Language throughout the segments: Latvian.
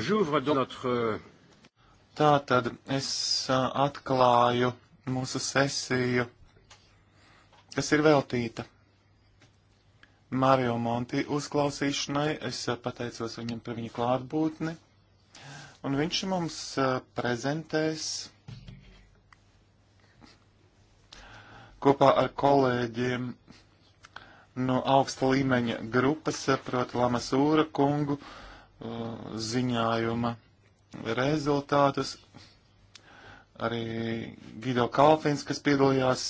J'ouvre donc notre. Euh, Tā tad es atklāju mūsu sesiju, kas ir veltīta Mario Monti uzklausīšanai. Es pateicos viņam par viņa klātbūtni. Un viņš mums prezentēs kopā ar kolēģiem no augsta līmeņa grupas, proti Lamasūra kungu, uh, Uh, ziņājuma rezultātus. Arī Gido Kalfins, kas piedalījās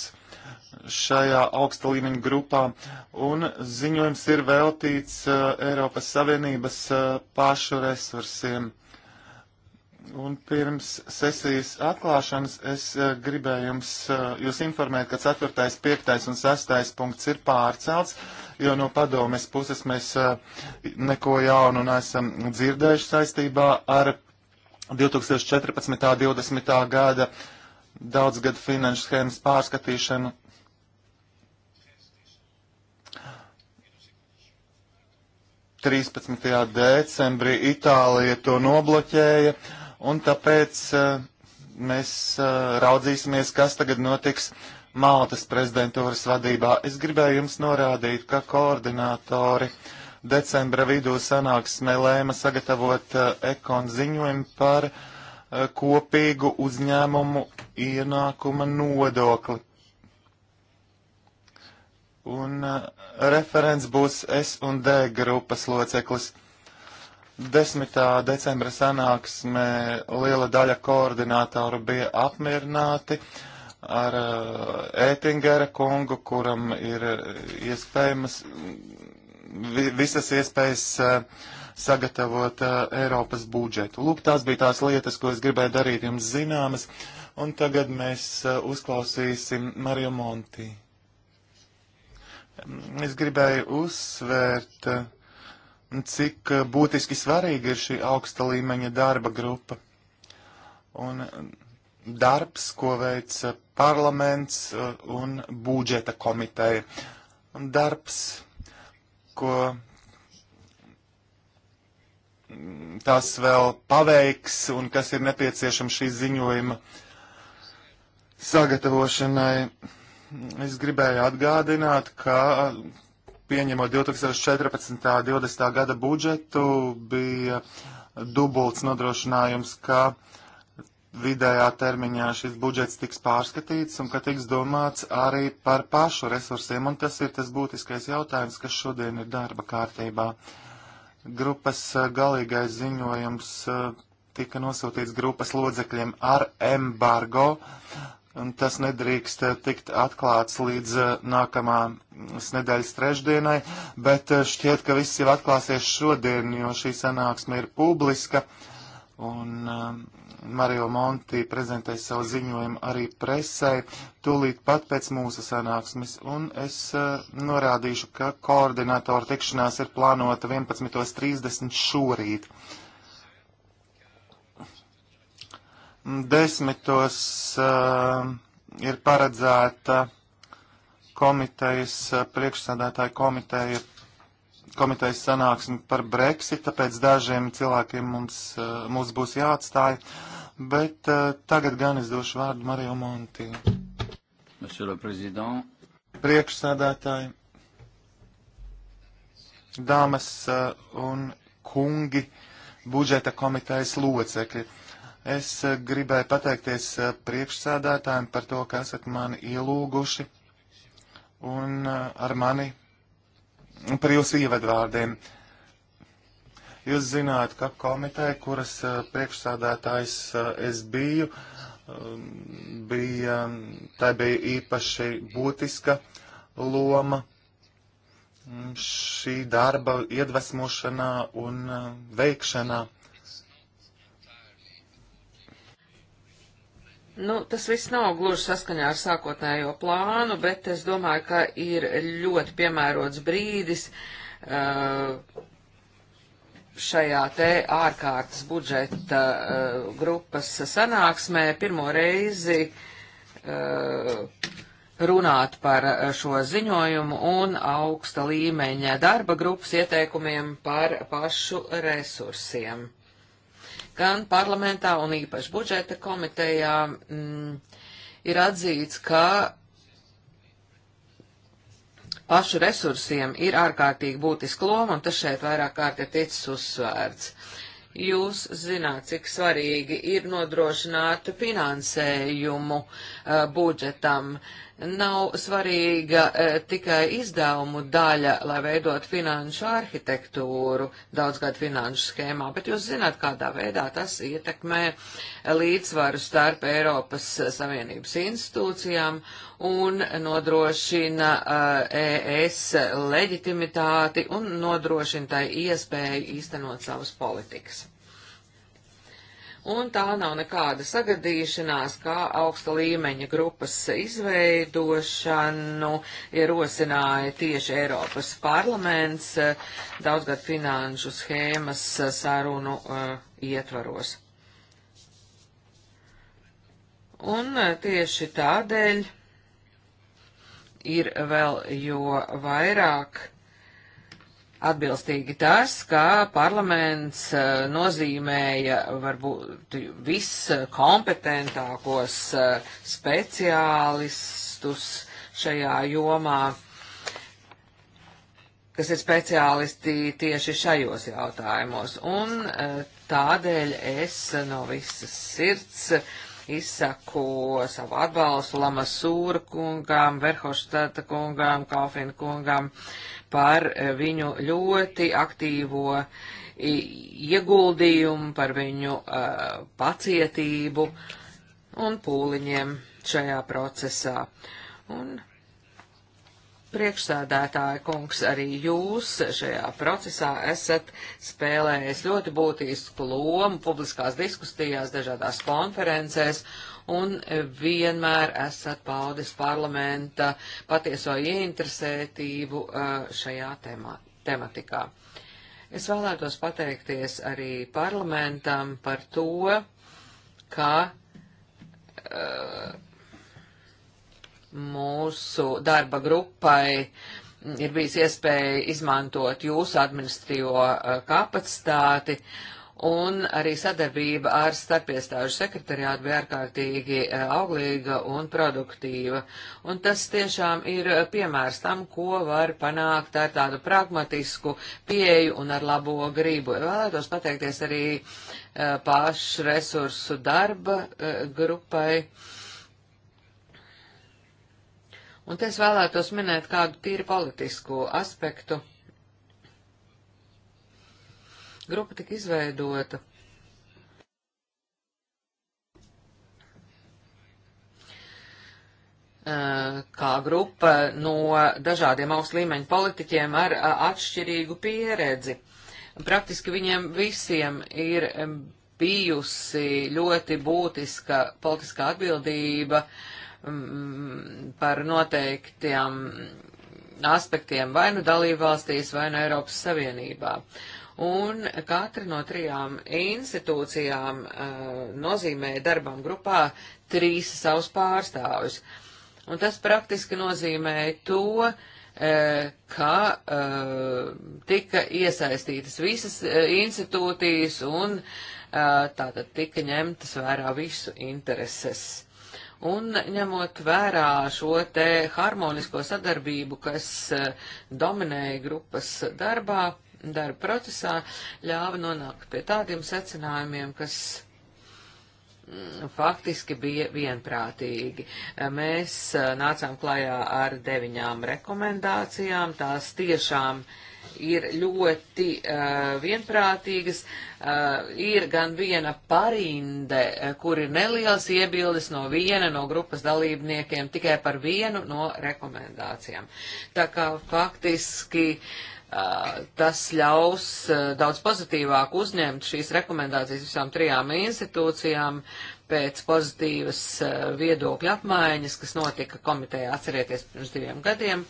šajā augsta līmeņa grupā, un ziņojums ir veltīts uh, Eiropas Savienības uh, pašu resursiem. Un pirms sesijas atklāšanas es eh, gribēju jums, eh, jūs informēt, ka 4., 5. un 6. punkts ir pārcelts, jo no padomes puses mēs eh, neko jaunu neesam dzirdējuši saistībā ar 2014. 20. gada daudzgadu finanšu schēmas pārskatīšanu. Trīspadsmitajā decembrī Itālija to nobloķēja. Uh, un tāpēc eh, mēs eh, raudzīsimies, kas tagad notiks Maltas prezidentūras vadībā. Es gribēju jums norādīt, ka koordinātori decembra vidū sanāksmē lēma sagatavot eh, ekon ziņojumu par kopīgu uzņēmumu ienākuma nodokli. Un uh, referents būs S un D grupas loceklis. 10. decembra sanāksmē liela daļa koordinātoru bija apmierināti ar Ētingera eh, kungu, kuram ir eh, iespējamas vi, visas iespējas uh, sagatavot uh, Eiropas budžetu. Lūk, tās bija tās lietas, ko es gribēju darīt jums zināmas, un tagad mēs uh, uzklausīsim Mario Monti. Es gribēju uzsvērt. Uh, cik eh, būtiski svarīga ir šī augsta līmeņa darba grupa. Un eh, darbs, ko veic eh, parlaments un budžeta komiteja. Un darbs, ko mm, tas vēl paveiks un kas ir nepieciešams šī ziņojuma sagatavošanai. Es gribēju atgādināt, ka pieņemot 2014. 20. gada budžetu, bija dubults nodrošinājums, ka vidējā termiņā šis budžets tiks pārskatīts un ka tiks domāts arī par pašu resursiem, un tas ir tas būtiskais jautājums, kas šodien ir darba kārtībā. Grupas eh, galīgais ziņojums eh, tika nosūtīts grupas lodzekļiem ar embargo, un tas nedrīkst eh, tikt atklāts līdz eh, nākamās nedēļas trešdienai, bet eh, šķiet, ka viss jau atklāsies šodien, jo šī sanāksme ir publiska, un Mario Monti prezentēs savu ziņojumu arī presē tūlīt pat pēc mūsu sanāksmes, un es norādīšu, ka koordinātoru tikšanās ir plānota 11.30 šorīt. Desmitos uh, ir paredzēta komitejas, eh, priekšsādātāja komiteja, komitejas sanāksme par Brexit, tāpēc dažiem cilvēkiem mums, eh, mums būs jāatstāj. Bet uh, tagad gan es došu vārdu Mariju Monti. Priekšsādātāji, dāmas uh, un kungi, budžeta komitejas locekļi. Es eh, gribēju pateikties eh, priekšsādātājiem par to, ka esat mani ielūguši un eh, ar mani par jūsu ievadvārdiem. Jūs zināt, ka komiteja, kuras priekšsādātājs es biju, um, bija, tā bija īpaši būtiska loma mm, šī darba iedvesmošanā un veikšanā. Nu, tas viss nav gluži saskaņā ar sākotnējo plānu, bet es domāju, ka ir ļoti piemērots brīdis uh, šajā te ārkārtas budžeta uh, grupas sanāksmē pirmo reizi uh, runāt par šo ziņojumu un augsta līmeņa darba grupas ieteikumiem par pašu resursiem gan parlamentā un īpaši budžeta komitejā mm, ir atzīts, ka pašu resursiem ir ārkārtīgi būtiska loma, un tas šeit vairāk kārt ir ticis uzsvērts. Jūs zināt, cik svarīgi ir nodrošināt finansējumu uh, budžetam. Uh, Nav svarīga e, tikai izdevumu daļa, lai veidot finanšu arhitektūru daudzgad finanšu schēmā, bet jūs zināt, kādā veidā tas ietekmē līdzsvaru starp Eiropas Savienības institūcijām un nodrošina ES e leģitimitāti un nodrošina tai iespēju īstenot savas politikas un tā nav nekāda sagadīšanās, kā augsta līmeņa grupas izveidošanu ierosināja tieši Eiropas parlaments eh, daudzgad finanšu schēmas eh, sarunu uh, ietvaros. Un tieši tādēļ ir vēl jo vairāk atbilstīgi tas, ka parlaments eh, nozīmēja varbūt viskompetentākos eh, speciālistus šajā jomā, kas ir speciālisti tieši šajos jautājumos. Un eh, tādēļ es no visas sirds izsaku savu atbalstu Lamasūra kungām, Verhoštata kungām, Kalfina kungām, uh, par eh, viņu ļoti aktīvo ieguldījumu, par viņu uh, pacietību un pūliņiem šajā procesā. Un priekšsēdētāja kungs, arī jūs šajā procesā esat spēlējis ļoti būtisku lomu publiskās diskusijās, dažādās konferencēs un vienmēr esat paudis parlamenta patieso ieinteresētību uh, šajā temā, tematikā. Es vēlētos pateikties arī parlamentam par to, ka uh, mūsu darba grupai ir bijis iespēja izmantot jūsu administrīvo uh, kapacitāti. Uh, un arī sadarbība ar starpiestāžu sekretariātu bija ārkārtīgi e, auglīga un produktīva. Un tas tiešām ir piemērs tam, ko var panākt ar tādu pragmatisku pieeju un ar labo gribu. Vēlētos pateikties arī e, pašu resursu darba e, grupai. Un te es vēlētos minēt kādu tīri politisku aspektu grupa tika izveidota. kā grupa no dažādiem augstu līmeņu politiķiem ar atšķirīgu pieredzi. Praktiski viņiem visiem ir bijusi ļoti būtiska politiskā atbildība par noteiktiem aspektiem vai nu dalībvalstīs, vai nu Eiropas Savienībā. Uh, un katra no trijām institūcijām eh, nozīmē darbām grupā trīs savus pārstāvjus. Un tas praktiski nozīmē to, eh, ka eh, tika iesaistītas visas institūtīs un tātad tika ņemtas vērā visu intereses. Un ņemot vērā šo te harmonisko sadarbību, kas dominēja grupas darbā, darba procesā ļāva nonākt pie tādiem secinājumiem, kas mm, faktiski bija vienprātīgi. Mēs nācām klajā ar deviņām rekomendācijām, tās tiešām ir ļoti uh, vienprātīgas. Uh, ir gan viena parinde, kur ir neliels iebildes no viena no grupas dalībniekiem tikai par vienu no rekomendācijām. Tā kā faktiski uh, Eh, tas ļaus eh, daudz pozitīvāk uzņemt šīs rekomendācijas visām trijām institūcijām pēc pozitīvas eh, viedokļa apmaiņas, kas notika komitejā, atcerieties, pirms diviem gadiem.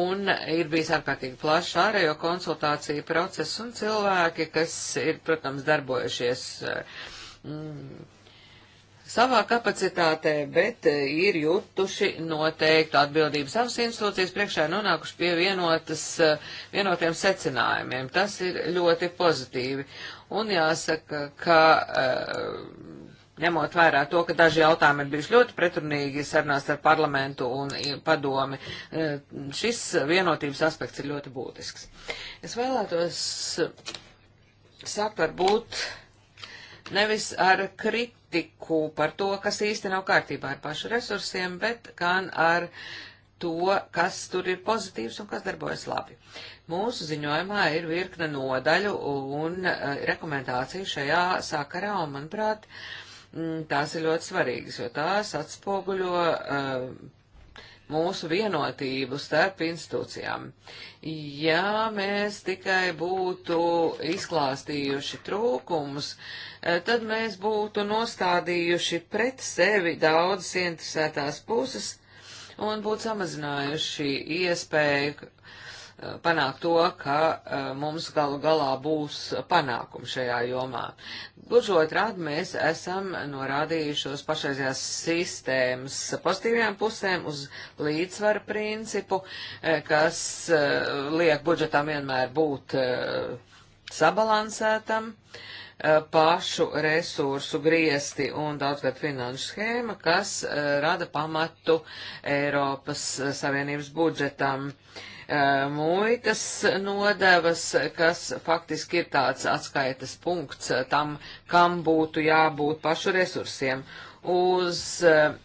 Un ir bijis ārkārtīgi plašs ārējo konsultāciju process un cilvēki, kas ir, protams, darbojušies mm, savā kapacitātē, bet eh, ir jutuši noteiktu atbildību savas institūcijas priekšā nonākuši pie vienotas, eh, vienotiem secinājumiem. Tas ir ļoti pozitīvi. Un jāsaka, ka eh, ņemot vērā to, ka daži jautājumi ir bijuši ļoti pretrunīgi sarunās ar parlamentu un padomi, šis vienotības aspekts ir ļoti būtisks. Es vēlētos sākt varbūt nevis ar kritiku, kritiku par to, kas īsti nav kārtībā ar pašu resursiem, bet gan ar to, kas tur ir pozitīvs un kas darbojas labi. Mūsu ziņojumā ir virkne nodaļu un eh, rekomendāciju šajā sakarā, un, manuprāt, tās ir ļoti svarīgas, jo tās atspoguļo uh, mūsu vienotību starp institūcijām. Ja mēs tikai būtu izklāstījuši trūkumus, eh, tad mēs būtu nostādījuši pret sevi daudzas interesētās puses un būtu samazinājuši iespēju Eh, panākt to, ka eh, mums galu galā būs panākumi šajā jomā. Gluži otrādi mēs esam norādījuši uz pašreizējās sistēmas pozitīvajām pusēm, uz līdzsvaru principu, eh, kas liek budžetam vienmēr būt sabalansētam pašu resursu griesti un daudzgad finanšu schēma, kas rada pamatu Eiropas Savienības budžetam. Uh, Eh, muitas nodevas, kas faktiski ir tāds atskaitas punkts eh, tam, kam būtu jābūt pašu resursiem. Uz eh,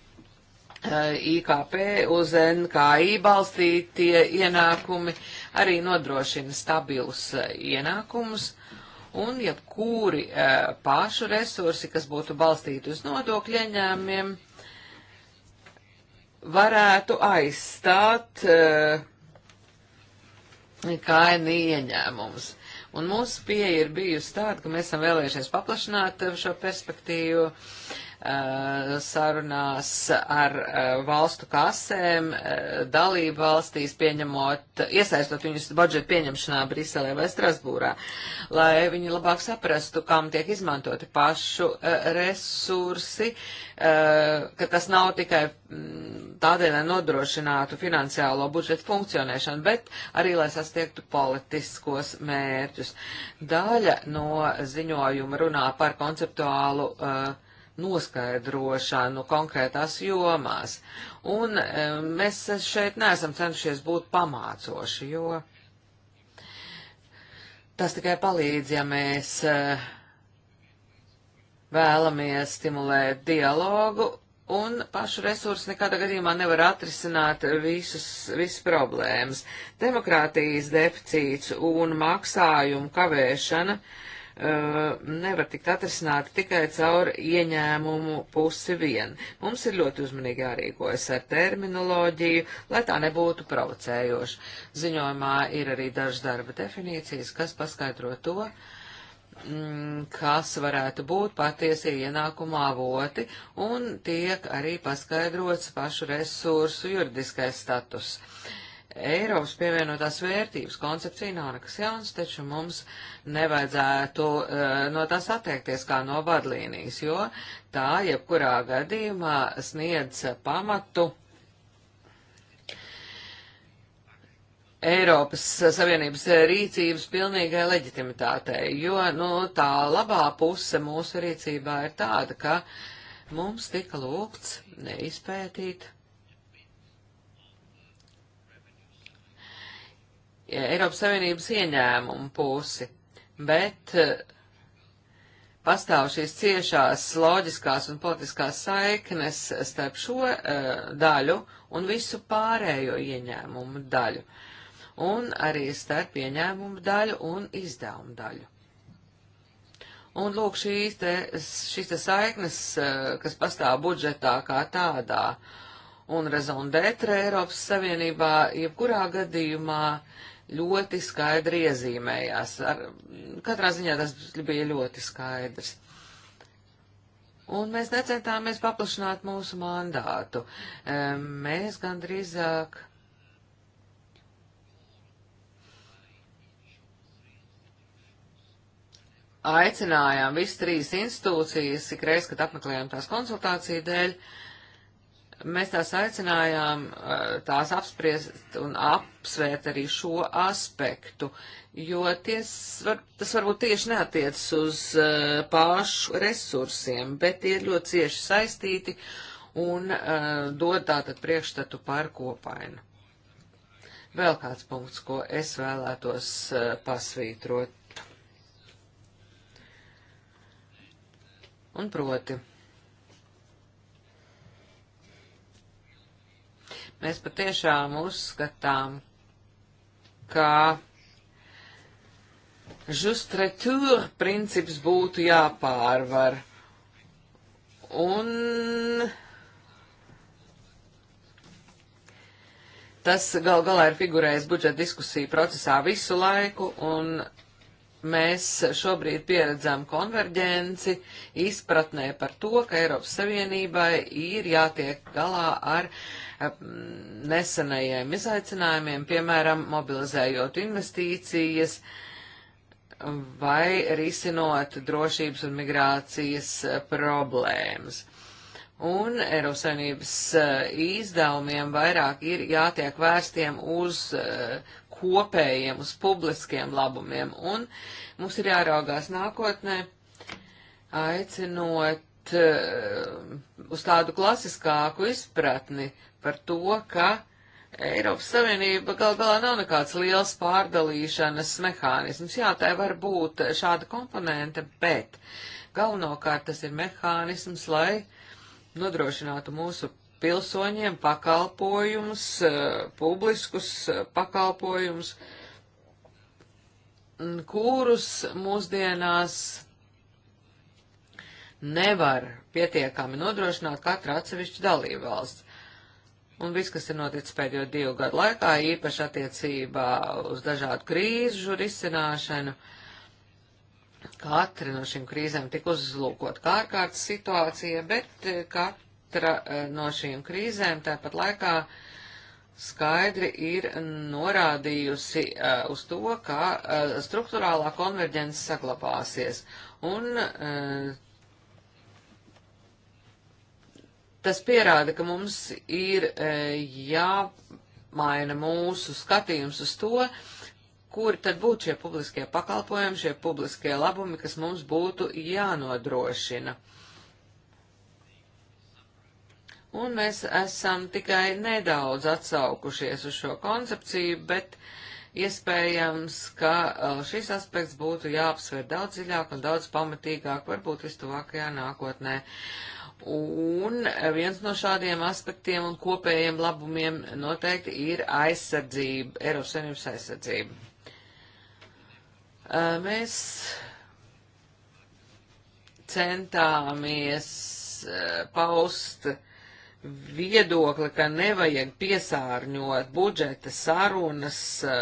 IKP, uz NKI balstītie ienākumi arī nodrošina stabilus ienākumus un jebkuri ja e, pašu resursi, kas būtu balstīti uz nodokļu ieņēmumiem, varētu aizstāt e, kaini ieņēmumus. Un mūsu pieeja ir bijusi tāda, ka mēs esam vēlējušies paplašināt šo perspektīvu, Eh, sarunās ar eh, valstu kasēm, eh, dalību valstīs pieņemot, iesaistot viņus budžetu pieņemšanā Briselē vai Strasbūrā, lai viņi labāk saprastu, kam tiek izmantoti pašu resursi, ka tas nav tikai mm, tādēļ, lai nodrošinātu finansiālo budžetu funkcionēšanu, bet arī, lai sastiektu politiskos mērķus. Daļa no ziņojuma runā par konceptuālu uh, noskaidrošanu konkrētās jomās. Un e, mēs šeit neesam cenšies būt pamācoši, jo tas tikai palīdz, ja mēs e, vēlamies stimulēt dialogu un pašu resursi nekādā gadījumā nevar atrisināt visus, visas problēmas. Demokrātijas deficīts un maksājumu kavēšana uh, Uh, nevar tikt atrisināti tikai caur ieņēmumu pusi vien. Mums ir ļoti uzmanīgi jārīkojas ar terminoloģiju, lai tā nebūtu provocējoša. Ziņojumā ir arī dažas darba definīcijas, kas paskaidro to, mm, kas varētu būt patiesie ienākuma avoti, un tiek arī paskaidrots pašu resursu juridiskais status. Uh, Eiropas pievienotās vērtības koncepcija nav nekas jauns, taču mums nevajadzētu uh, no tās attiekties kā no vadlīnijas, jo tā jebkurā gadījumā sniedz pamatu Eiropas Savienības rīcības pilnīgai leģitimitātei, jo nu, tā labā puse mūsu rīcībā ir tāda, ka mums tika lūgts neizpētīt Eiropas Savienības ieņēmumu pusi, bet eh, pastāv šīs ciešās loģiskās un politiskās saiknes starp šo uh, daļu un visu pārējo ieņēmumu daļu, un arī starp ieņēmumu daļu un izdevumu daļu. Un lūk, šīs te, šīs te saiknes, uh, kas pastāv budžetā kā tādā, un rezondētra Eiropas Savienībā, jebkurā gadījumā ļoti skaidri iezīmējās. Ar, katrā ziņā tas bija ļoti skaidrs. Un mēs necentāmies paplašināt mūsu mandātu. Mēs gandrīzāk. Aicinājām visas trīs institūcijas, ik reiz, kad apmeklējām tās konsultāciju dēļ, uh, Mēs tās aicinājām eh, tās apspriest un apsvērt arī šo aspektu, jo ties, var, tas varbūt tieši neatiecas uz uh, pašu resursiem, bet tie ir ļoti cieši saistīti un uh, dod tātad priekšstatu par kopainu. Vēl kāds punkts, ko es vēlētos uh, pasvītrot. Un proti. Mēs patiešām uzskatām, ka žustretūr princips būtu jāpārvar. Un tas gal galā ir figurējis budžeta diskusiju procesā visu laiku, un Mēs šobrīd pieredzam konverģenci izpratnē par to, ka Eiropas Savienībai ir jātiek galā ar nesenajiem izaicinājumiem, piemēram, mobilizējot investīcijas vai risinot drošības un migrācijas problēmas un Eiropas Savienības izdevumiem vairāk ir jātiek vērstiem uz kopējiem, uz publiskiem labumiem, un mums ir jāraugās nākotnē, aicinot uh, uz tādu klasiskāku izpratni par to, ka Eiropas Savienība gal galā nav nekāds liels pārdalīšanas mehānisms. Jā, tai var būt šāda komponente, bet galvenokārt tas ir mehānisms, lai nodrošinātu mūsu pilsoņiem pakalpojumus, eh, publiskus eh, pakalpojumus, kurus mūsdienās nevar pietiekami nodrošināt katra atsevišķa dalībvalsts. Un viss, kas ir noticis pēdējo divu gadu laikā, īpaši attiecībā uz dažādu krīžu risināšanu, katra no šīm krīzēm tika uzlūkot kā ārkārtas situācija, bet eh, kat, katra eh, no šīm krīzēm tāpat laikā skaidri ir norādījusi uh, uz to, ka uh, struktūrālā konverģence saglabāsies. Un uh, tas pierāda, ka mums ir uh, jāmaina mūsu skatījums uz to, kuri tad būtu šie publiskie pakalpojumi, šie publiskie labumi, kas mums būtu jānodrošina. Uh, un mēs esam tikai nedaudz atsaukušies uz šo koncepciju, bet iespējams, ka uh, šis aspekts būtu jāapsver daudz dziļāk un daudz pamatīgāk, varbūt vistuvākajā nākotnē. Un viens no šādiem aspektiem un kopējiem labumiem noteikti ir aizsardzība, Eiropas Savienības aizsardzība. Uh, mēs centāmies uh, paust uh, viedokli, ka nevajag piesārņot budžeta sarunas eh,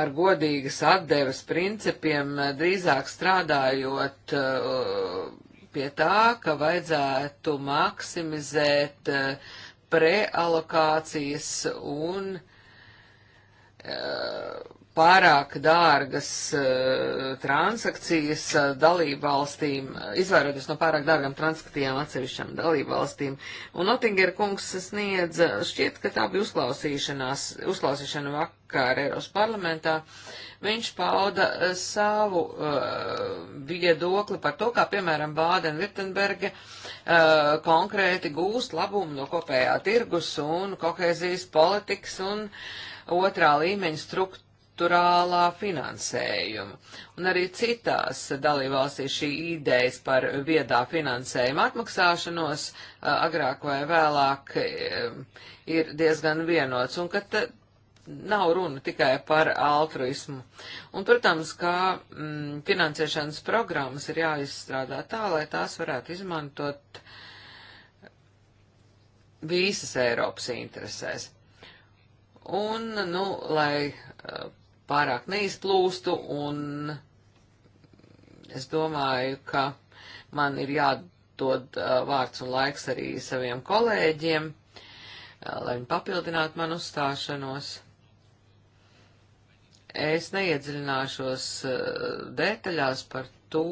ar godīgas atdeves principiem, eh, drīzāk strādājot eh, pie tā, ka vajadzētu maksimizēt prealokācijas un uh, pārāk dārgas uh, transakcijas uh, dalībvalstīm, eh, izvairoties no pārāk dārgām transakcijām atsevišķām dalībvalstīm. Un Otingera kungs sniedz, šķiet, ka tā bija uzklausīšanās, uzklausīšana vakar Eiros parlamentā. Viņš pauda uh, savu viedokli par to, kā, piemēram, Bādena-Virtenberga konkrēti gūst labumu no kopējā tirgus un kohēzijas politikas un otrā līmeņa struktūra struktūrālā finansējuma. Un arī citās dalībvalstīs šī idejas par viedā finansējuma atmaksāšanos agrāk vai vēlāk e, ir diezgan vienots. Un, nav runa tikai par altruismu. Un, protams, kā mm, finansēšanas programmas ir jāizstrādā tā, lai tās varētu izmantot visas Eiropas interesēs. Un, nu, lai pārāk neizplūstu, un es domāju, ka man ir jādod uh, vārds un laiks arī saviem kolēģiem, uh, lai viņi papildinātu manu uzstāšanos. Es neiedziļināšos uh, detaļās par to,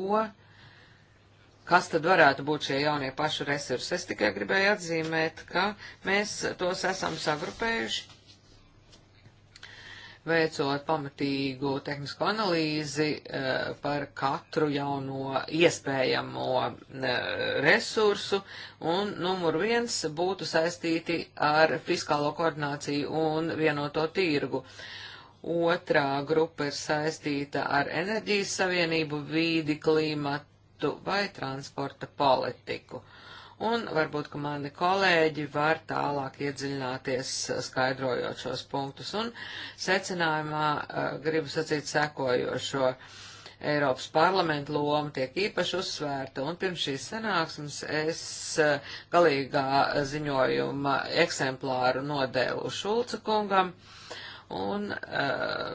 kas tad varētu būt šie jaunie pašu resursi. Es tikai gribēju atzīmēt, ka mēs tos esam sagrupējuši veicot pamatīgu tehnisko analīzi eh, par katru jauno iespējamo eh, resursu, un numur viens būtu saistīti ar fiskālo koordināciju un vienoto tirgu. Otrā grupa ir saistīta ar enerģijas savienību, vīdi, klimatu vai transporta politiku. Uh, un varbūt, ka mani kolēģi var tālāk iedziļināties skaidrojot šos punktus. Un secinājumā uh, gribu sacīt sekojošo. Eiropas parlamenta loma tiek īpaši uzsvērta, un pirms šīs sanāksmes es uh, galīgā ziņojuma eksemplāru nodēlu Šulca kungam, un uh,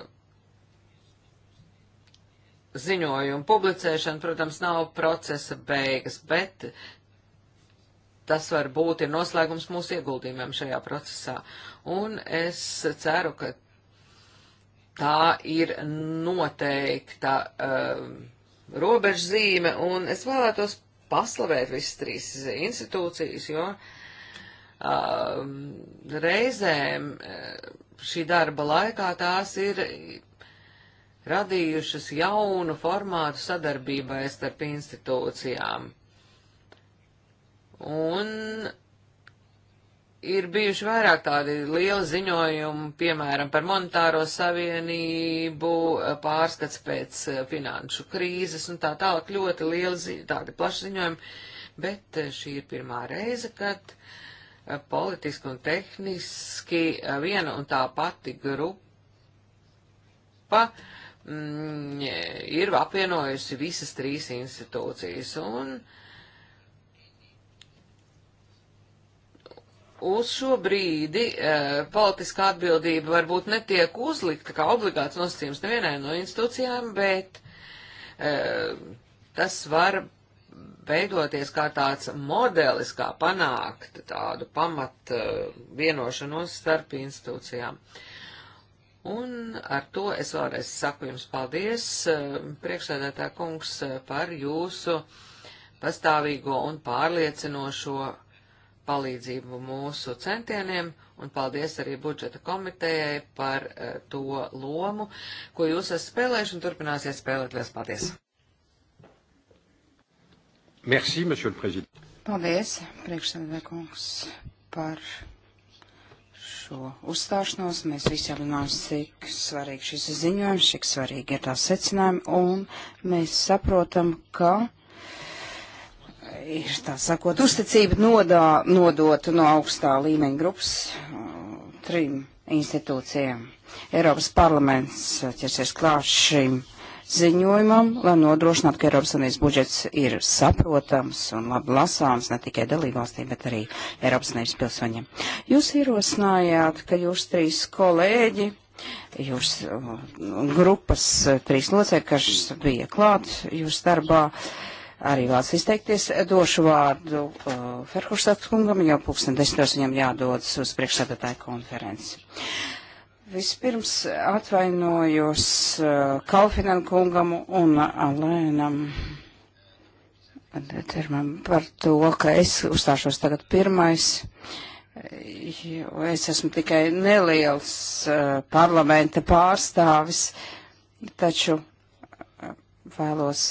ziņojumu publicēšana, protams, nav procesa beigas, bet tas varbūt ir noslēgums mūsu ieguldījumiem šajā procesā. Un es ceru, ka tā ir noteikta uh, um, robežzīme, un es vēlētos paslavēt visas trīs institūcijas, jo um, uh, reizēm šī darba laikā tās ir radījušas jaunu formātu sadarbībai starp institūcijām. Un ir bijuši vairāk tādi lieli ziņojumi, piemēram, par monetāro savienību, pārskats pēc eh, finanšu krīzes un tā tālāk. Ļoti lieli, tādi plaši ziņojumi, bet eh, šī ir pirmā reize, kad eh, politiski un tehniski viena un tā pati grupa mm, ir apvienojusi visas trīs institūcijas. Un, uh, uz šo brīdi e, politiskā atbildība varbūt netiek uzlikta kā obligāts nosacījums nevienai no institūcijām, bet e, tas var veidoties kā tāds modelis, kā panākt tādu pamat e, vienošanos starp institūcijām. Un ar to es vēlreiz saku jums paldies, e, priekšsēdētā kungs, e, par jūsu pastāvīgo un pārliecinošo palīdzību mūsu centieniem, un paldies arī budžeta komitejai par uh, to lomu, ko jūs esat spēlējuši un turpināsiet spēlēt. Liels paldies! Merci, monsieur le président. Paldies, priekšsēdētājs, par šo uzstāšanos. Mēs visi apzinām, cik svarīgs šis ziņojums, cik svarīgi ir tā secinājumi, un mēs saprotam, ka ir tā sakot, uzticība nodā, nodot no augstā līmeņa grupas uh, trim institūcijām. Eiropas parlaments uh, ķersies klāt šim ziņojumam, lai nodrošinātu, ka Eiropas Savienības budžets ir saprotams un labi lasāms ne tikai dalībvalstīm, bet arī Eiropas Savienības pilsoņiem. Jūs ierosinājāt, ka jūs trīs kolēģi jūs uh, grupas trīs locekļi, kas bija klāt jūsu darbā, arī vēlas izteikties. Došu vārdu uh, Ferhursats kungam, jo pulksten desmitos viņam jādodas uz priekšsēdētāju konferenci. Vispirms atvainojos uh, Kalfinan kungam un Alēnam. Termam par to, ka es uzstāšos tagad pirmais. Uh, jo es esmu tikai neliels uh, parlamenta pārstāvis, taču uh, vēlos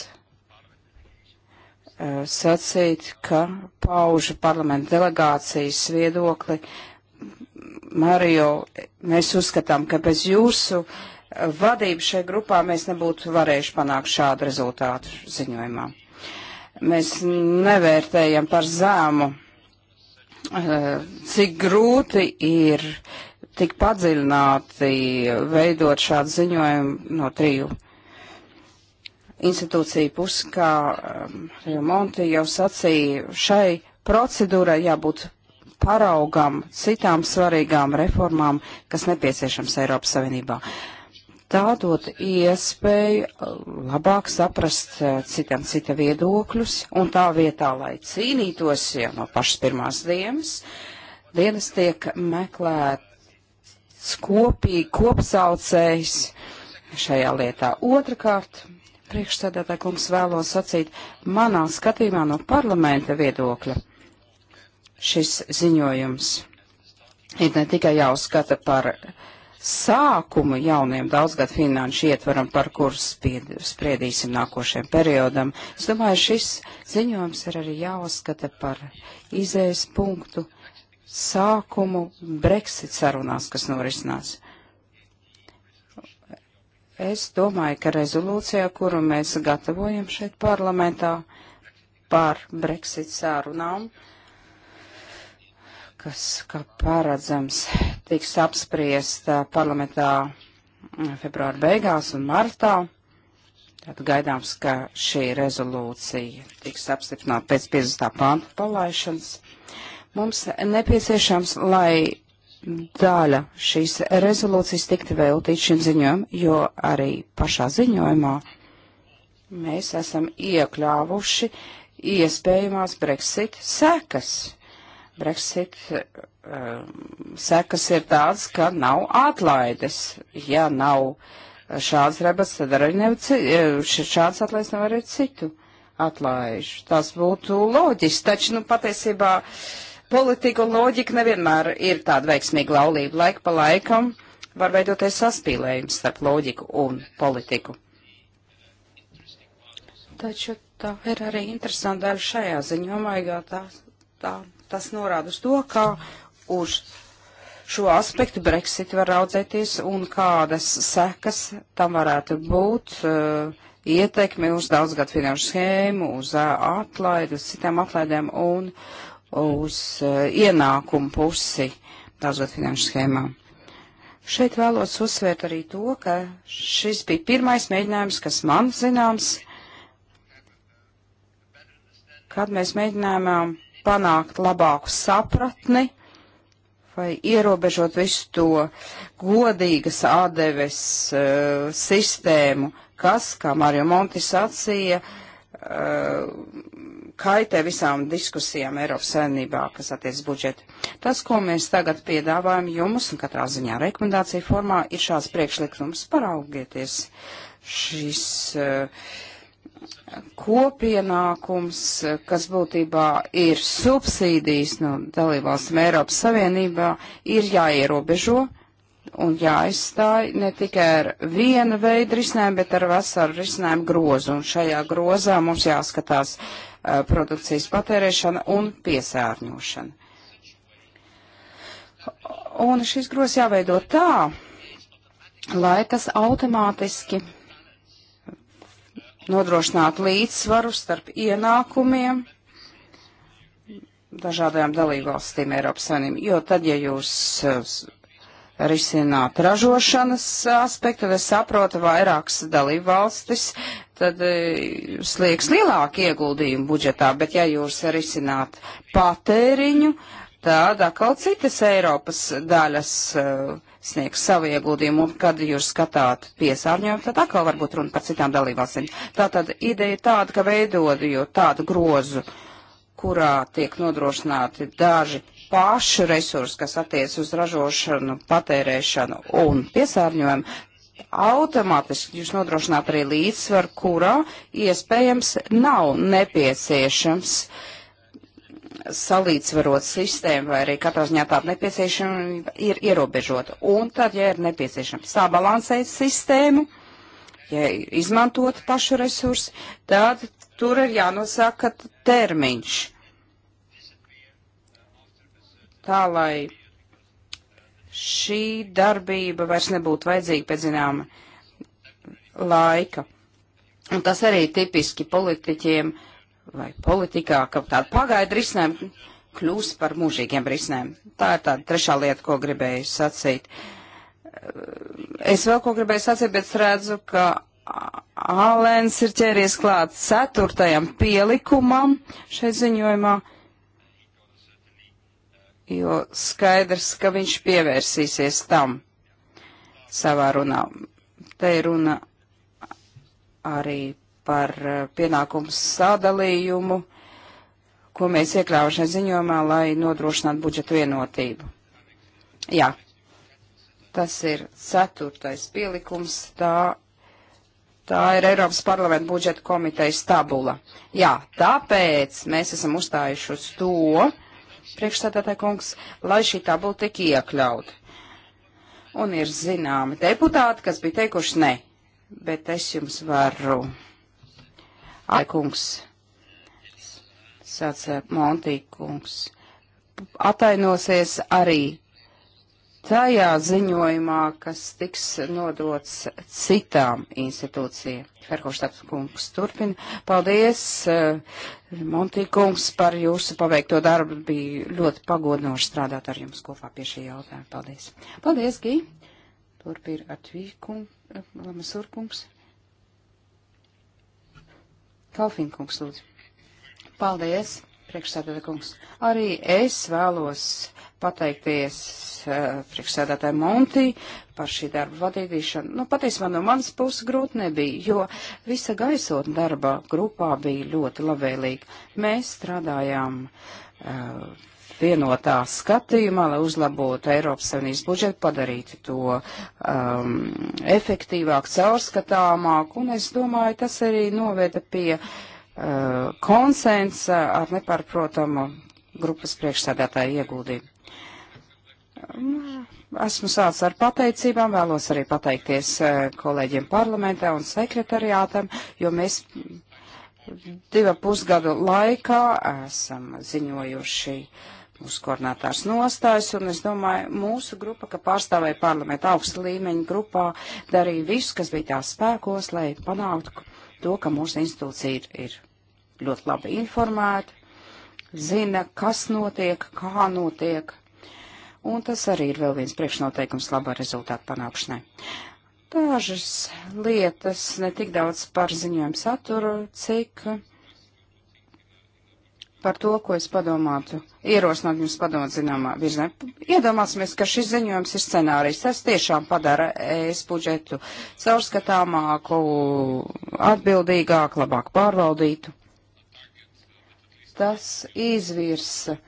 sacīt, ka pauža parlamenta delegācijas viedokli. Mario, mēs uzskatām, ka bez jūsu vadības šajā grupā mēs nebūtu varējuši panākt šādu rezultātu ziņojumā. Mēs nevērtējam par zēmu, eh, cik grūti ir tik padziļināti veidot šādu ziņojumu no triju institūcija puses, kā um, Monti jau sacīja, šai procedūrai jābūt paraugam citām svarīgām reformām, kas nepieciešams Eiropas Savienībā. Tā dot iespēju uh, labāk saprast uh, citam cita viedokļus un tā vietā, lai cīnītos jau no pašas pirmās dienas, dienas tiek meklēts kopīgi kopsaucējs šajā lietā. Otrakārt, priekšstādātā kungs vēlos sacīt, manā skatījumā no parlamenta viedokļa šis ziņojums ir ne tikai jāuzskata par sākumu jauniem daudzgad finanšu ietvaram, par kur spriedīsim nākošajam periodam. Es domāju, šis ziņojums ir arī jāuzskata par izējas punktu sākumu Brexit sarunās, kas norisinās. Es domāju, ka rezolūcijā, kuru mēs gatavojam šeit parlamentā par Brexit sārunām, kas, kā paredzams, tiks apspriesta parlamentā februāra beigās un martā, tad gaidāms, ka šī rezolūcija tiks apstiprināta pēc 50. pānta palaišanas. Mums nepieciešams, lai daļa šīs rezolūcijas tiktu veltīt šim ziņojumam, jo arī pašā ziņojumā mēs esam iekļāvuši iespējamās Brexit sekas. Brexit um, sekas ir tāds, ka nav atlaides. Ja nav šāds rebats, tad arī nevar, eh, šāds atlaides nevar arī citu atlaižu. Tas būtu loģiski, taču, nu, patiesībā. Uh, politika un loģika nevienmēr ir tāda veiksmīga laulība. Laika pa laikam var veidoties saspīlējums starp loģiku un politiku. Taču tā ir arī interesanta daļa šajā ziņojumā, jo tā, tā, tas norāda uz to, kā uz šo aspektu Brexit var raudzēties un kādas sekas tam varētu būt. Uh, ietekmi uz daudzgadu finanšu schēmu, uz uh, eh, atlaidu, uz citām atlaidēm un uz uh, ienākumu pusi daudzot finanšu schēmām. Šeit vēlos uzsvērt arī to, ka šis bija pirmais mēģinājums, kas man zināms, kad mēs mēģinājām panākt labāku sapratni vai ierobežot visu to godīgas ādeves uh, eh, sistēmu, kas, kā Mario Monti sacīja, uh, kaitē visām diskusijām Eiropas saimnībā, kas attiec budžetu. Tas, ko mēs tagad piedāvājam jums, un katrā ziņā rekomendācija formā, ir šāds priekšlikums paraugieties. Šis eh, kopienākums, eh, kas būtībā ir subsīdijas no dalībvalstīm Eiropas Savienībā, ir jāierobežo un jāizstāj ne tikai ar vienu veidu risinājumu, bet ar vasaru risinājumu grozu. Un šajā grozā mums jāskatās Uh, produkcijas patērēšana un piesārņošana. Un šis grozs jāveido tā, lai tas automātiski nodrošinātu līdzsvaru starp ienākumiem dažādajām dalībvalstīm Eiropas Savienībā. Jo tad, ja jūs uh, risināt ražošanas aspektu, tad es saprotu vairākas dalībvalstis tad e, slieks lielāku ieguldījumu budžetā, bet ja jūs risināt patēriņu, tad atkal citas Eiropas daļas uh, sniegs savu ieguldījumu, un kad jūs skatāt piesārņojumu, tad atkal varbūt runa par citām dalībvalstīm. Tātad ideja ir tāda, ka veidojot tādu grozu, kurā tiek nodrošināti daži paši resursi, kas attiec uz ražošanu, patērēšanu un piesārņojumu, automātiski jūs nodrošināt arī līdzsvaru, kurā iespējams nav nepieciešams salīdzvarot sistēmu, vai arī katrā ziņā tāda nepieciešama ir ierobežota. Un tad, ja ir nepieciešams sabalansēt sistēmu, ja izmantot pašu resursu, tad tur ir jānosaka termiņš. Tā, lai šī darbība vairs nebūtu vajadzīga pēc zināma laika. Un tas arī tipiski politiķiem vai politikā, ka tāda pagaida risinājuma kļūs par mūžīgiem risinājumiem. Tā ir tāda trešā lieta, ko gribēju sacīt. Es vēl ko gribēju sacīt, bet redzu, ka Alēns ir ķēries klāt ceturtajam pielikumam šeit ziņojumā. Uh, jo skaidrs, ka viņš pievērsīsies tam savā runā. Te ir runa arī par eh, pienākumu sadalījumu, ko mēs iekļāvušai ziņojumā, lai nodrošinātu budžetu vienotību. Jā, tas ir ceturtais pielikums, tā, tā ir Eiropas parlamenta budžeta komitejas tabula. Jā, tāpēc mēs esam uzstājuši uz to, priekšstādātāja kungs, lai šī tabula tik iekļauta. Un ir zināmi deputāti, kas bija teikuši ne, bet es jums varu. Aikungs, sāca Montī kungs, atainosies arī tajā ziņojumā, kas tiks nodots citām institūcijām. Ferhoštāts kungs turpina. Paldies, eh, Montī kungs, par jūsu paveikto darbu. Bija ļoti pagodinoši strādāt ar jums kopā pie šī jautājuma. Paldies. Paldies, Gī. Turpina Atvī kungs, eh, Lamasur kungs. Kalfin kungs, lūdzu. Paldies, priekšstādā kungs. Arī es vēlos pateikties uh, eh, priekšsēdētāju Monti par šī darba vadīšanu. Nu, patiesībā no manas puses grūti nebija, jo visa gaisotne darba grupā bija ļoti labvēlīga. Mēs strādājām uh, vienotā skatījumā, lai uzlabotu Eiropas Savienības budžetu, padarītu to um, ehm, efektīvāk, caurskatāmāk, un es domāju, tas arī noveda pie uh, konsensa ar neparprotamu grupas priekšsēdētāju ieguldību. Esmu sācis ar pateicībām, vēlos arī pateikties e, kolēģiem parlamentā un sekretariātam, jo mēs divu pusgadu laikā esam ziņojuši mūsu koordinātārs nostājas, un es domāju, mūsu grupa, ka pārstāvēja parlamentu augsta līmeņa grupā, darīja visu, kas bija tās spēkos, lai panāktu to, ka mūsu institūcija ir, ir ļoti labi informēta, zina, kas notiek, kā notiek, un tas arī ir vēl viens priekšnoteikums labā rezultāta panākšanai. Dažas lietas, ne tik daudz par ziņojumu saturu, cik par to, ko es padomātu, ierosināt jums padomāt zināmā virzienā. Iedomāsimies, ka šis ziņojums ir scenārijs. Tas tiešām padara es budžetu caurskatāmāku, atbildīgāku, labāk pārvaldītu. Tas izvirsa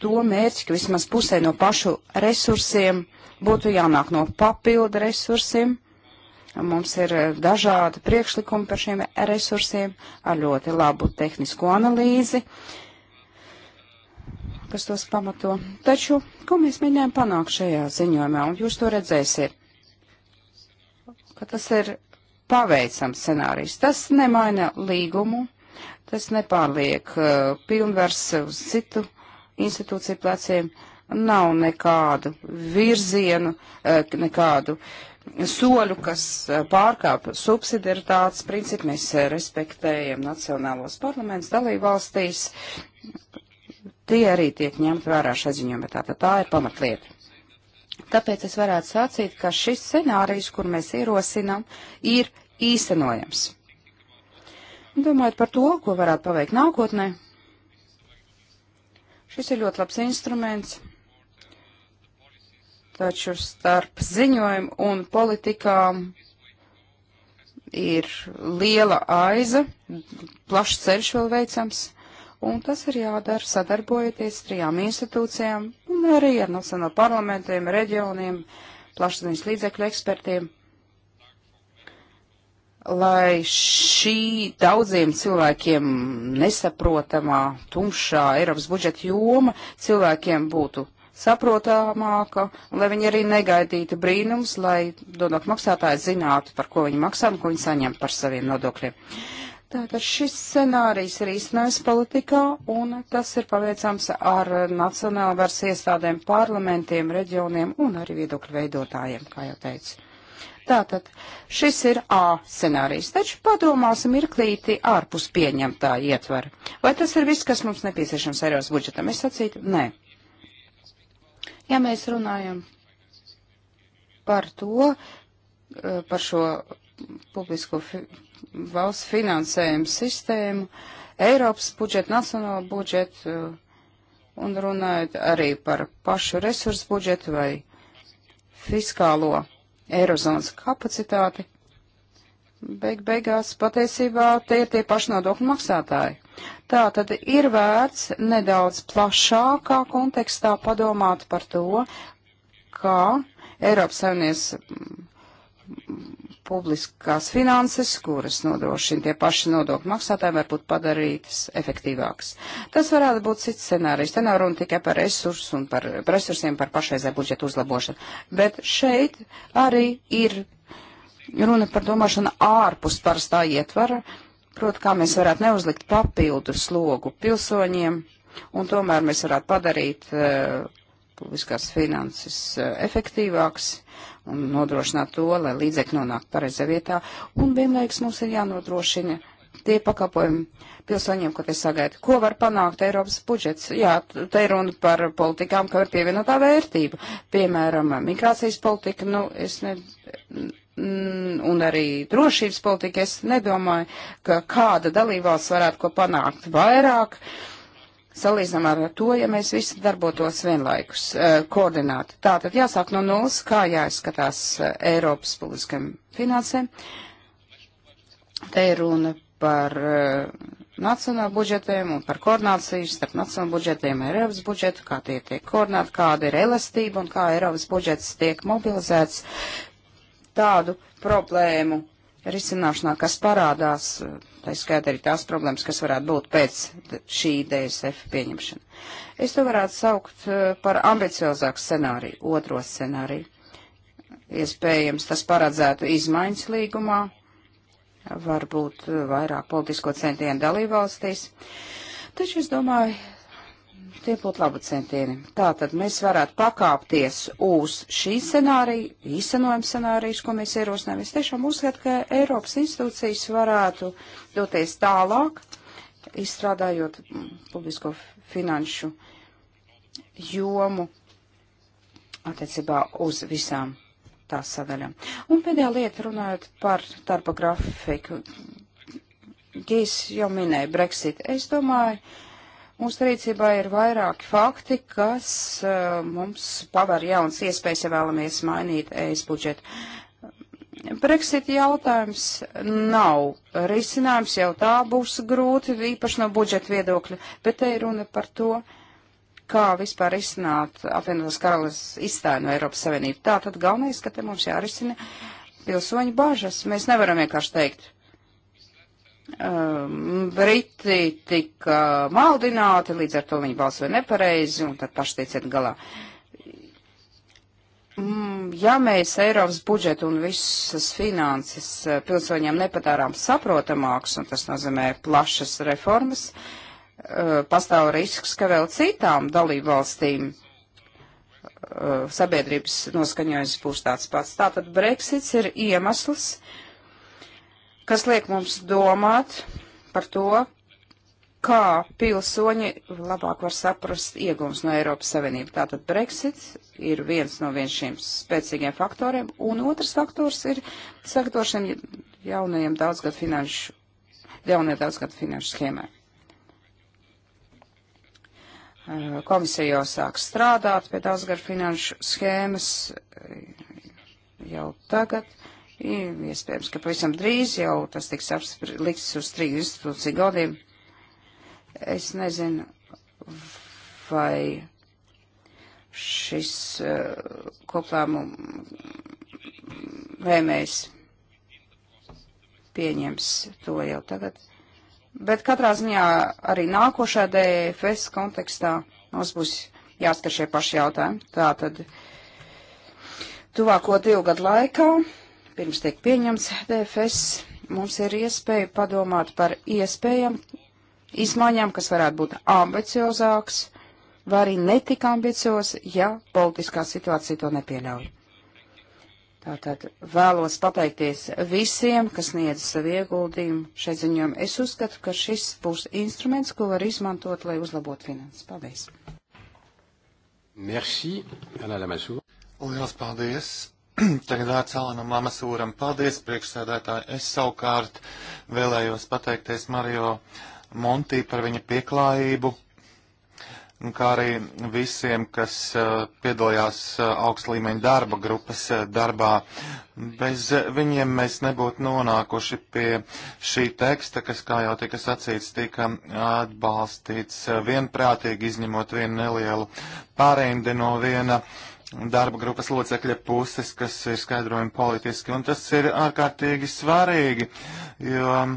to mērķi, ka vismaz pusē no pašu resursiem būtu jānāk no papildu resursiem. Mums ir eh, dažādi priekšlikumi par šiem resursiem ar ļoti labu tehnisko analīzi, kas tos pamato. Taču, ko mēs mēģinājām panākt šajā ziņojumā, un jūs to redzēsiet, ka tas ir paveicams scenārijs. Tas nemaina līgumu, tas nepārliek uh, pilnvars uz citu institūciju pleciem nav nekādu virzienu, eh, nekādu soļu, kas eh, pārkāp subsidiaritātes principu. Mēs eh, respektējam nacionālos parlamentus dalībvalstīs. Tie arī tiek ņemt vērā šai ziņojumā. Tātad tā ir pamatlieta. Tāpēc es varētu sacīt, ka šis scenārijs, kur mēs ierosinām, ir īstenojams. Domājot par to, ko varētu paveikt nākotnē, Šis ir ļoti labs instruments, taču starp ziņojumu un politikām ir liela aiza, plašs ceļš vēl veicams, un tas ir jādara sadarbojoties trijām institūcijām un arī ar nacionālajiem parlamentiem, reģioniem, plašsaziņas līdzekļu ekspertiem lai šī daudziem cilvēkiem nesaprotamā, tumšā Eiropas budžeta joma cilvēkiem būtu saprotamāka, un lai viņi arī negaidītu brīnums, lai nodokļu maksātāji zinātu, par ko viņi maksā un ko viņi saņem par saviem nodokļiem. Tātad šis scenārijs ir īstenojis politikā, un tas ir paveicams ar nacionālu varas iestādēm, parlamentiem, reģioniem un arī viedokļu veidotājiem, kā jau teicu. Tātad šis ir A scenārijs, taču padomāsim mirklīti ārpus pieņemtā ietvara. Vai tas ir viss, kas mums nepieciešams Eiropas budžetam? Es sacītu, nē. Ja mēs runājam par to, eh, par šo publisko fi valsts finansējumu sistēmu, Eiropas budžetu, nacionālo budžetu eh, un runājot arī par pašu resursu budžetu vai fiskālo Eirozonas kapacitāti. Beig beigās patiesībā tie ir tie pašnodokļu maksātāji. Tā tad ir vērts nedaudz plašākā kontekstā padomāt par to, kā Eiropas Savienības publiskās finanses, kuras nodrošina tie paši nodokļu maksātāji, var būt padarītas efektīvākas. Tas varētu būt cits scenārijs. Te nav runa tikai par resursu un par, par resursiem, par pašreizē budžetu uzlabošanu. Bet šeit arī ir runa par domāšanu ārpus parastā ietvara, proti, kā mēs varētu neuzlikt papildu slogu pilsoņiem, un tomēr mēs varētu padarīt uh, publiskās finanses uh, efektīvākas. Uh, un nodrošināt to, lai līdzekļi nonāktu pareizā vietā, un vienlaiks mums ir jānodrošina tie pakalpojumi pilsoņiem, ko tie sagaida. Ko var panākt Eiropas budžets? Jā, te ir runa par politikām, ka var pievienotā vērtība. Piemēram, migrācijas politika, nu, es ne, un arī drošības politika, es nedomāju, ka kāda dalībvalsts varētu ko panākt vairāk. Uh, Salīdzinām ar to, ja mēs visi darbotos vienlaikus, eh, koordināti. Tātad jāsāk no nulles, kā jāizskatās eh, Eiropas publiskam finansēm. Te ir runa par eh, nacionālu budžetiem un par koordināciju starp nacionālu budžetiem un Eiropas budžetu, kā tie tiek koordināti, kāda ir elastība un kā Eiropas budžets tiek mobilizēts tādu problēmu risināšanā, kas parādās lai skaitā arī tās problēmas, kas varētu būt pēc šī DSF pieņemšana. Es to varētu saukt eh, par ambiciozāku scenāriju, otro scenāriju. Iespējams, tas paredzētu izmaiņas līgumā, varbūt eh, vairāk politisko centienu dalībvalstīs. Taču es domāju, tie būtu labi centieni. Tātad mēs varētu pakāpties uz šī scenārija, īstenojuma scenārijas, ko mēs ierosinām. Es tiešām uzskatu, ka Eiropas institūcijas varētu doties tālāk, izstrādājot publisko finanšu jomu attiecībā uz visām tās sadaļām. Un pēdējā lieta runājot par darba grafiku. Gīs jau minēja Brexit. Es domāju, uh, Mūsu rīcībā ir vairāki fakti, kas uh, mums paver jauns iespējas, ja vēlamies mainīt ES budžetu. Brexit jautājums nav risinājums, jau tā būs grūti, īpaši no budžeta viedokļa, bet te ir runa par to, kā vispār risināt apvienotās karalas izstāju no Eiropas Savienības. Tā tad galvenais, ka te mums jārisina pilsoņu bāžas. Mēs nevaram vienkārši teikt, um, Briti tika maldināti, līdz ar to viņi balsoja nepareizi, un tad paši tieciet galā. Mm, ja mēs Eiropas budžetu un visas finanses eh, pilsoņiem nepatērām saprotamāks, un tas nozīmē plašas reformas, eh, pastāv risks, ka vēl citām dalību valstīm eh, sabiedrības noskaņojums būs tāds pats. Tātad Brexits ir iemesls, uh, kas liek mums domāt par to, kā pilsoņi labāk var saprast iegums no Eiropas Savienības. Tātad Brexit ir viens no viens šiem spēcīgiem faktoriem, un otrs faktors ir sagatavošiem jaunajiem daudzgad finanšu, jaunajā daudzgad finanšu schēmai komisija jau sāk strādāt pie daudzgadu finanšu schēmas jau tagad. Iespējams, ka pavisam drīz jau tas tiks apspriests uz trīs institūciju gadiem. Es nezinu, vai šis uh, koplēmumu vēmējs pieņems to jau tagad. Bet katrā ziņā arī nākošā DFS kontekstā mums būs jāskat šie paši jautājumi. Tātad tuvāko divu gadu laikā pirms tiek pieņemts DFS, mums ir iespēja padomāt par iespējām, izmaiņām, kas varētu būt ambiciozāks, vai arī netik ambicioz, ja politiskā situācija to nepieļauj. Tātad vēlos pateikties visiem, kas sniedz savu ieguldījumu šai ziņojumam. Es uzskatu, ka šis būs instruments, ko var izmantot, lai uzlabotu finanses. Paldies! Merci, Anna Lamassu. Lielas paldies, Tagad vārds Alanam Lamasūram. Paldies, priekšsēdētāji. Es savukārt vēlējos pateikties Mario Monti par viņa pieklājību, kā arī visiem, kas uh, piedalījās uh, augstlīmeņa darba grupas uh, darbā. Bez uh, viņiem mēs nebūtu nonākuši pie šī teksta, kas, kā jau tika sacīts, tika atbalstīts uh, vienprātīgi, izņemot vienu nelielu pāreindi no viena uh, darba grupas locekļa puses, kas ir skaidrojumi politiski, un tas ir ārkārtīgi svarīgi, jo um,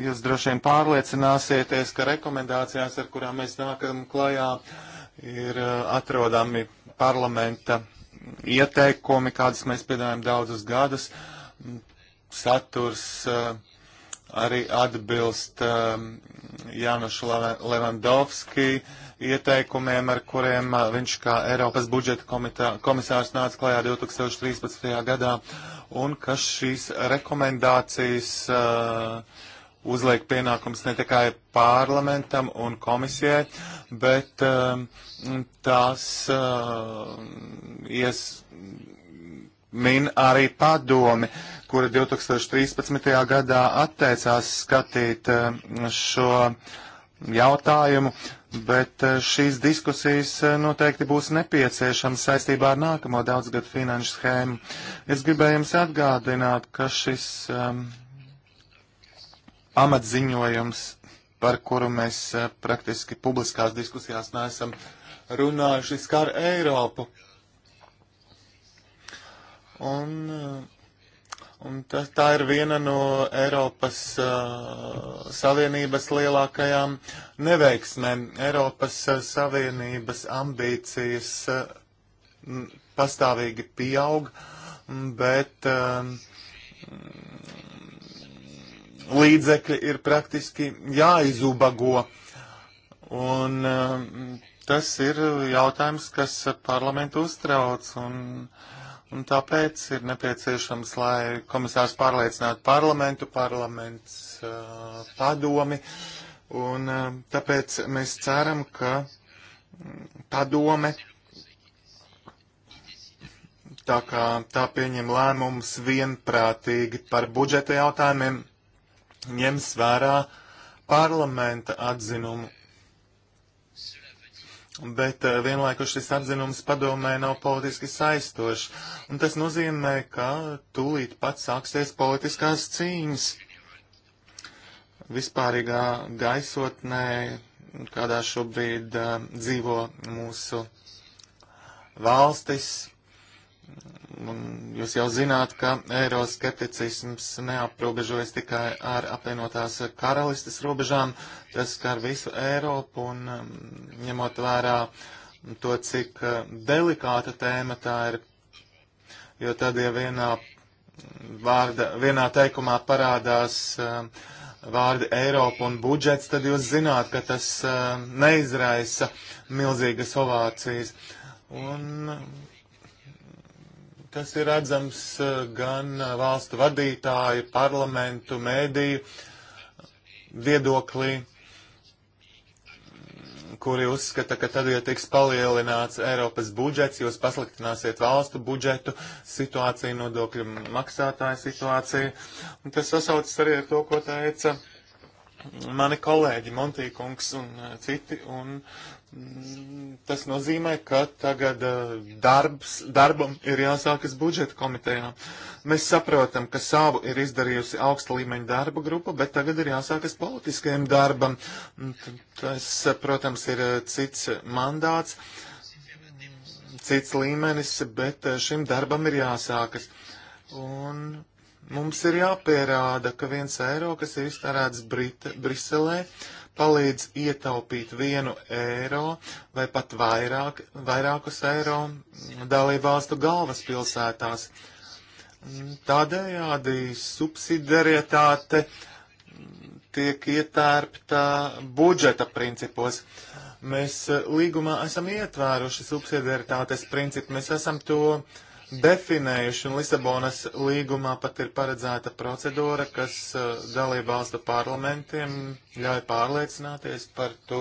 jūs droši vien pārliecināsieties, ka rekomendācijās, ar kurām mēs nākam klajā, ir uh, atrodami parlamenta ieteikumi, kādas mēs piedājam daudzus gadus. Saturs uh, arī atbilst um, Jānušu Levandovskiju ieteikumiem, ar kuriem viņš kā Eiropas budžeta komitā, komisārs nāca klajā 2013. gadā, un ka šīs rekomendācijas uh, uzliek pienākums ne tikai parlamentam un komisijai, bet uh, tās uh, ies, min arī padomi, kura 2013. gadā atteicās skatīt uh, šo jautājumu bet eh, šīs diskusijas eh, noteikti būs nepieciešamas saistībā ar nākamo daudzgadu finanšu schēmu. Es gribēju jums atgādināt, ka šis um, pamatziņojums, par kuru mēs uh, praktiski publiskās diskusijās neesam runājuši, skar Eiropu. Un uh, Un tā, tā ir viena no Eiropas uh, Savienības lielākajām neveiksmēm. Eiropas uh, Savienības ambīcijas uh, pastāvīgi pieaug, bet uh, līdzekļi ir praktiski jāizubago. Un uh, tas ir jautājums, kas parlamentu uztrauc. Un, uh, Un tāpēc ir nepieciešams, lai komisārs pārliecinātu parlamentu, parlaments uh, padomi. Un uh, tāpēc mēs ceram, ka mm, padome, tā kā tā pieņem lēmumus vienprātīgi par budžeta jautājumiem, ņems vērā parlamenta atzinumu bet eh, vienlaikus šis atzinums padomē nav politiski saistošs, un tas nozīmē, ka tūlīt pat sāksies politiskās cīņas. Vispārīgā gaisotnē, kādā šobrīd uh, dzīvo mūsu valstis, Un jūs jau zināt, ka eiroskepticisms neaprobežojas tikai ar apvienotās karalistes robežām, tas skar visu Eiropu un um, ņemot vērā to, cik uh, delikāta tēma tā ir, jo tad, ja vienā, vārda, vienā teikumā parādās uh, vārdi Eiropa un budžets, tad jūs zināt, ka tas uh, neizraisa milzīgas ovācijas. Un Tas ir redzams eh, gan eh, valstu vadītāju, parlamentu, mēdīju viedoklī, kuri uzskata, ka tad, ja tiks palielināts Eiropas budžets, jūs pasliktināsiet valstu budžetu situāciju, nodokļu maksātāju situāciju. Un tas sasaucas arī ar to, ko teica mani kolēģi Montīkungs un eh, citi, un tas nozīmē, ka tagad uh, darbs, darbam ir jāsākas budžeta komitejā. Mēs saprotam, ka savu ir izdarījusi augsta līmeņa darba grupa, bet tagad ir jāsākas politiskajam darbam. Mm, tas, protams, ir uh, cits mandāts, cits līmenis, bet uh, šim darbam ir jāsākas. Un mums ir jāpierāda, ka viens eiro, kas ir iztērēts Briselē, Brit palīdz ietaupīt vienu eiro vai pat vairāk, vairākus eiro dalībvalstu galvaspilsētās. Tādējādi subsidiarietāte tiek ietērpta budžeta principos. Mēs eh, līgumā esam ietvēruši subsidiaritātes principu, mēs esam to uh, definējuši, un Lisabonas līgumā pat ir paredzēta procedūra, kas uh, dalību valstu parlamentiem ļauj pārliecināties par to,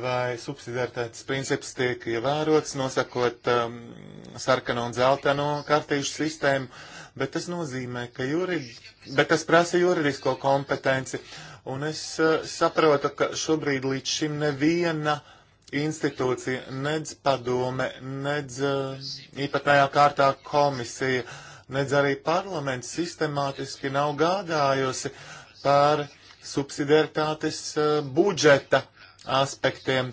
vai subsidiaritātes princips tiek ievērots, nosakot um, sarkano un zeltano kartīšu sistēmu, bet tas nozīmē, ka jurid... bet tas prasa juridisko kompetenci. Un es uh, saprotu, ka šobrīd līdz šim neviena uh, institūcija, nedz padome, nedz eh, īpatnējā kārtā komisija, nedz arī parlaments sistemātiski nav gādājusi par subsidiaritātes eh, budžeta aspektiem.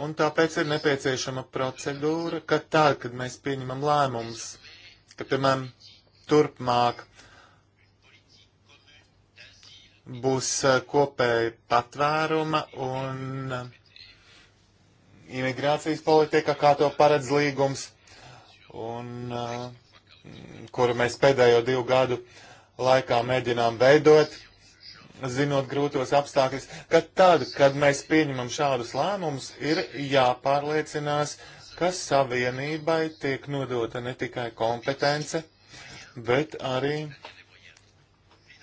Un tāpēc ir nepieciešama procedūra, ka tad, kad mēs pieņemam lēmumus, ka, piemēram, turpmāk būs eh, kopēja patvēruma un imigrācijas politika, kā to paredz līgums, un uh, kuru mēs pēdējo divu gadu laikā mēģinām veidot, zinot grūtos apstākļus, ka tad, kad mēs pieņemam šādus lēmumus, ir jāpārliecinās, ka savienībai tiek nodota ne tikai kompetence, bet arī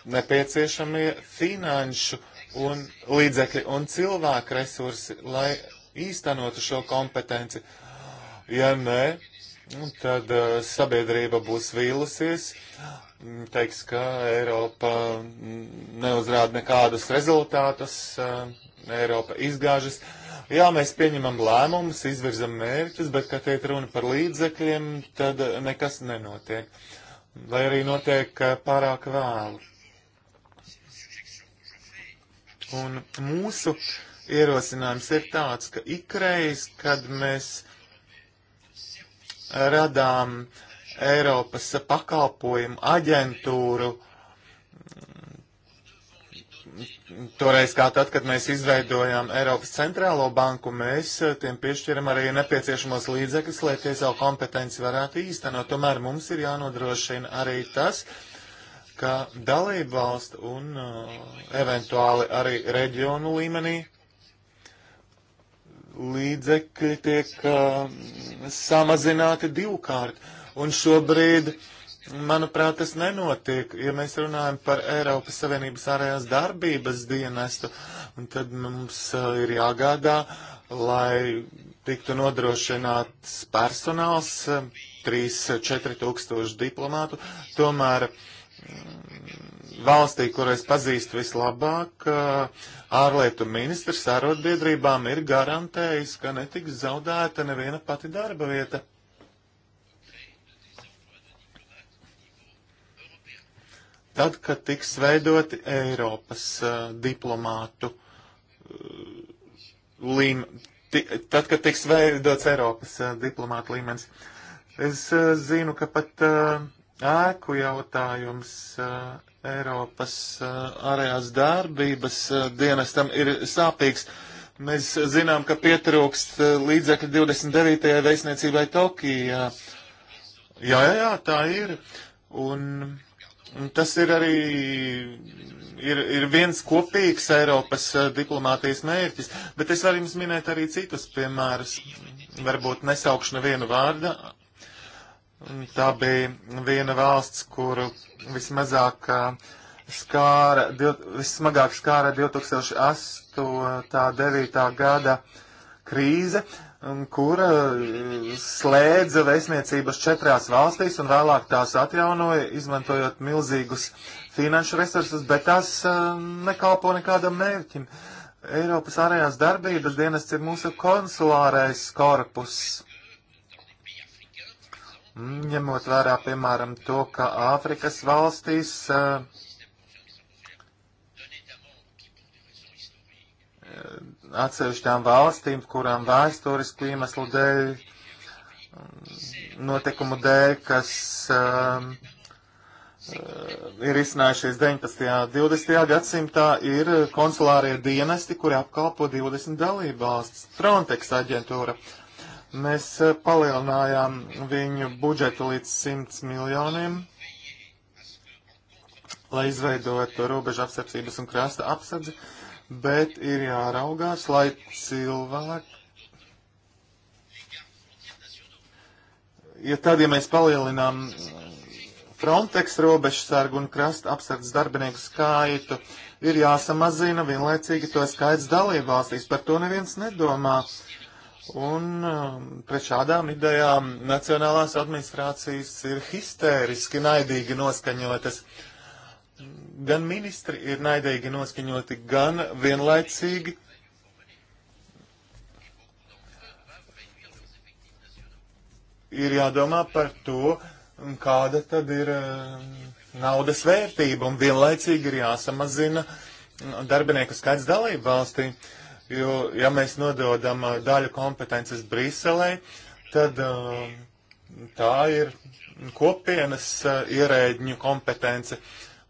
nepieciešamie finanšu un līdzekļi un cilvēku resursi, lai īstenotu šo kompetenci. Ja nē, tad eh, sabiedrība būs vīlusies, teiks, ka Eiropa mm, neuzrāda nekādus rezultātus, eh, Eiropa izgāžas. Jā, mēs pieņemam lēmumus, izvirzam mērķus, bet, kad iet runa par līdzekļiem, tad nekas nenotiek. Vai arī notiek eh, pārāk vēlu. Un mūsu uh, ierosinājums ir tāds, ka ikreiz, kad mēs radām Eiropas pakalpojumu aģentūru, toreiz kā tad, kad mēs izveidojām Eiropas centrālo banku, mēs eh, tiem piešķiram arī nepieciešamos līdzekļus, lai tie savu kompetenci varētu īstenot. Tomēr mums ir jānodrošina arī tas, ka dalību valstu un uh, eventuāli arī reģionu līmenī līdzekļi tiek uh, samazināti divkārt. Un šobrīd, manuprāt, tas nenotiek. Ja mēs runājam par Eiropas Savienības ārējās darbības dienestu, tad mums uh, ir jāgādā, lai tiktu nodrošināts personāls, uh, 3-4 tūkstoši diplomātu. Tomēr mm, valstī, kur es pazīstu vislabāk, eh, ārlietu ministrs arotbiedrībām ir garantējis, ka netiks zaudēta neviena pati darba vieta. Tad, kad tiks veidoti Eiropas uh, diplomātu uh, eh, līmenis, tad, kad tiks veidots Eiropas uh, diplomātu līmenis, es uh, zinu, ka pat uh, ēku jautājums uh, Eiropas eh, ārējās darbības eh, dienestam ir sāpīgs. Mēs zinām, ka pietrūkst eh, līdzekļu 29. veisniecībai Tokijā. Jā, jā, jā, tā ir. Un, un tas ir arī ir, ir viens kopīgs Eiropas diplomātijas mērķis, bet es varu jums minēt arī citus piemērus. Varbūt nesaukšu nevienu vārdu, Tā bija viena valsts, kuru vismazāk skāra, vismagāk skāra 2008.9. gada krīze, kura slēdza vēstniecības četrās valstīs un vēlāk tās atjaunoja, izmantojot milzīgus finanšu resursus, bet tās nekalpo nekādam mērķim. Eiropas ārējās darbības dienests ir mūsu konsulārais korpus ņemot vērā, piemēram, to, ka Āfrikas valstīs uh, atsevišķām valstīm, kurām vēsturisku iemeslu dēļ, notikumu dēļ, kas uh, ir izcinājušies 19. un 20. gadsimtā, ir konsulārie dienesti, kuri apkalpo 20 dalībvalsts, Frontex aģentūra. Uh, Mēs eh, palielinājām viņu budžetu līdz 100 miljoniem, lai izveidotu robežu apsardzības un krasta apsardzi, bet ir jāraugās, lai cilvēki. Ja tad, ja mēs palielinām eh, Frontex robežsargu un krasta apsardzes darbinieku skaitu ir jāsamazina vienlaicīgi to skaits dalībvalstīs. Par to neviens nedomā. Un um, pret šādām idejām nacionālās administrācijas ir histēriski naidīgi noskaņotas. Gan ministri ir naidīgi noskaņoti, gan vienlaicīgi. Ir jādomā par to, kāda tad ir um, naudas vērtība, un vienlaicīgi ir jāsamazina darbinieku skaits dalību valstī. Uh, jo, ja mēs nododam daļu kompetences Briselei, tad tā ir kopienas ierēģņu kompetence.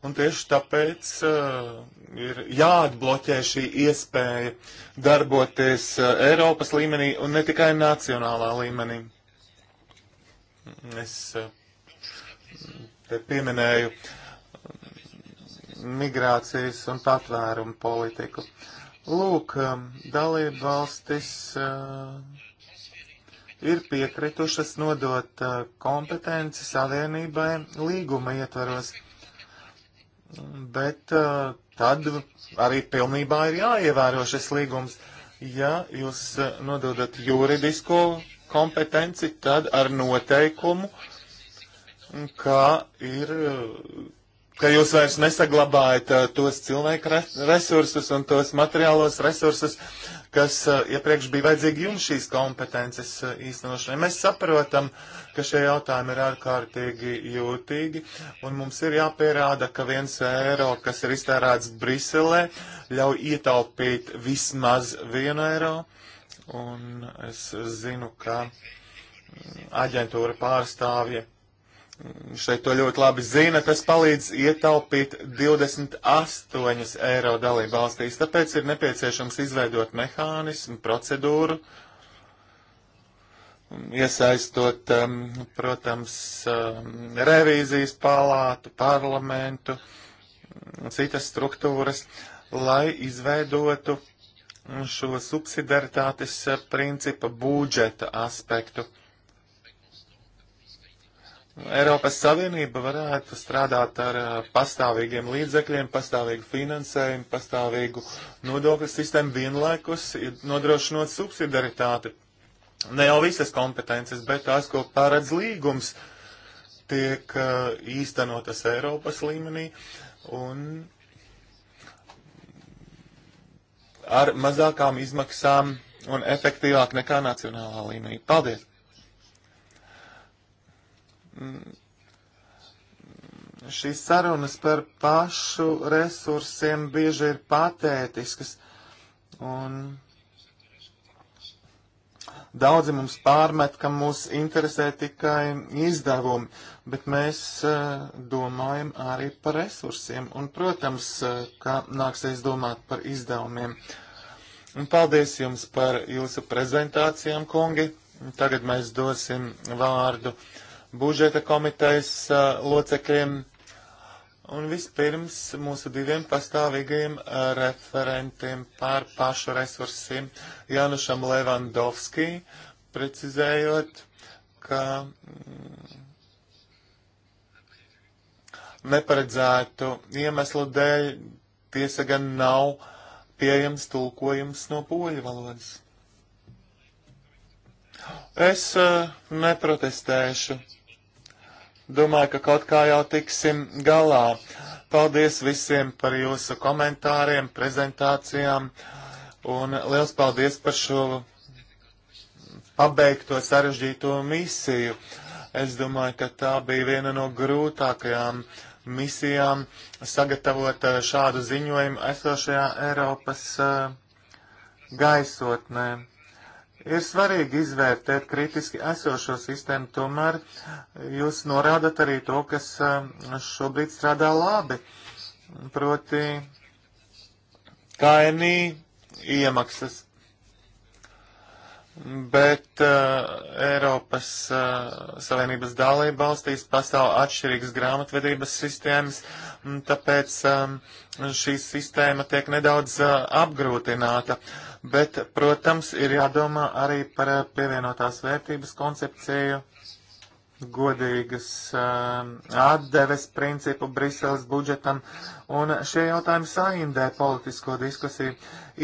Un tieši tāpēc uh, ir jāatbloķē šī iespēja darboties uh, Eiropas līmenī un ne tikai nacionālā līmenī. Es uh, te pieminēju migrācijas un patvērumu politiku. Uh, Lūk, um, dalība valstis uh, ir piekritušas nodot uh, kompetenci savienībai līguma ietvaros, bet uh, tad arī pilnībā ir jāievēro šis līgums. Ja jūs nododat juridisko kompetenci, tad ar noteikumu, kā ir ka jūs vairs nesaglabājat uh, tos cilvēku re resursus un tos materiālos resursus, kas uh, iepriekš bija vajadzīgi jums šīs kompetences uh, īstenošanai. Mēs saprotam, ka šie jautājumi ir ārkārtīgi jūtīgi, un mums ir jāpierāda, ka viens eiro, kas ir iztērēts Briselē, ļauj ietaupīt vismaz vienu eiro, un es zinu, ka mm, aģentūra pārstāvja šeit to ļoti labi zina, tas palīdz ietaupīt 28 eiro dalību valstīs. Tāpēc ir nepieciešams izveidot mehānismu, procedūru, iesaistot, um, protams, um, revīzijas palātu, parlamentu, um, citas struktūras, lai izveidotu šo subsidaritātes uh, principa budžeta aspektu. Eiropas Savienība varētu strādāt ar pastāvīgiem līdzekļiem, pastāvīgu finansējumu, pastāvīgu nodokļu sistēmu vienlaikus, nodrošinot subsidaritāti. Ne jau visas kompetences, bet tās, ko paredz līgums, tiek īstenotas Eiropas līmenī un ar mazākām izmaksām un efektīvāk nekā nacionālā līmenī. Paldies! Mm. šīs sarunas par pašu resursiem bieži ir patētiskas, un daudzi mums pārmet, ka mūs interesē tikai izdevumi, bet mēs uh, domājam arī par resursiem, un, protams, uh, ka nāksies domāt par izdevumiem. Un paldies jums par jūsu prezentācijām, kungi. Tagad mēs dosim vārdu uh, budžeta komitejas uh, locekļiem un vispirms mūsu diviem pastāvīgajiem uh, referentiem par pašu resursiem Janušam Levandovskij, precizējot, ka mm, neparedzētu iemeslu dēļ tiesa gan nav pieejams tulkojums no poļu valodas. Es uh, neprotestēšu. Domāju, ka kaut kā jau tiksim galā. Paldies visiem par jūsu komentāriem, prezentācijām un liels paldies par šo pabeigto sarežģīto misiju. Es domāju, ka tā bija viena no grūtākajām misijām sagatavot eh, šādu ziņojumu esošajā Eiropas uh, gaisotnē. Ir svarīgi izvērtēt kritiski esošo sistēmu, tomēr jūs norādat arī to, kas um, šobrīd strādā labi, proti kainī iemaksas. Bet uh, Eiropas uh, Savienības dalība valstīs pastāv atšķirīgas grāmatvedības sistēmas, tāpēc um, uh, šī sistēma tiek nedaudz apgrūtināta, bet, protams, ir jādomā arī par pievienotās vērtības koncepciju, godīgas atdeves principu Briseles budžetam, un šie jautājumi saindē politisko diskusiju.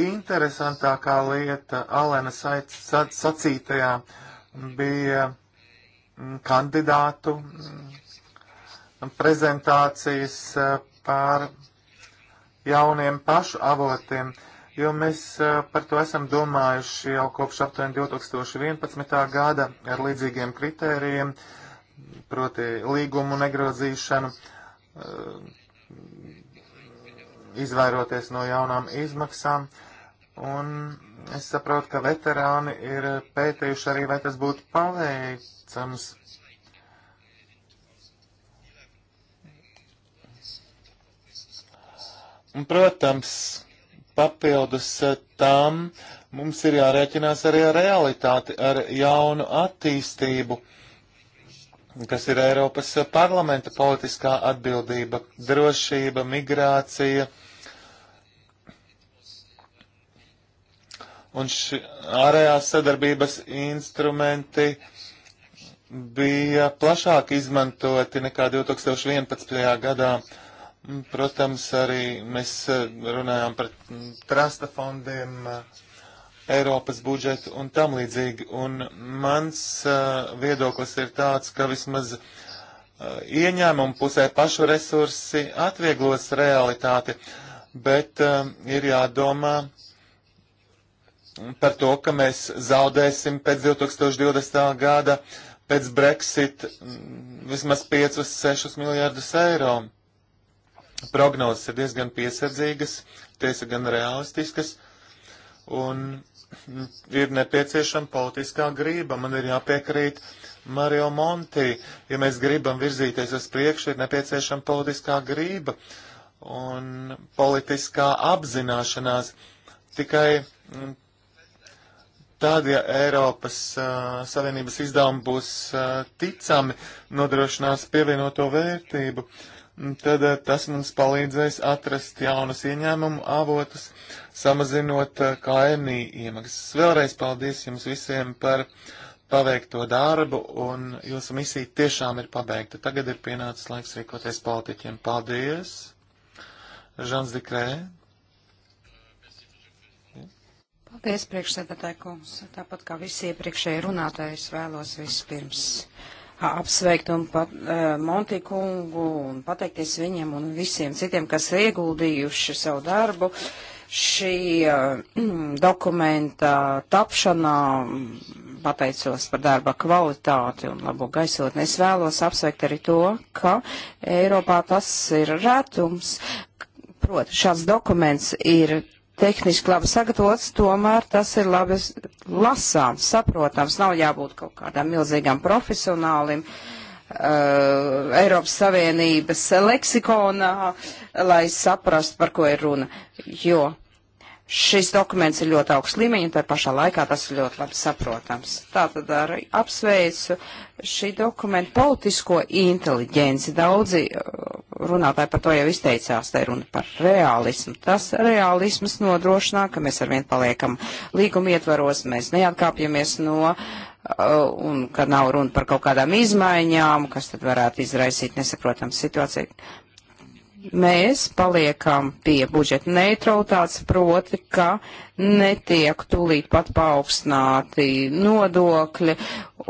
Interesantākā lieta Alena sacītajā bija kandidātu prezentācijas pār jauniem pašu avotiem, jo mēs par to esam domājuši jau kopš aptuveni 2011. gada ar līdzīgiem kritērijiem, proti līgumu negrozīšanu, izvairoties no jaunām izmaksām. Un es saprotu, ka veterāni ir pētījuši arī, vai tas būtu paveicams Un, protams, papildus eh, tam mums ir jārēķinās arī ar realitāti, ar jaunu attīstību, kas ir Eiropas eh, parlamenta politiskā atbildība - drošība, migrācija. Un šī ārējās sadarbības instrumenti bija plašāk izmantoti nekā 2011. gadā Protams, arī mēs eh, runājām par trasta fondiem, eh, Eiropas budžetu un tam līdzīgi. Un mans uh, viedoklis ir tāds, ka vismaz uh, ieņēmumu pusē pašu resursi atvieglos realitāti, bet uh, ir jādomā par to, ka mēs zaudēsim pēc 2020. gada, pēc Brexit, mm, vismaz 5-6 miljārdus eiro. Prognozes ir diezgan piesardzīgas, tiesa gan realistiskas, un ir nepieciešama politiskā grība. Man ir jāpiekrīt Mario Monti, ja mēs gribam virzīties uz priekšu, ir nepieciešama politiskā grība un politiskā apzināšanās. Tikai mm, tad, ja Eiropas uh, Savienības izdevumi būs uh, ticami, nodrošinās pievienoto vērtību. Uh, tad eh, tas mums palīdzēs atrast jaunas ieņēmumu avotus, samazinot eh, kainī iemaksas. Vēlreiz paldies jums visiem par paveikto darbu, un jūsu misija tiešām ir pabeigta. Tagad ir pienācis laiks rīkoties politiķiem. Paldies! Žans Dikrē. Paldies, priekšsēdētāji kungs. Tāpat kā visi iepriekšēji runātāji, es vēlos vispirms. pirms apsveikt un pat, uh, Monti kungu un pateikties viņam un visiem citiem, kas ieguldījuši savu darbu šī uh, dokumenta tapšanā. Pateicos par darba kvalitāti un labu gaisotni. Es vēlos apsveikt arī to, ka Eiropā tas ir retums. Proti, šāds dokuments ir tehniski labi sagatavots, tomēr tas ir labi lasāms, saprotams, nav jābūt kaut kādam milzīgam profesionālim. Uh, Eiropas Savienības leksikonā, lai saprastu, par ko ir runa. Jo Šis dokuments ir ļoti augsts līmeņi, un tā pašā laikā tas ir ļoti labi saprotams. Tātad arī apsveicu šī dokumenta politisko inteliģenci. Daudzi uh, runātāji par to jau izteicās, te runa par realismu. Tas realisms nodrošinā, ka mēs arvien paliekam līguma ietvaros, mēs neatkāpjamies no uh, un ka nav runa par kaut kādām izmaiņām, kas tad varētu izraisīt nesaprotams situāciju mēs paliekam pie budžeta neutralitātes, proti, ka netiek tūlīt pat paaugstināti nodokļi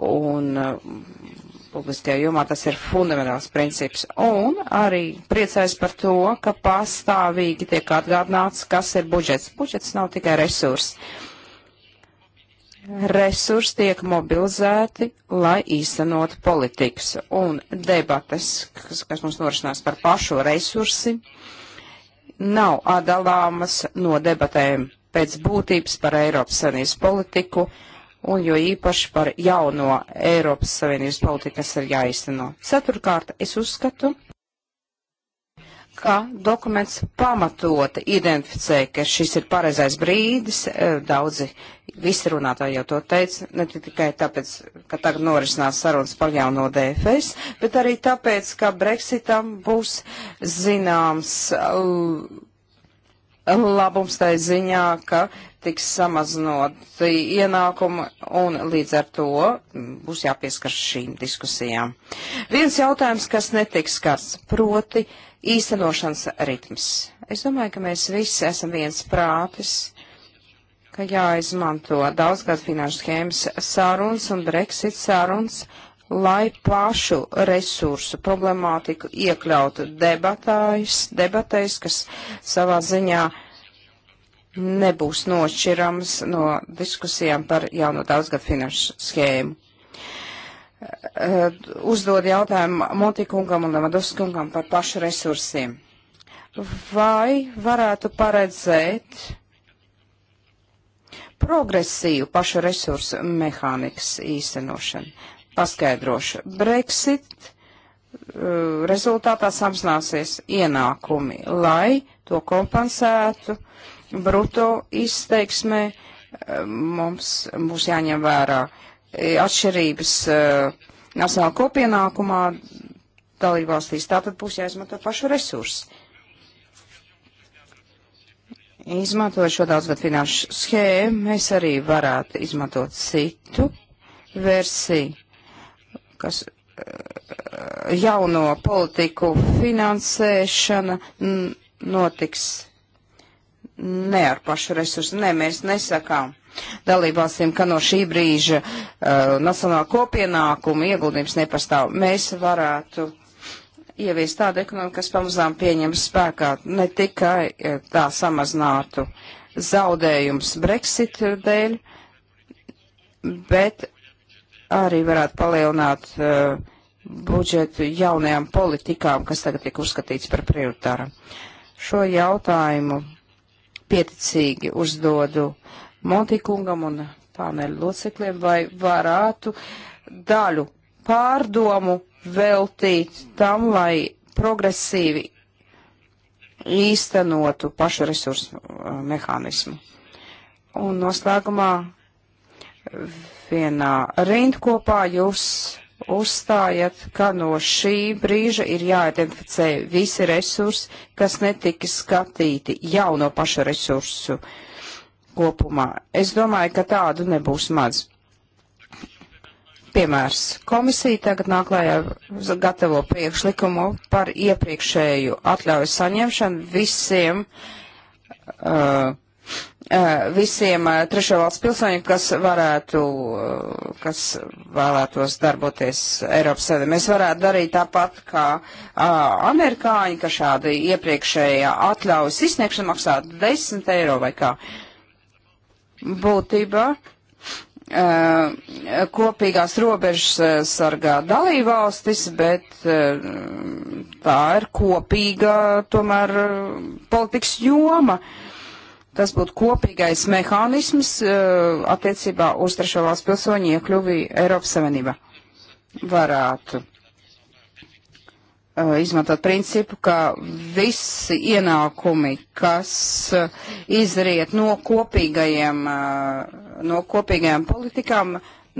un eh, publiskajā jomā tas ir fundamentāls princips. Un arī priecājos par to, ka pastāvīgi tiek atgādināts, kas ir budžets. Budžets nav tikai resurss resursi tiek mobilizēti, lai īstenotu politikas un debates, kas, kas mums norisinās par pašu resursi, nav atdalāmas no debatēm pēc būtības par Eiropas Savienības politiku un jo īpaši par jauno Eiropas Savienības politiku, kas ir jāizteno. Ceturkārt, es uzskatu, ka dokuments pamatoti identificē, ka šis ir pareizais brīdis. E, daudzi visi runātāji jau to teica, ne tikai tāpēc, ka tagad norisinās sarunas par jauno DFS, bet arī tāpēc, ka Brexitam būs zināms. Uh, labums tai ziņā, ka tiks samazinot ienākumu un līdz ar to būs jāpieskars šīm diskusijām. Viens jautājums, kas netiks skars, proti īstenošanas ritms. Es domāju, ka mēs visi esam viens prātis ka jāizmanto daudzgad finanšu schēmas sarunas un Brexit sarunas, lai pašu resursu problemātiku iekļautu debatājs, debatēs, kas savā ziņā nebūs nošķirams no diskusijām par jauno daudzgadu finanšu schēmu. Uh, uzdod jautājumu Montikungam un Lamaduskungam par pašu resursiem. Vai varētu paredzēt progresīvu pašu resursu mehānikas īstenošanu? paskaidrošu. Brexit uh, rezultātā samazināsies ienākumi, lai to kompensētu bruto izteiksmē. Uh, mums būs jāņem vērā uh, atšķirības uh, nacionāla kopienākumā dalībvalstīs. Tātad būs jāizmanto pašu resursu. Izmantojot šo daudzgad finanšu schēmu, mēs arī varētu izmantot citu versiju kas eh, jauno politiku finansēšana notiks ne ar pašu resursu. Nē, mēs nesakām dalībvalstīm, ka no šī brīža uh, nacionāla kopienākuma ieguldījums nepastāv. Mēs varētu ieviest tādu ekonomiku, kas pamazām pieņem spēkā ne tikai eh, tā samazinātu zaudējums Brexit dēļ, bet arī varētu palielināt uh, budžetu jaunajām politikām, kas tagad tiek uzskatīts par prioritāru. Šo jautājumu pieticīgi uzdodu Montikungam un pāneļu locekļiem, vai varētu daļu pārdomu veltīt tam, lai progresīvi īstenotu pašu resursu eh, mehānismu. Un noslēgumā vienā rindkopā jūs uzstājat, ka no šī brīža ir jāidentificē visi resursi, kas netika skatīti jau no paša resursu kopumā. Es domāju, ka tādu nebūs maz. Piemērs. Komisija tagad nāklājā gatavo priekšlikumu par iepriekšēju atļauju saņemšanu visiem uh, Eh, visiem eh, trešo valsts pilsoņiem, kas varētu, eh, kas vēlētos darboties Eiropas Savienībā. Mēs varētu darīt tāpat kā amerikāņi, ka šādi iepriekšējā atļaujas izsniegšana maksātu 10 eiro vai kā. Būtībā kopīgās robežas sargā dalībvalstis, bet tā ir kopīga tomēr politikas joma. Uh, tas būtu kopīgais mehānisms uh, attiecībā uz trešo valstu pilsoņu iekļuvi Eiropas Savienībā. Varētu uh, izmantot principu, ka visi ienākumi, kas uh, izriet no kopīgajiem, no kopīgajām politikām,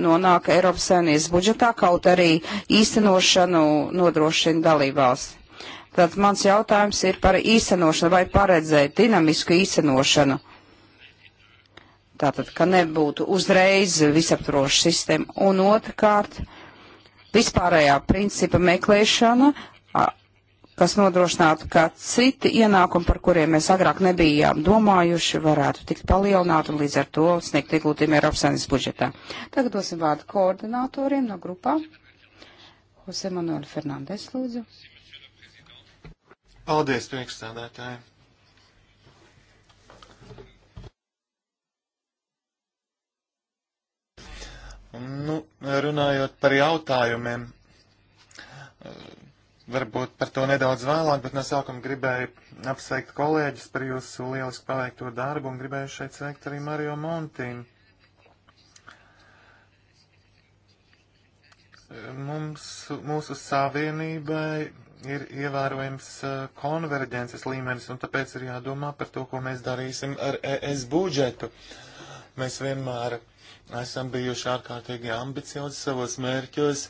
nonāk Eiropas Savienības budžetā, kaut arī īstenošanu nodrošina dalībvalsts. Tad mans jautājums ir par īstenošanu vai paredzēt dinamisku īstenošanu. Tātad, ka nebūtu uzreiz visaptroša sistēma. Un otrkārt, vispārējā principa meklēšana, kas nodrošinātu, ka citi ienākumi, par kuriem mēs agrāk nebijām domājuši, varētu tikt palielināti un līdz ar to sniegt ieguldījumu Eiropas Savienības budžetā. Tagad dosim vārdu koordinātoriem no grupām. Jose Manuel Fernandes, lūdzu. Paldies, priekšstādātāji! Nu, runājot par jautājumiem, eh, varbūt par to nedaudz vēlāk, bet no sākuma gribēju apsveikt kolēģis par jūsu lieliski paveikto darbu un gribēju šeit sveikt arī Mario Montīnu. Mums, mūsu savienībai ir ievērojams uh, konverģences līmenis, un tāpēc ir jādomā par to, ko mēs darīsim ar ES budžetu. Mēs vienmēr esam bijuši ārkārtīgi ambiciozi savos mērķos,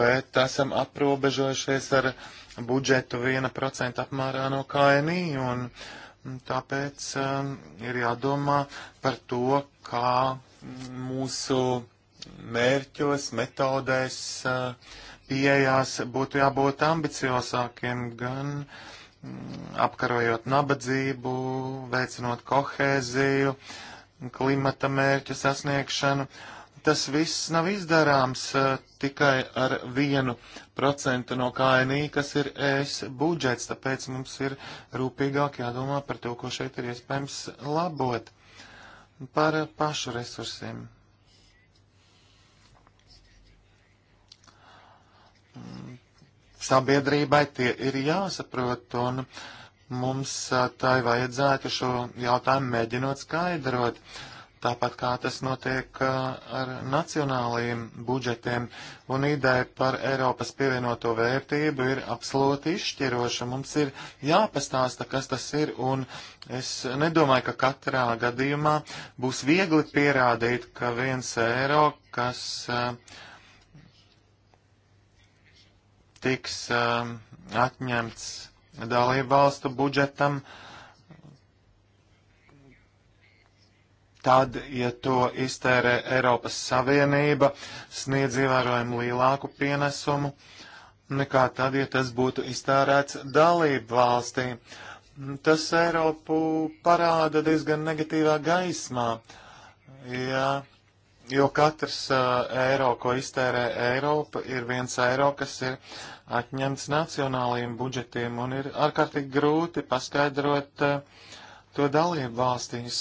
bet esam aprobežojušies ar budžetu 1% apmērā no KNI, un tāpēc um, ir jādomā par to, kā mūsu mērķos, metodēs, pieejās būtu jābūt ambiciozākiem gan mm, apkarojot nabadzību, veicinot kohēziju, klimata mērķu sasniegšanu. Tas viss nav izdarāms tikai ar vienu procentu no KNI, kas ir ES budžets, tāpēc mums ir rūpīgāk jādomā par to, ko šeit ir iespējams labot par pašu resursiem. sabiedrībai tie ir jāsaprot, un mums tai vajadzētu šo jautājumu mēģinot skaidrot. Tāpat kā tas notiek ar nacionālajiem budžetiem, un ideja par Eiropas pievienoto vērtību ir absolūti izšķiroša. Mums ir jāpastāsta, kas tas ir, un es nedomāju, ka katrā gadījumā būs viegli pierādīt, ka viens eiro, kas uh, tiks um, atņemts dalību valstu budžetam, tad, ja to iztērē Eiropas Savienība, sniedz ievērojumu lielāku pienesumu nekā tad, ja tas būtu iztērēts dalību valstī. Tas Eiropu parāda diezgan negatīvā gaismā. Ja jo katrs uh, eiro, ko iztērē Eiropa, ir viens eiro, kas ir atņemts nacionālajiem budžetiem un ir ārkārtīgi grūti paskaidrot uh, to dalību valstīs.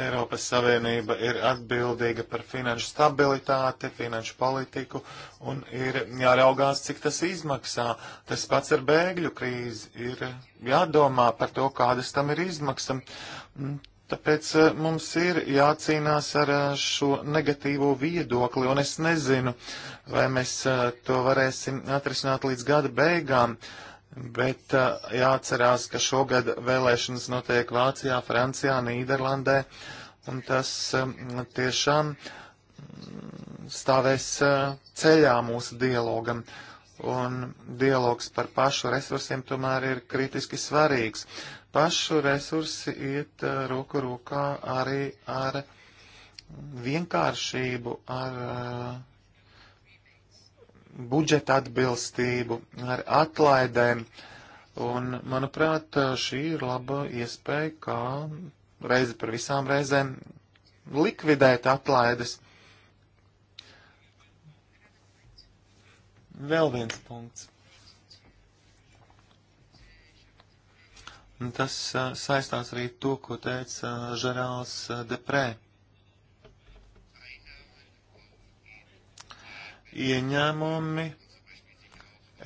Eiropas Savienība ir atbildīga par finanšu stabilitāti, finanšu politiku un ir jāraugās, cik tas izmaksā. Tas pats ar bēgļu krīzi ir jādomā par to, kādas tam ir izmaksam. Mm, tāpēc eh, mums ir jācīnās ar eh, šo negatīvo viedokli, un es nezinu, vai mēs eh, to varēsim atrisināt līdz gada beigām. Uh, bet uh, jāatcerās, ka šogad vēlēšanas notiek Vācijā, Francijā, Nīderlandē, un tas um, tiešām mm, stāvēs uh, ceļā mūsu dialogam. Un dialogs par pašu resursiem tomēr ir kritiski svarīgs. Pašu resursi iet uh, roku rokā arī ar vienkāršību, ar uh, budžeta atbilstību, ar atlaidēm. Un, manuprāt, šī ir laba iespēja, kā reizi par visām reizēm likvidēt atlaides. Vēl viens punkts. Un tas uh, saistās arī to, ko teica uh, Žerāls uh, Deprē. ieņēmumi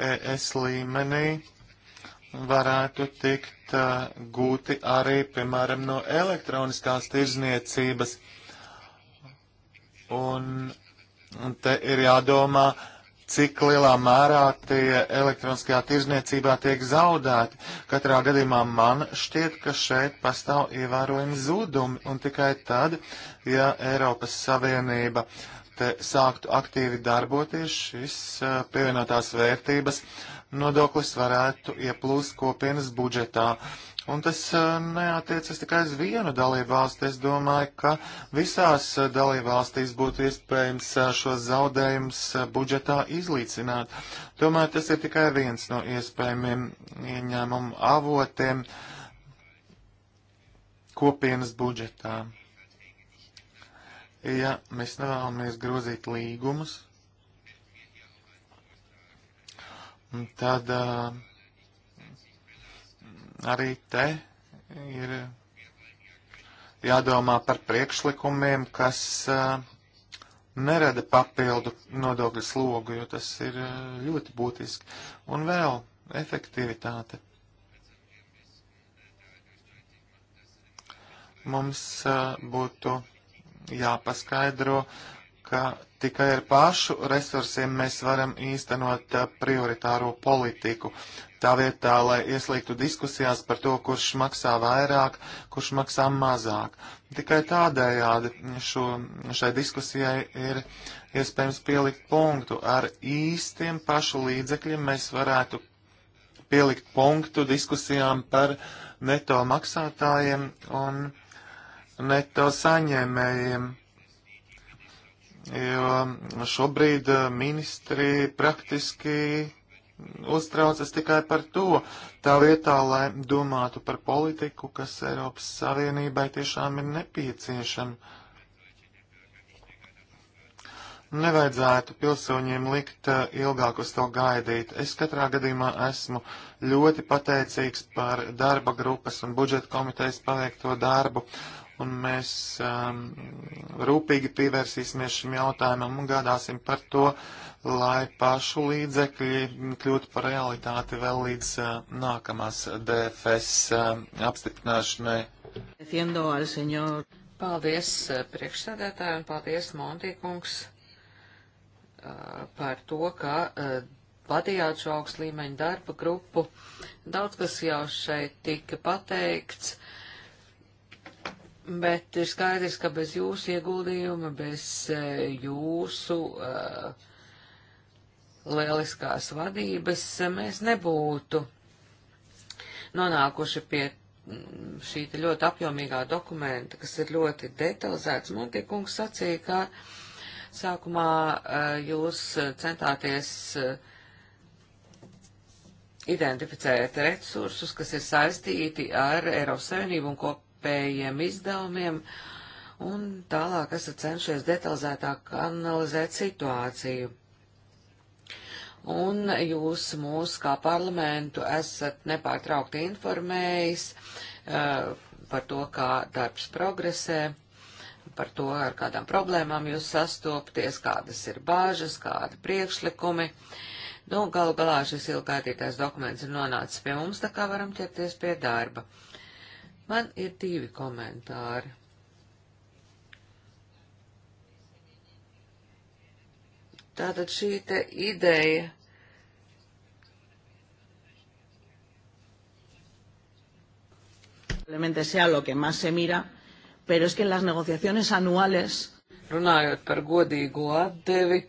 ES līmenī varētu tikt uh, gūti arī, piemēram, no elektroniskās tirzniecības. Un, un te ir jādomā, cik lielā mērā tie elektroniskajā tirzniecībā tiek zaudēti. Katrā gadījumā man šķiet, ka šeit pastāv ievērojami zudumi, un tikai tad, ja Eiropas Savienība uh, te sāktu aktīvi darboties, šis pievienotās vērtības nodoklis varētu ieplūst kopienas budžetā. Un tas neatiecas tikai uz vienu dalību valsti. Es domāju, ka visās dalību valstīs būtu iespējams šos zaudējumus budžetā izlīdzināt. Tomēr tas ir tikai viens no iespējamiem ieņēmumu avotiem kopienas budžetā ja mēs nevēlamies grozīt līgumus, tad uh, arī te ir jādomā par priekšlikumiem, kas uh, nerada papildu nodokļu slogu, jo tas ir uh, ļoti būtiski. Un vēl efektivitāte. Mums uh, būtu jāpaskaidro, ka tikai ar pašu resursiem mēs varam īstenot eh, prioritāro politiku. Tā vietā, lai ieslīgtu diskusijās par to, kurš maksā vairāk, kurš maksā mazāk. Tikai tādējādi šo, šai diskusijai ir iespējams pielikt punktu. Ar īstiem pašu līdzekļiem mēs varētu pielikt punktu diskusijām par neto maksātājiem un neto saņēmējiem, jo šobrīd eh, ministri praktiski uztraucas tikai par to, tā vietā, lai domātu par politiku, kas Eiropas Savienībai tiešām ir nepieciešama. Nevajadzētu pilsoņiem likt eh, ilgāk uz to gaidīt. Es katrā gadījumā esmu ļoti pateicīgs par darba grupas un budžeta komitejas paveikto darbu un mēs um, rūpīgi pievērsīsimies šim jautājumam un gādāsim par to, lai pašu līdzekļi kļūtu par realitāti vēl līdz uh, nākamās DFS um, uh, apstiprināšanai. Paldies priekšsēdētājiem, paldies Montīkungs uh, par to, ka uh, vadījāt šo augstu līmeņu darba grupu. Daudz kas jau šeit tika pateikts Bet ir skaidrs, ka bez jūsu ieguldījuma, bez e, jūsu uh, lieliskās vadības e, mēs nebūtu nonākuši pie mm, šī ļoti apjomīgā dokumenta, kas ir ļoti detalizēts. Montiekungs sacīja, ka sākumā uh, jūs centāties uh, identificēt resursus, kas ir saistīti ar Eiropas Savienību un kop kopējiem izdevumiem, un tālāk esat cenšies detalizētāk analizēt situāciju. Un jūs mūs kā parlamentu esat nepārtraukti informējis uh, par to, kā darbs progresē par to, ar kādām problēmām jūs sastopties, kādas ir bāžas, kādi priekšlikumi. Nu, galu galā šis ilgaitītais dokuments ir nonācis pie mums, tā kā varam ķerties pie darba. Man ir divi komentāri. Tātad šī te ideja. Probablemente sea lo que más se mira, pero es que en las negociaciones anuales. Runājot par godīgu atdevi,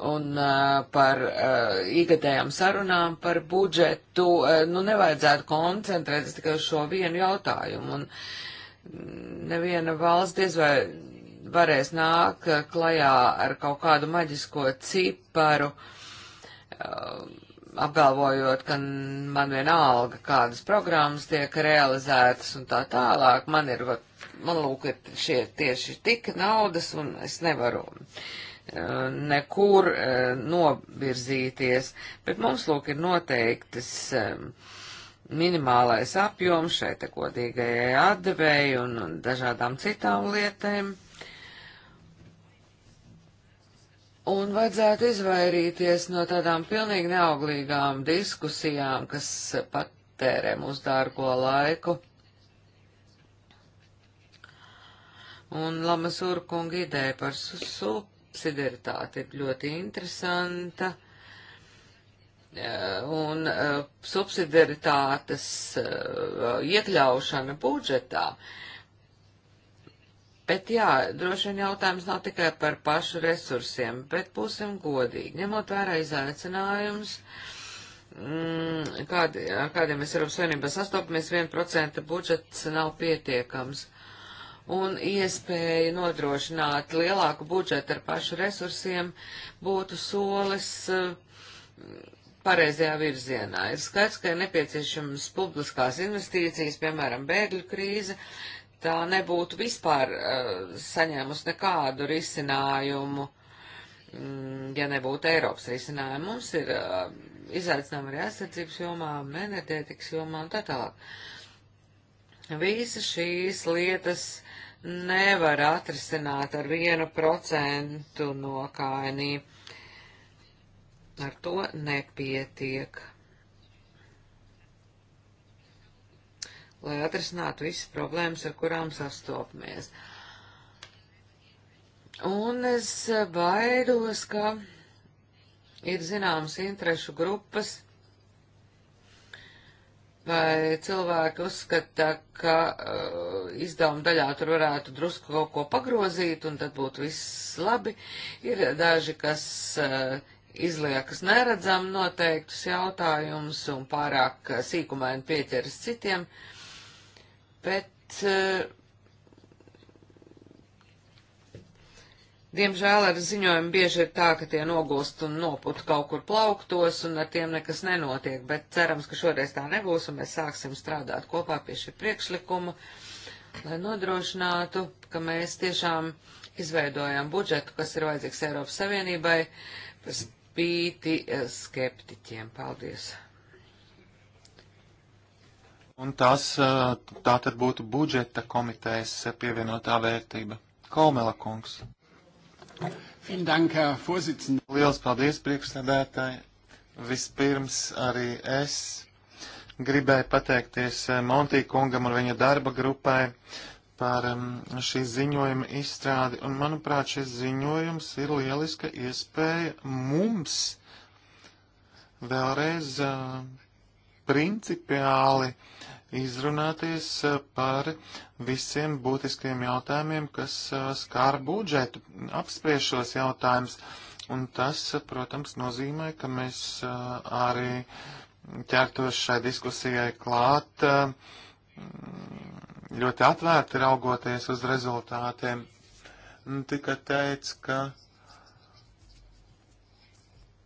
un uh, par uh, ikgadējām sarunām par budžetu, uh, nu nevajadzētu koncentrēties tikai uz šo vienu jautājumu. Un mm, neviena valsts diez vai varēs nāk klajā ar kaut kādu maģisko ciparu, apgalvojot, ka man vienalga, kādas programmas tiek realizētas un tā tālāk. Man ir, man lūk, ir šie tieši tik naudas un es nevaru. Uh, E, nekur e, novirzīties, bet mums lūk ir noteiktas e, minimālais apjoms šai te godīgajai atdevēji un, un dažādām citām lietēm. Un vajadzētu izvairīties no tādām pilnīgi neauglīgām diskusijām, kas patērē mūsu dārgo laiku. Un Lamas Urkunga ideja par sup subsidiaritāte ir ļoti interesanta. Eh, un eh, subsidiaritātes eh, iekļaušana budžetā. Bet jā, droši vien jautājums nav tikai par pašu resursiem, bet būsim godīgi, ņemot vērā izaicinājumus, mm, kādi, ar kādiem mēs Eiropas Savienībā sastopamies, 1% budžets nav pietiekams un iespēja nodrošināt lielāku budžetu ar pašu resursiem būtu solis eh, pareizajā virzienā. Ir skaidrs, ka ir nepieciešams publiskās investīcijas, piemēram, bēgļu krīze. Tā nebūtu vispār uh, saņēmusi nekādu risinājumu, mm, ja nebūtu Eiropas risinājumu. Mums ir uh, izaicinājumi arī aizsardzības jomā, enerģētikas jomā un tā tālāk. Visas šīs lietas nevar atrisināt ar vienu procentu no kainī. Ar to nepietiek. Lai atrisinātu visas problēmas, ar kurām sastopamies. Un es baidos, ka ir zināmas interešu grupas, vai cilvēki uzskata, ka uh, izdevuma daļā tur varētu drusku kaut ko pagrozīt un tad būtu viss labi. Ir daži, kas uh, izliekas neredzam noteiktus jautājumus un pārāk uh, sīkumaini pieķeras citiem, bet uh, Diemžēl ar ziņojumu bieži ir tā, ka tie nogulst un noput kaut kur plauktos, un ar tiem nekas nenotiek, bet cerams, ka šoreiz tā nebūs, un mēs sāksim strādāt kopā pie šī priekšlikuma, lai nodrošinātu, ka mēs tiešām izveidojam budžetu, kas ir vajadzīgs Eiropas Savienībai, par spīti eh, skeptiķiem. Paldies! Un tas, eh, tā tad būtu budžeta komitejas pievienotā vērtība. Kaumela kungs. Lielas paldies, priekšsēdētāji. Vispirms arī es gribēju pateikties eh, Montī kungam un viņa darba grupai par mm, šī ziņojuma izstrādi. Un, manuprāt, šis ziņojums ir lieliska iespēja mums vēlreiz eh, principiāli uh, izrunāties eh, par visiem būtiskiem jautājumiem, kas eh, skār budžetu, apspriež šos jautājumus. Un tas, eh, protams, nozīmē, ka mēs arī ķertos šai diskusijai klāt ļoti atvērti raugoties uz rezultātiem. Tika teica, ka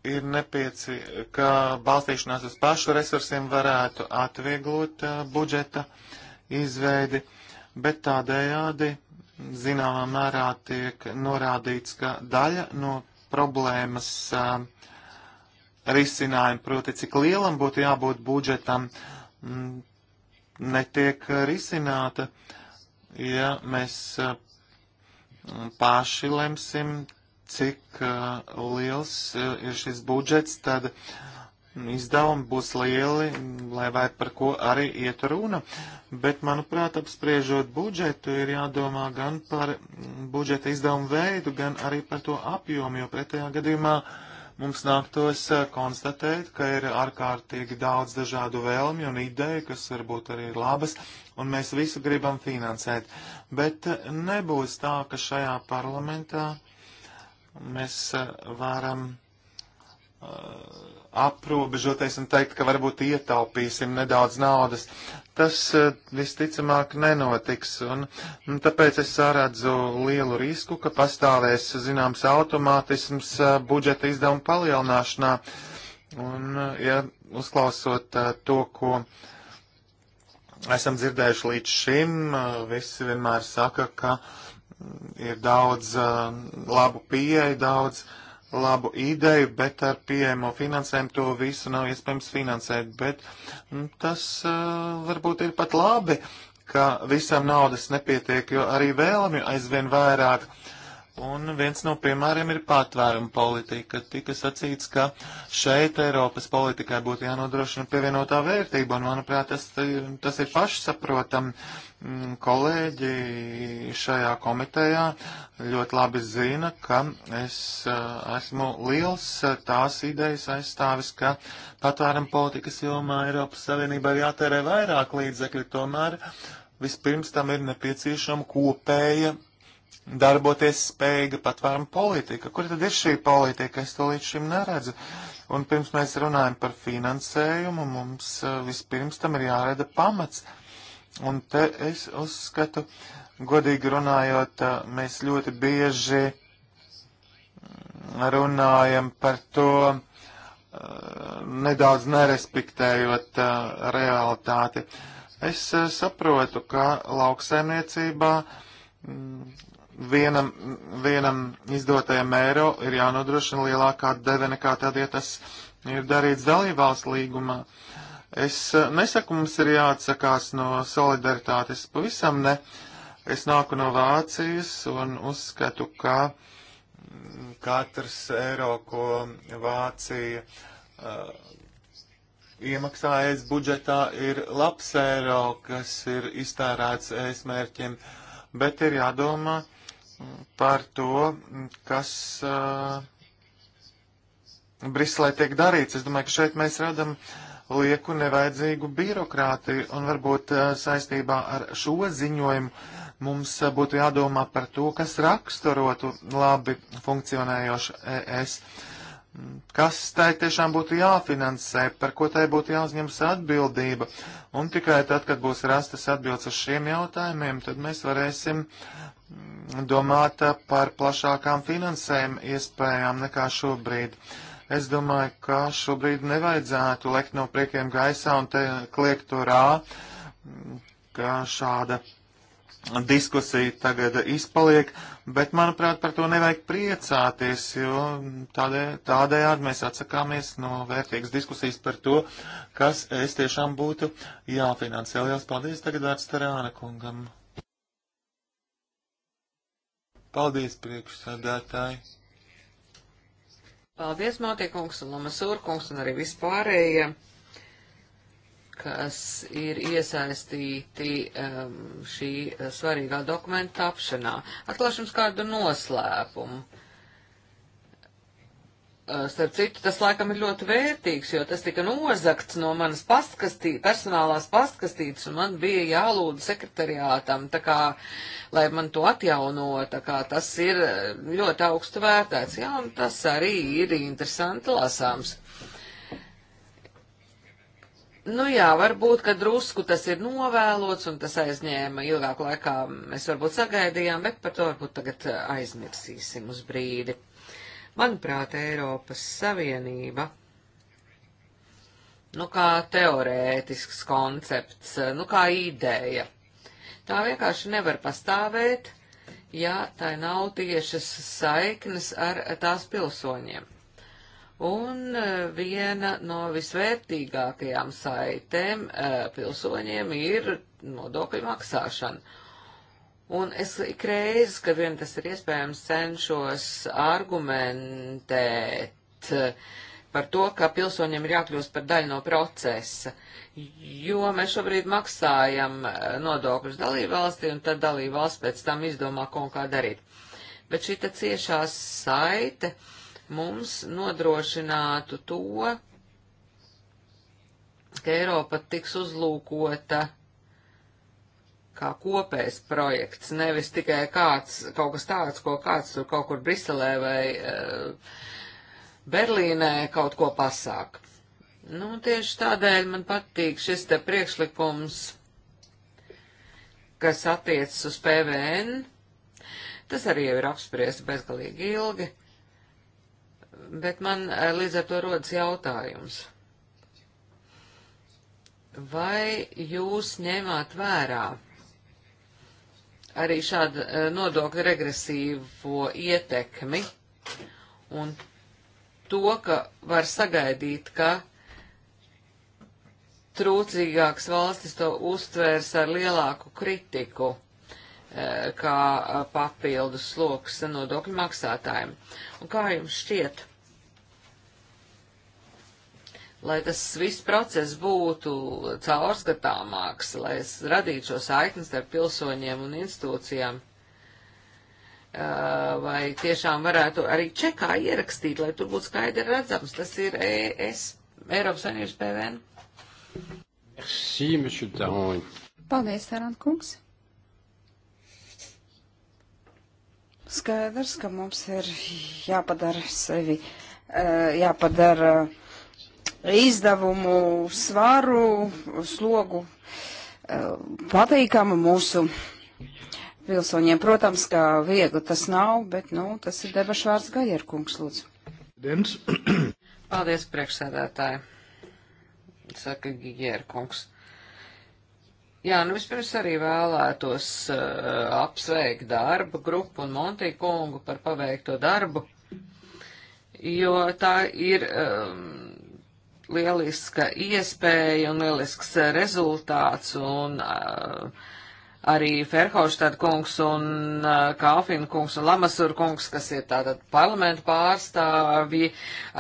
ir nepieciešams, ka balstīšanās uz pašu resursiem varētu atvieglot uh, budžeta izveidi, bet tādējādi zināmā mērā tiek norādīts, ka daļa no problēmas uh, risinājuma, proti cik lielam būtu jābūt budžetam, m, mm, netiek risināta, ja mēs uh, paši lemsim cik uh, liels uh, ir šis budžets, tad izdevumi būs lieli, lai vai par ko arī iet runa. Bet, manuprāt, apspriežot budžetu, ir jādomā gan par budžeta izdevumu veidu, gan arī par to apjomu, jo pretējā gadījumā mums nāktos uh, konstatēt, ka ir ārkārtīgi daudz dažādu vēlmju un ideju, kas varbūt arī ir labas, un mēs visu gribam finansēt. Bet nebūs tā, ka šajā parlamentā mēs eh, varam uh, aprobežoties un teikt, ka varbūt ietaupīsim nedaudz naudas. Tas uh, visticamāk nenotiks, un, un tāpēc es sāredzu lielu risku, ka pastāvēs zināms automātisms uh, budžeta izdevuma palielināšanā. Un, ja uzklausot to, ko esam dzirdējuši līdz šim, visi vienmēr saka, ka uh, ir daudz uh, labu pieeju, daudz labu ideju, bet ar pieejamo finansējumu to visu nav iespējams finansēt. Bet mm, tas uh, varbūt ir pat labi, ka visam naudas nepietiek, jo arī vēlami aizvien vairāk. Uh, Un viens no piemēriem ir patvēruma politika. Tika sacīts, ka šeit Eiropas politikai būtu jānodrošina pievienotā vērtība, un manuprāt, tas, tas ir pašsaprotam. Mm, kolēģi šajā komitejā ļoti labi zina, ka es esmu liels tās idejas aizstāvis, ka patvēruma politikas jomā Eiropas Savienībai jātērē vairāk līdzekļu, tomēr vispirms tam ir nepieciešama kopēja darboties spējīga patvēruma politika. Kur tad ir šī politika? Es to līdz šim neredzu. Un pirms mēs runājam par finansējumu, mums eh, vispirms tam ir jārada pamats. Un te es uzskatu, godīgi runājot, eh, mēs ļoti bieži mm, runājam par to, eh, nedaudz nerespektējot realitāti. Es saprotu, ka lauksaimniecībā mm, vienam, vienam izdotajam eiro ir jānodrošina lielākā deve nekā tad, ja tas ir darīts dalībvalsts līgumā. Es eh, nesaku, mums ir jāatsakās no solidaritātes, pavisam ne. Es nāku no Vācijas un uzskatu, ka mm, katrs eiro, ko Vācija uh, iemaksājas budžetā, ir labs eiro, kas ir iztērēts ēsmērķiem, bet ir jādomā, uh, par to, kas uh, Briselē tiek darīts. Es domāju, ka šeit mēs radam lieku nevajadzīgu birokrātiju un varbūt uh, saistībā ar šo ziņojumu mums uh, būtu jādomā par to, kas raksturotu labi funkcionējošu ES. Uh, kas tai tiešām būtu jāfinansē, par ko tai būtu jāuzņemas atbildība. Un tikai tad, kad būs rastas atbildes uz šiem jautājumiem, tad mēs varēsim mm, domāt eh, par plašākām finansējuma iespējām nekā šobrīd. Es domāju, ka šobrīd nevajadzētu lekt no priekiem gaisā un te kliegt urā, mm, ka šāda diskusija tagad izpaliek, bet, manuprāt, par to nevajag priecāties, jo tādē, tādējādi mēs atsakāmies no vērtīgas diskusijas par to, kas es tiešām būtu jāfinansē. Lielas paldies tagad vērts Tarāna kungam. Paldies, priekšsādātāji. Paldies, Mātiekungs un Lamasūrkungs un arī vispārējie. Ja kas ir iesaistīti um, šī uh, svarīgā dokumenta tapšanā. Atklāšu jums kādu noslēpumu. Uh, starp citu, tas laikam ir ļoti vērtīgs, jo tas tika nozakts no manas pastkastī, personālās pastkastītes, un man bija jālūdz sekretariātam, tā kā, lai man to atjauno, tā kā tas ir uh, ļoti augstu vērtēts. Jā, un tas arī ir interesanti lasāms. Nu jā, varbūt, ka drusku tas ir novēlots un tas aizņēma ilgāk laikā, mēs varbūt sagaidījām, bet par to varbūt tagad eh, aizmirsīsim uz brīdi. Manuprāt, Eiropas Savienība, nu kā teorētisks koncepts, eh, nu kā ideja, tā vienkārši nevar pastāvēt, ja tai nav tiešas saiknes ar tās pilsoņiem. Un eh, viena no visvērtīgākajām saitēm eh, pilsoņiem ir nodokļu maksāšana. Un es ikreiz, kad vien tas ir iespējams, cenšos argumentēt eh, par to, ka pilsoņiem ir jākļūst par daļu no procesa, jo mēs šobrīd maksājam nodokļus dalībvalstī, un tad dalībvalsts pēc tam izdomā, ko un kā darīt. Bet šī ciešā saite. Uh, mums nodrošinātu to, ka Eiropa tiks uzlūkota kā kopējs projekts, nevis tikai kāds, kaut kas tāds, ko kāds tur kaut kur Briselē vai uh, Berlīnē kaut ko pasāk. Nu, tieši tādēļ man patīk šis te priekšlikums, kas attiecas uz PVN. Tas arī jau ir apspriests bezgalīgi ilgi bet man eh, līdz ar to rodas jautājums. Vai jūs ņēmāt vērā arī šādu eh, nodokļu regresīvo ietekmi un to, ka var sagaidīt, ka trūcīgākas valstis to uztvērs ar lielāku kritiku eh, kā papildus sloks nodokļu maksātājiem. Un kā jums šķiet? lai tas viss process būtu caurskatāmāks, lai es radītu šo saikni starp pilsoņiem un institūcijām, vai tiešām varētu arī čekā ierakstīt, lai tur būtu skaidri redzams, tas ir ES, Eiropas Savienības PVN. Merci, monsieur Taron. Paldies, Taron kungs. Skaidrs, ka mums ir jāpadara sevi, jāpadara izdevumu svaru, slogu eh, patīkamu mūsu pilsoņiem. Protams, ka viegli tas nav, bet, nu, tas ir debašu vārds Gajerkungs, lūdzu. Dienas. Paldies, priekšsēdētāji, saka Gajerkungs. Jā, nu vispirms arī vēlētos uh, apsveikt darba grupu un Montīkungu par paveikto darbu, jo tā ir. Um, lieliska iespēja un lielisks eh, rezultāts, un uh, arī Ferhauštad kungs un uh, eh, Kalfina kungs un Lamasur kungs, kas ir tātad parlamentu pārstāvji,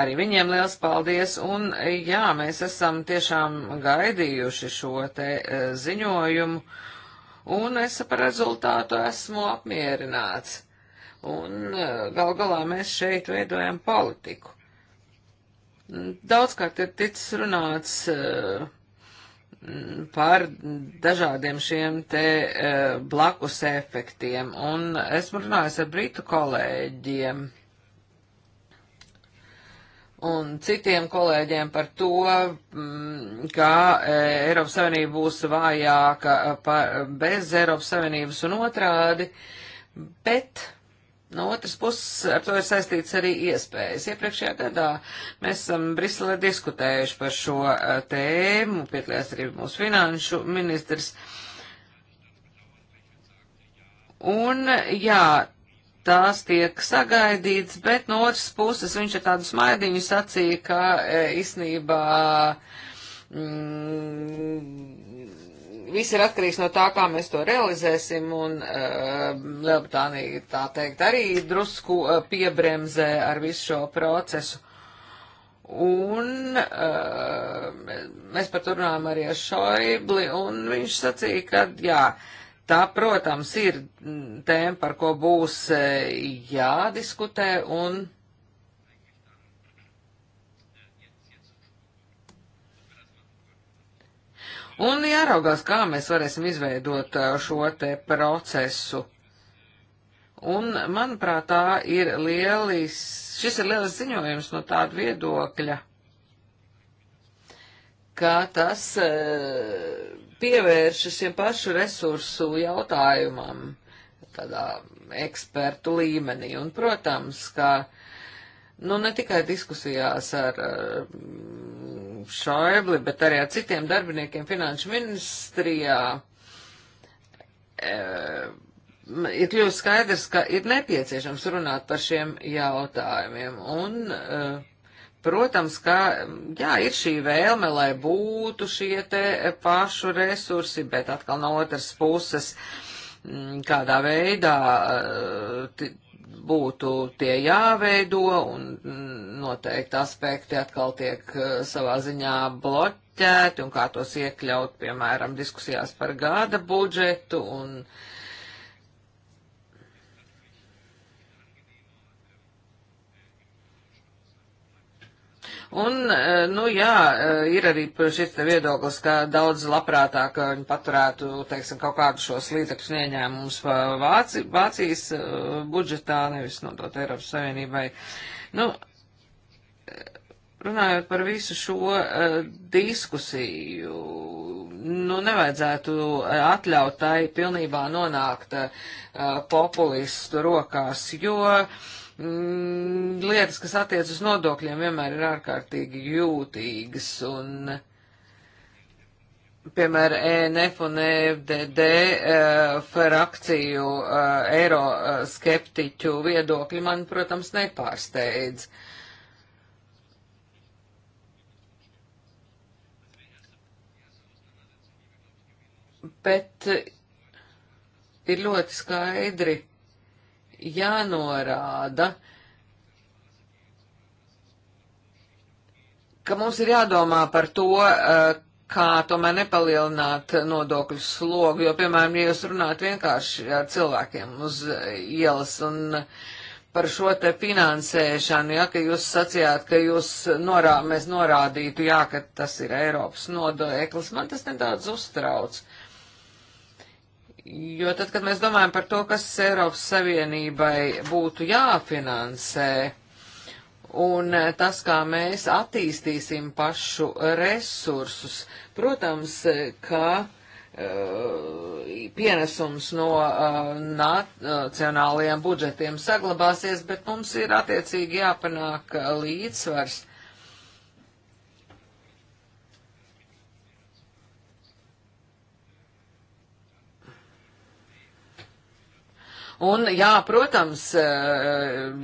arī viņiem liels paldies, un jā, mēs esam tiešām gaidījuši šo te uh, ziņojumu, un es par rezultātu esmu apmierināts. Un gal galā mēs šeit veidojam politiku. Daudzkārt ir ticis runāts uh, par dažādiem šiem te uh, blakus efektiem, un esmu runājis ar britu kolēģiem un citiem kolēģiem par to, mm, ka eh, Eiropas Savienība būs vājāka bez Eiropas Savienības un otrādi, bet No otras puses, ar to ir saistīts arī iespējas. Iepriekšējā gadā mēs esam Briselē diskutējuši par šo eh, tēmu, piedalījās arī mūsu finanšu ministrs. Un, jā, tās tiek sagaidīts, bet no otras puses viņš ir tādu smaidiņu sacīja, ka eh, īsnībā. Mm, viss ir atkarīgs no tā, kā mēs to realizēsim, un uh, Lielbritānija, tā teikt, arī drusku uh, piebremzē ar visu šo procesu. Un uh, mēs par to runājam arī ar Šoibli, un viņš sacīja, ka jā, tā, protams, ir mm, tēma, par ko būs jādiskutē, un. Uh, Un jāraugās, kā mēs varēsim izveidot šo te procesu. Un, manuprāt, tā ir lielis, šis ir lielis ziņojums no tāda viedokļa, ka tas pievēršas šiem pašu resursu jautājumam tādā ekspertu līmenī. Un, protams, ka, nu, ne tikai diskusijās ar Šaibli, bet arī ar citiem darbiniekiem finanšu ministrijā e, ir kļūst skaidrs, ka ir nepieciešams runāt par šiem jautājumiem. Un, e, Protams, ka jā, ir šī vēlme, lai būtu šie te pašu resursi, bet atkal no otras puses, kādā veidā e, būtu tie jāveido, un noteikti aspekti atkal tiek eh, savā ziņā bloķēti, un kā tos iekļaut, piemēram, diskusijās par gada budžetu, un uh, Un, e, nu jā, e, ir arī šis te viedoklis, ka daudz labprātāk e, viņi paturētu, teiksim, kaut kādu šos līdzekļus ieņēmumus Vāci, Vācijas budžetā, nevis nodot Eiropas Savienībai. Nu, runājot par visu šo diskusiju, nu, nevajadzētu atļaut tai pilnībā nonākt populistu rokās, jo. Uh, Mm, lietas, kas attiec uz nodokļiem, vienmēr ir ārkārtīgi jūtīgas un, piemēram, ENF un EFDD uh, e, frakciju uh, e, eiroskeptiķu e, viedokļi man, protams, nepārsteidz. Bet ir ļoti skaidri jānorāda, ka mums ir jādomā par to, eh, kā tomēr nepalielināt nodokļu slogu, jo, piemēram, ja jūs runājat vienkārši ar cilvēkiem uz eh, ielas un par šo te finansēšanu, ja, ka jūs sacījāt, ka jūs norā, mēs norādītu, jā, ka tas ir Eiropas nodoklis, man tas nedaudz uztrauc. Uh, Jo tad, kad mēs domājam par to, kas Eiropas Savienībai būtu jāfinansē, un tas, kā mēs attīstīsim pašu resursus. Protams, ka uh, pienesums no uh, nacionālajiem budžetiem saglabāsies, bet mums ir attiecīgi jāpanāk eh, līdzsvars Un jā, protams, eh,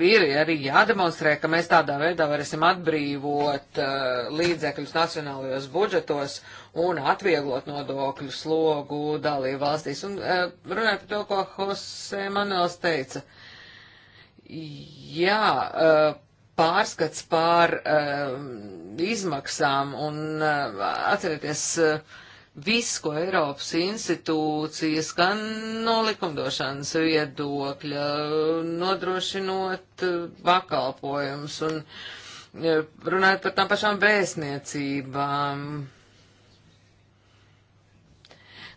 ir arī jādemonstrē, ka mēs tādā veidā varēsim atbrīvot eh, līdzekļus nacionālajos budžetos un atvieglot nodokļu slogu dalību valstīs. Un eh, runājot par to, ko Jose Manuels teica. Jā, pārskats pār izmaksām un atcerieties, viss, ko Eiropas institūcijas, gan no likumdošanas viedokļa, nodrošinot eh, pakalpojumus un eh, runājot par tām pašām vēstniecībām,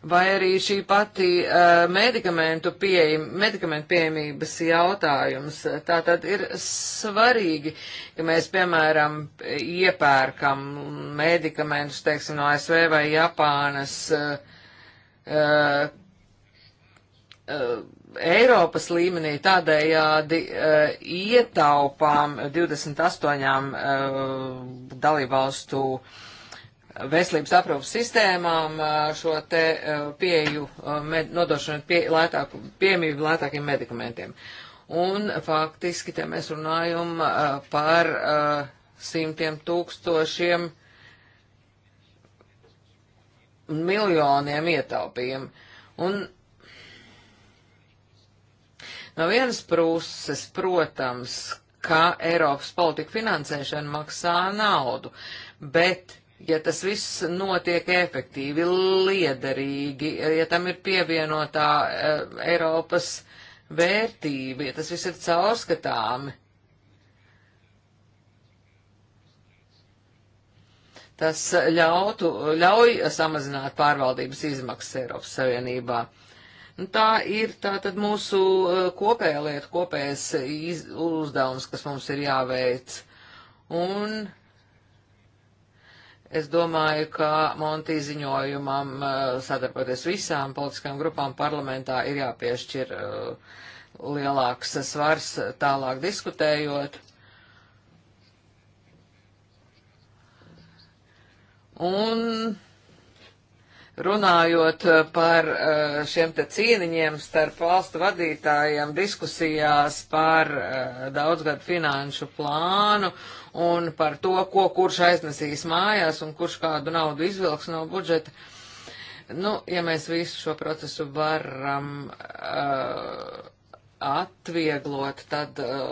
vai arī šī pati uh, medikamentu pieejam, medikamentu pieejamības jautājums. Tā tad ir svarīgi, ka mēs, piemēram, iepērkam medikamentus, teiksim, no ASV vai Japānas. Uh, uh, Eiropas līmenī tādējādi uh, ietaupām 28 uh, dalībvalstu uh, veselības aprūpas sistēmām šo te pieju med, nodošanu pie, lētāku, piemību lētākiem medikamentiem. Un faktiski te mēs runājam par simtiem tūkstošiem miljoniem ietaupījumu. Un no vienas puses, protams, ka Eiropas politika finansēšana maksā naudu, bet ja tas viss notiek efektīvi, liederīgi, ja tam ir pievienotā eh, Eiropas vērtība, ja tas viss ir caurskatāmi. Tas ļautu, ļauj samazināt pārvaldības izmaksas Eiropas Savienībā. Un nu, tā ir tā tad mūsu eh, kopēja lieta, kopējais iz, uzdevums, kas mums ir jāveic. Un Es domāju, ka Monti ziņojumam eh, sadarboties visām politiskajām grupām parlamentā ir jāpiešķir eh, lielāks svars tālāk diskutējot. Un Runājot eh, par eh, šiem te cīniņiem starp valstu vadītājiem diskusijās par eh, daudzgadu finanšu plānu un par to, ko kurš aiznesīs mājās un kurš kādu naudu izvilks no budžeta, nu, ja mēs visu šo procesu varam uh, atvieglot, tad, uh,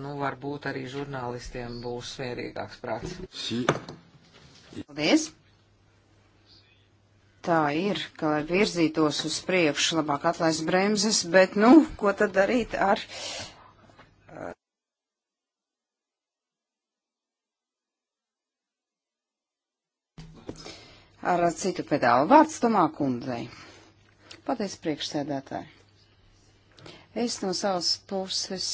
nu, varbūt arī žurnālistiem būs svērīgāks prāts. Paldies! tā ir, ka, lai virzītos uz priekšu, labāk atlaist bremzes, bet, nu, ko tad darīt ar. Ar citu pedālu vārds Tomā kundzei. Pateic priekšsēdētāji. Es no savas puses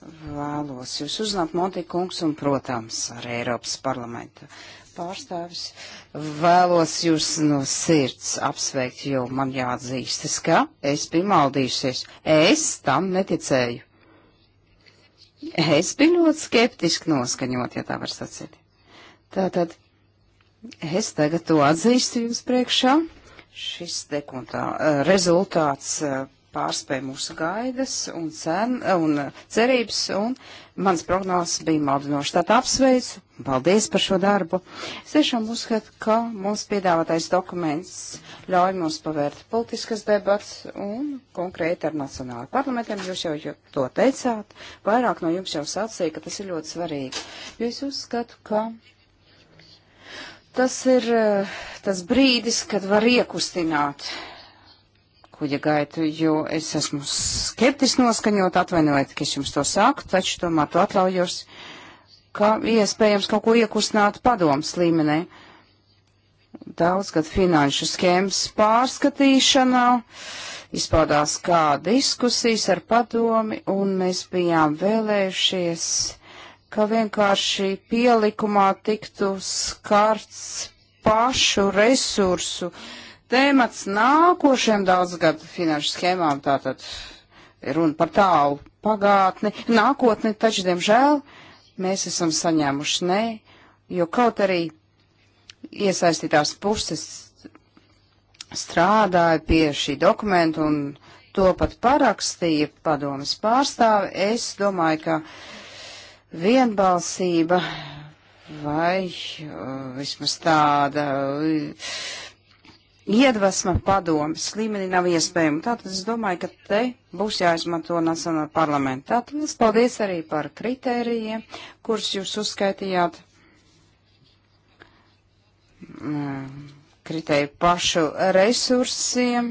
vēlos jūs uzzināt, Monti kungs, un, protams, ar Eiropas parlamentu pārstāvis, vēlos jūs no sirds apsveikt, jo man jāatzīstas, ka es biju maldījusies. Es tam neticēju. Es biju ļoti skeptiski noskaņot, ja tā var sacīt. Tātad, es tagad to atzīstu jums priekšā. Šis te, tā, eh, rezultāts eh, pārspēja mūsu gaidas un, cen, un cerības, un mans prognozes bija maldinoši. Tātad apsveicu, paldies par šo darbu. Es tiešām uzskatu, ka mums piedāvātais dokuments ļauj mums pavērt politiskas debats un konkrēti ar nacionālu parlamentiem. Jūs jau to teicāt, vairāk no jums jau sacīja, ka tas ir ļoti svarīgi. Jo es uzskatu, ka tas ir eh, tas brīdis, kad var iekustināt kuģa gaitu, jo es esmu skeptiski noskaņot, atvainojiet, ka es jums to saku, taču tomēr to atļaujos, ka iespējams kaut ko iekustināt padoms līmenī. Daudzgad finanšu schēmas pārskatīšanā izpaudās kā diskusijas ar padomi, un mēs bijām vēlējušies, ka vienkārši pielikumā tiktu skarts pašu resursu uh, tēmats nākošiem daudzgadu finanšu schēmām, tātad runa par tālu pagātni, nākotni, taču, diemžēl, mēs esam saņēmuši nē, jo kaut arī iesaistītās puses strādāja pie šī dokumenta un to pat parakstīja padomas pārstāve, es domāju, ka vienbalsība vai uh, vismaz tāda iedvesma padomas līmenī nav iespējama. Tātad es domāju, ka te būs jāizmanto Nacionāla parlamenta. Tātad es paldies arī par kritērijiem, kurus jūs uzskaitījāt. Mm, kritēju pašu resursiem,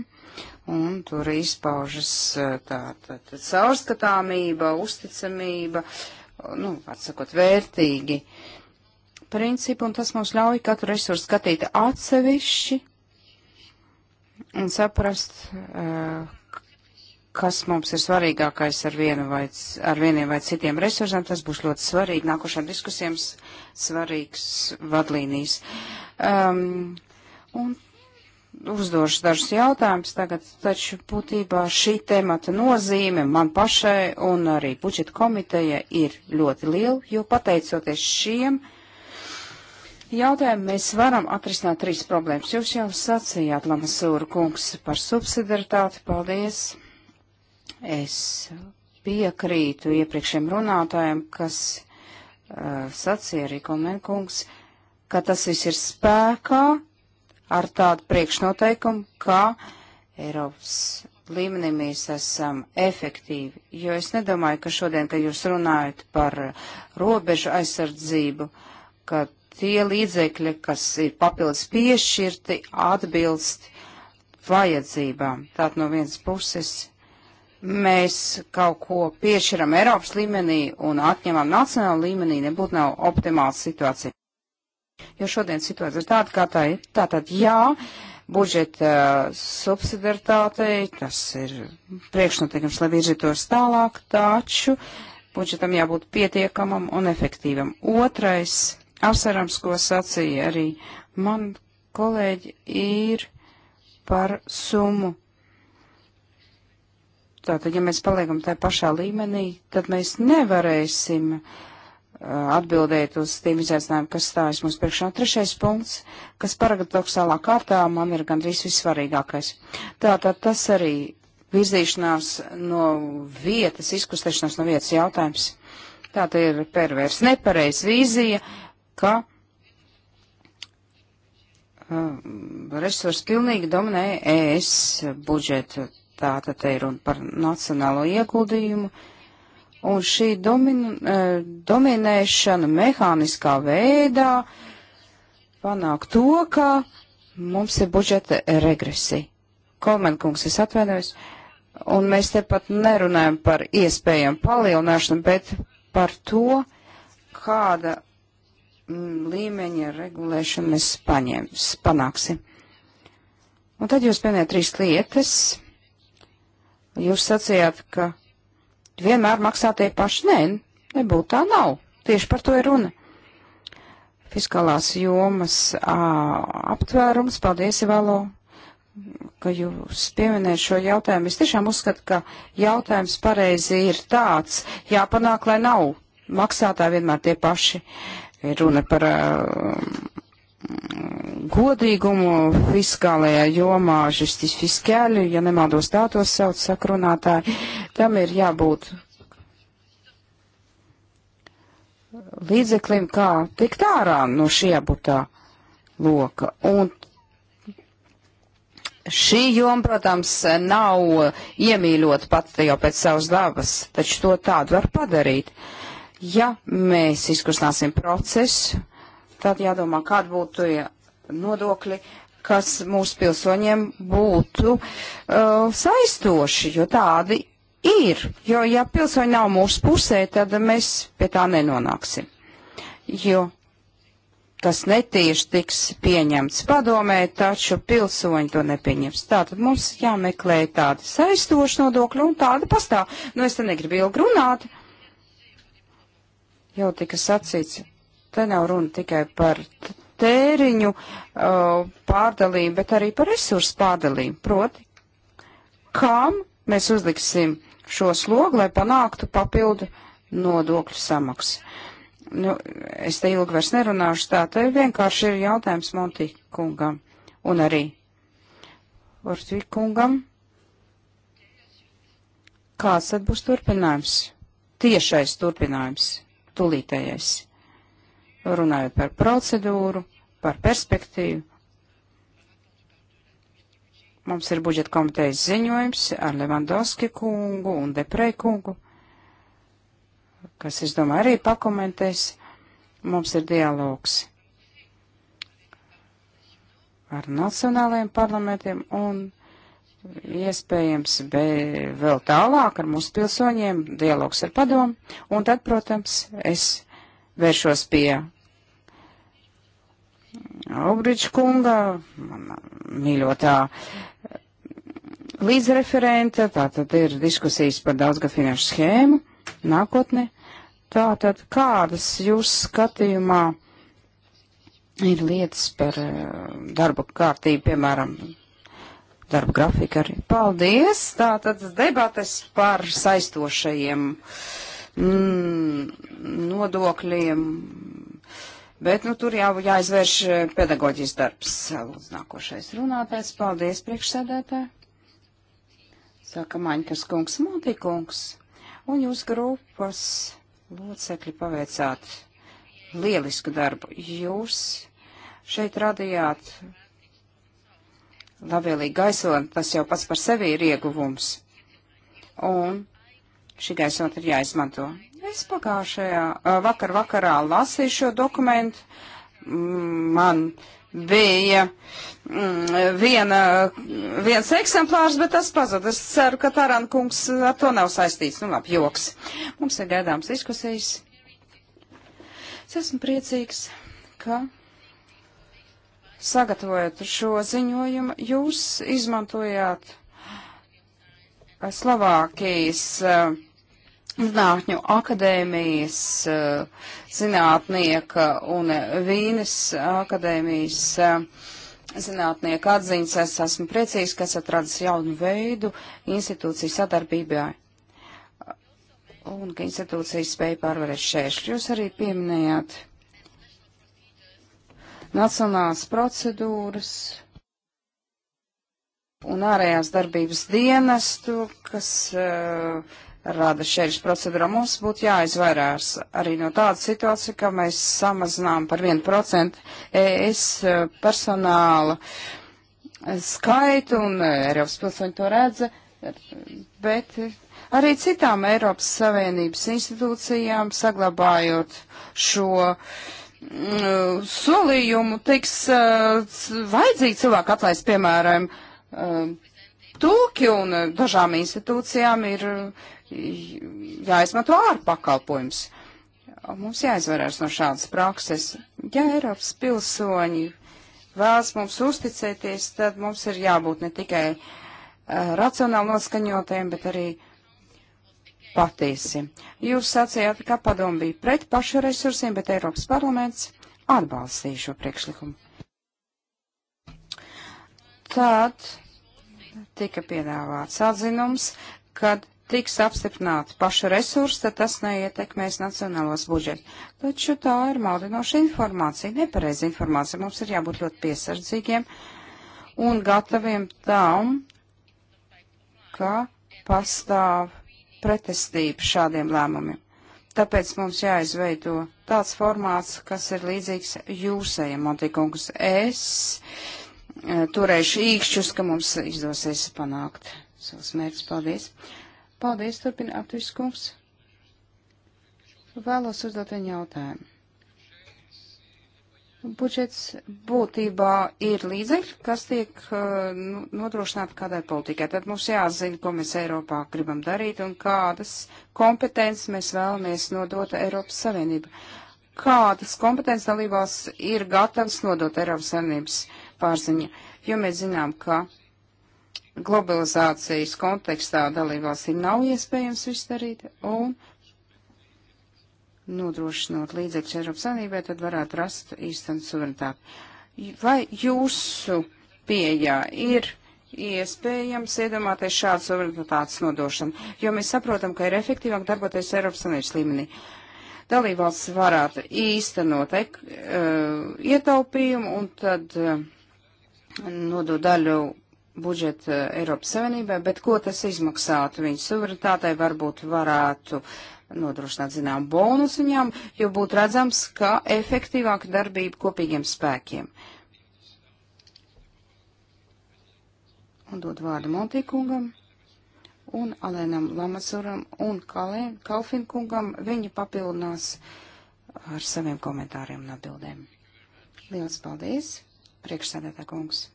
un tur izpaužas e, tātad caurskatāmība, uzticamība, nu, atsakot, vērtīgi principu, un tas mums ļauj katru resursu skatīt atsevišķi un saprast, eh, kas mums ir svarīgākais ar, vienu vai, ar vieniem vai citiem resursiem. Tas būs ļoti svarīgi nākošajām diskusijām, svarīgs vadlīnijas. Um, un uzdošu dažus jautājumus tagad, taču būtībā šī temata nozīme man pašai un arī budžeta komiteja ir ļoti liela, jo pateicoties šiem jautājumiem, jautājumu mēs varam atrisināt trīs problēmas. Jūs jau sacījāt, Lamasūra kungs, par subsidaritāti. Paldies! Es piekrītu iepriekšējiem runātājiem, kas uh, sacīja arī Komenkungs, ka tas viss ir spēkā ar tādu priekšnoteikumu, ka Eiropas līmenī mēs esam efektīvi. Jo es nedomāju, ka šodien, kad jūs runājat par robežu aizsardzību, ka tie līdzekļi, kas ir papildus piešķirti, atbilst vajadzībām. Tātad no vienas puses mēs kaut ko piešķiram Eiropas līmenī un atņemam nacionālu līmenī, nebūtu nav optimāla situācija. Jo šodien situācija ir tāda, kā tā ir. Tātad jā, budžeta uh, subsidiaritātei, tas ir priekšnotiekums, lai virzītos tālāk, taču budžetam jābūt pietiekamam un efektīvam. Otrais apsverams, ko sacīja arī man kolēģi, ir par summu. Tātad, ja mēs paliekam tajā pašā līmenī, tad mēs nevarēsim uh, atbildēt uz tiem izaicinājumiem, kas stājas mums priekšā. Trešais punkts, kas paradoxālā kārtā man ir gandrīz vissvarīgākais. Tātad tas arī virzīšanās no vietas, izkustēšanās no vietas jautājums. Tā ir pervers, nepareiz vīzija, ka uh, resursi pilnīgi dominē ES budžetu. Tātad te ir runa par nacionālo ieguldījumu. Un šī domin, uh, dominēšana mehāniskā veidā panāk to, ka mums ir budžeta regresi. Kolmenkungs, es atvainojos, un mēs te pat nerunājam par iespējām palielināšanu, bet par to, kāda līmeņa regulēšanu mēs paņēms, panāksim. Un tad jūs pieminējat trīs lietas. Jūs sacījāt, ka vienmēr maksā tie paši. Nē, nebūtu tā nav. Tieši par to ir runa. Fiskālās jomas ā, aptvērums. Paldies, Ivalo, ka jūs pieminējat šo jautājumu. Es tiešām uzskatu, ka jautājums pareizi ir tāds. Jāpanāk, lai nav maksātāji vienmēr tie paši. Uh, ir runa par um, godīgumu fiskālajā jomā, žistis fiskāli, ja nemaldos tā tos sauc sakrunātāji, tam ir jābūt līdzeklim, kā tikt ārā no šī abutā loka. Un šī joma, protams, nav iemīļot pati jau pēc savas dabas, taču to tādu var padarīt. Uh, Ja mēs izkustināsim procesu, tad jādomā, kāda būtu nodokļi, kas mūsu pilsoņiem būtu uh, saistoši, jo tādi ir. Jo, ja pilsoņi nav mūsu pusē, tad mēs pie tā nenonāksim. Jo tas netieši tiks pieņemts padomē, taču pilsoņi to nepieņems. Tātad mums jāmeklē tādi saistoši nodokļi un tādi pastāv. Nu, es te negribu ilgi runāt. Uh, jau tika sacīts, te nav runa tikai par tēriņu uh, pārdalību, bet arī par resursu pārdalību. Proti, kam mēs uzliksim šo slogu, lai panāktu papildu nodokļu samaksu. Nu, es te ilgi vairs nerunāšu tā, te vienkārši ir jautājums Monti kungam un arī Ortvi kungam. Kāds tad būs turpinājums? Tiešais turpinājums tūlītējais. Runājot par procedūru, par perspektīvu. Mums ir budžeta komitejas ziņojums ar Levandovski kungu un Deprei kungu, kas, es domāju, arī pakomentēs. Mums ir dialogs ar nacionālajiem parlamentiem un iespējams vēl tālāk ar mūsu pilsoņiem, dialogs ar padomu, un tad, protams, es vēršos pie Obriģa kunga, mana mīļotā līdzreferenta, tā tad ir diskusijas par daudzga finanšu schēmu nākotne. Tā tad kādas jūs skatījumā ir lietas par eh, darba kārtību, piemēram, darba grafika arī. Paldies! Tātad debates par saistošajiem mm, nodokļiem. Bet, nu, tur jau jāizvērš eh, pedagoģijas darbs. Lūdzu, nākošais runātājs. Paldies, priekšsēdētāji. Saka Maņkas kungs, Montikungs. Un jūs grupas locekļi paveicāt lielisku darbu. Jūs šeit radījāt labvēlīga gaisotne, tas jau pats par sevi ir ieguvums. Un šī gaisotne ir jāizmanto. Es pagājušajā vakar vakarā lasīju šo dokumentu. Mm, man bija mm, viena, viens eksemplārs, bet tas pazuda. Es ceru, ka Tarankungs ar to nav saistīts. Nu labi, joks. Mums ir gaidāms diskusijas. Es esmu priecīgs, ka sagatavojot šo ziņojumu, jūs izmantojāt eh, Slovākijas eh, Zinātņu akadēmijas eh, zinātnieka un Vīnes akadēmijas zinātnieka atziņas. Es esmu priecīgs, ka esat radis jaunu veidu institūciju sadarbībai un ka institūcijas spēja pārvarēt šķēršļus. Jūs arī pieminējāt nacionālās procedūras un ārējās darbības dienestu, kas uh, rada šeirš procedūrā. Mums būtu jāizvairās arī no tāda situācija, ka mēs samazinām par 1% ES eh, personāla skaitu, un eh, Eiropas pilsoņi to redza, bet arī citām Eiropas Savienības institūcijām saglabājot šo uh, Mm, solījumu tiks eh, vajadzīgi cilvēku atlaist, piemēram, eh, tulki un eh, dažām institūcijām ir jāizmanto ārpakalpojums. Mums jāizvarās no šādas prakses. Ja Eiropas pilsoņi vēlas mums uzticēties, tad mums ir jābūt ne tikai racionāli noskaņotiem, bet arī uh, patiesi. Jūs sacījāt, ka padomu bija pret pašu resursiem, bet Eiropas parlaments atbalstīja šo priekšlikumu. Tad tika piedāvāts atzinums, kad tiks apstiprināti paši resursi, tad tas neietekmēs nacionālos budžetus. Taču tā ir maldinoša informācija, nepareiza informācija. Mums ir jābūt ļoti piesardzīgiem un gataviem tam, ka pastāv pretestība šādiem lēmumiem. Tāpēc mums jāizveido tāds formāts, kas ir līdzīgs jūsējiem, Montikungs. Es eh, turēšu īkšķus, ka mums izdosies panākt savus mērķus. Paldies! Paldies, turpina Atvis kungs. Vēlos uzdot viņu jautājumu. Budžets būtībā ir līdzekļi, kas tiek uh, nu, nodrošināti kādai politikai. Tad mums jāzina, ko mēs Eiropā gribam darīt un kādas kompetences mēs vēlamies nodot Eiropas Savienību. Kādas kompetences dalībās ir gatavas nodot Eiropas Savienības pārziņa? Jo mēs zinām, ka globalizācijas kontekstā dalībvalstīm nav iespējams viss darīt, un nodrošinot līdzekļus Eiropas Savienībai, tad varētu rast īstenu suverenitāti. Vai jūsu pieejā ir iespējams iedomāties šādu suverenitātes nodošanu, jo mēs saprotam, ka ir efektīvāk darboties Eiropas Savienības līmenī. Dalībvalsts varētu īstenot ek, uh, ietaupījumu un tad uh, nodot daļu budžeta eh, Eiropas Savienībai, bet ko tas izmaksātu viņu suverenitātei, varbūt varētu nodrošināt zinām bonus viņām, jo būtu redzams, ka efektīvāka darbība kopīgiem spēkiem. Un dod vārdu Montīkungam un Alēnam Lamasuram un Kalfinkungam. Viņi papildinās ar saviem komentāriem un atbildēm. Liels paldies, priekšsēdētā kungs.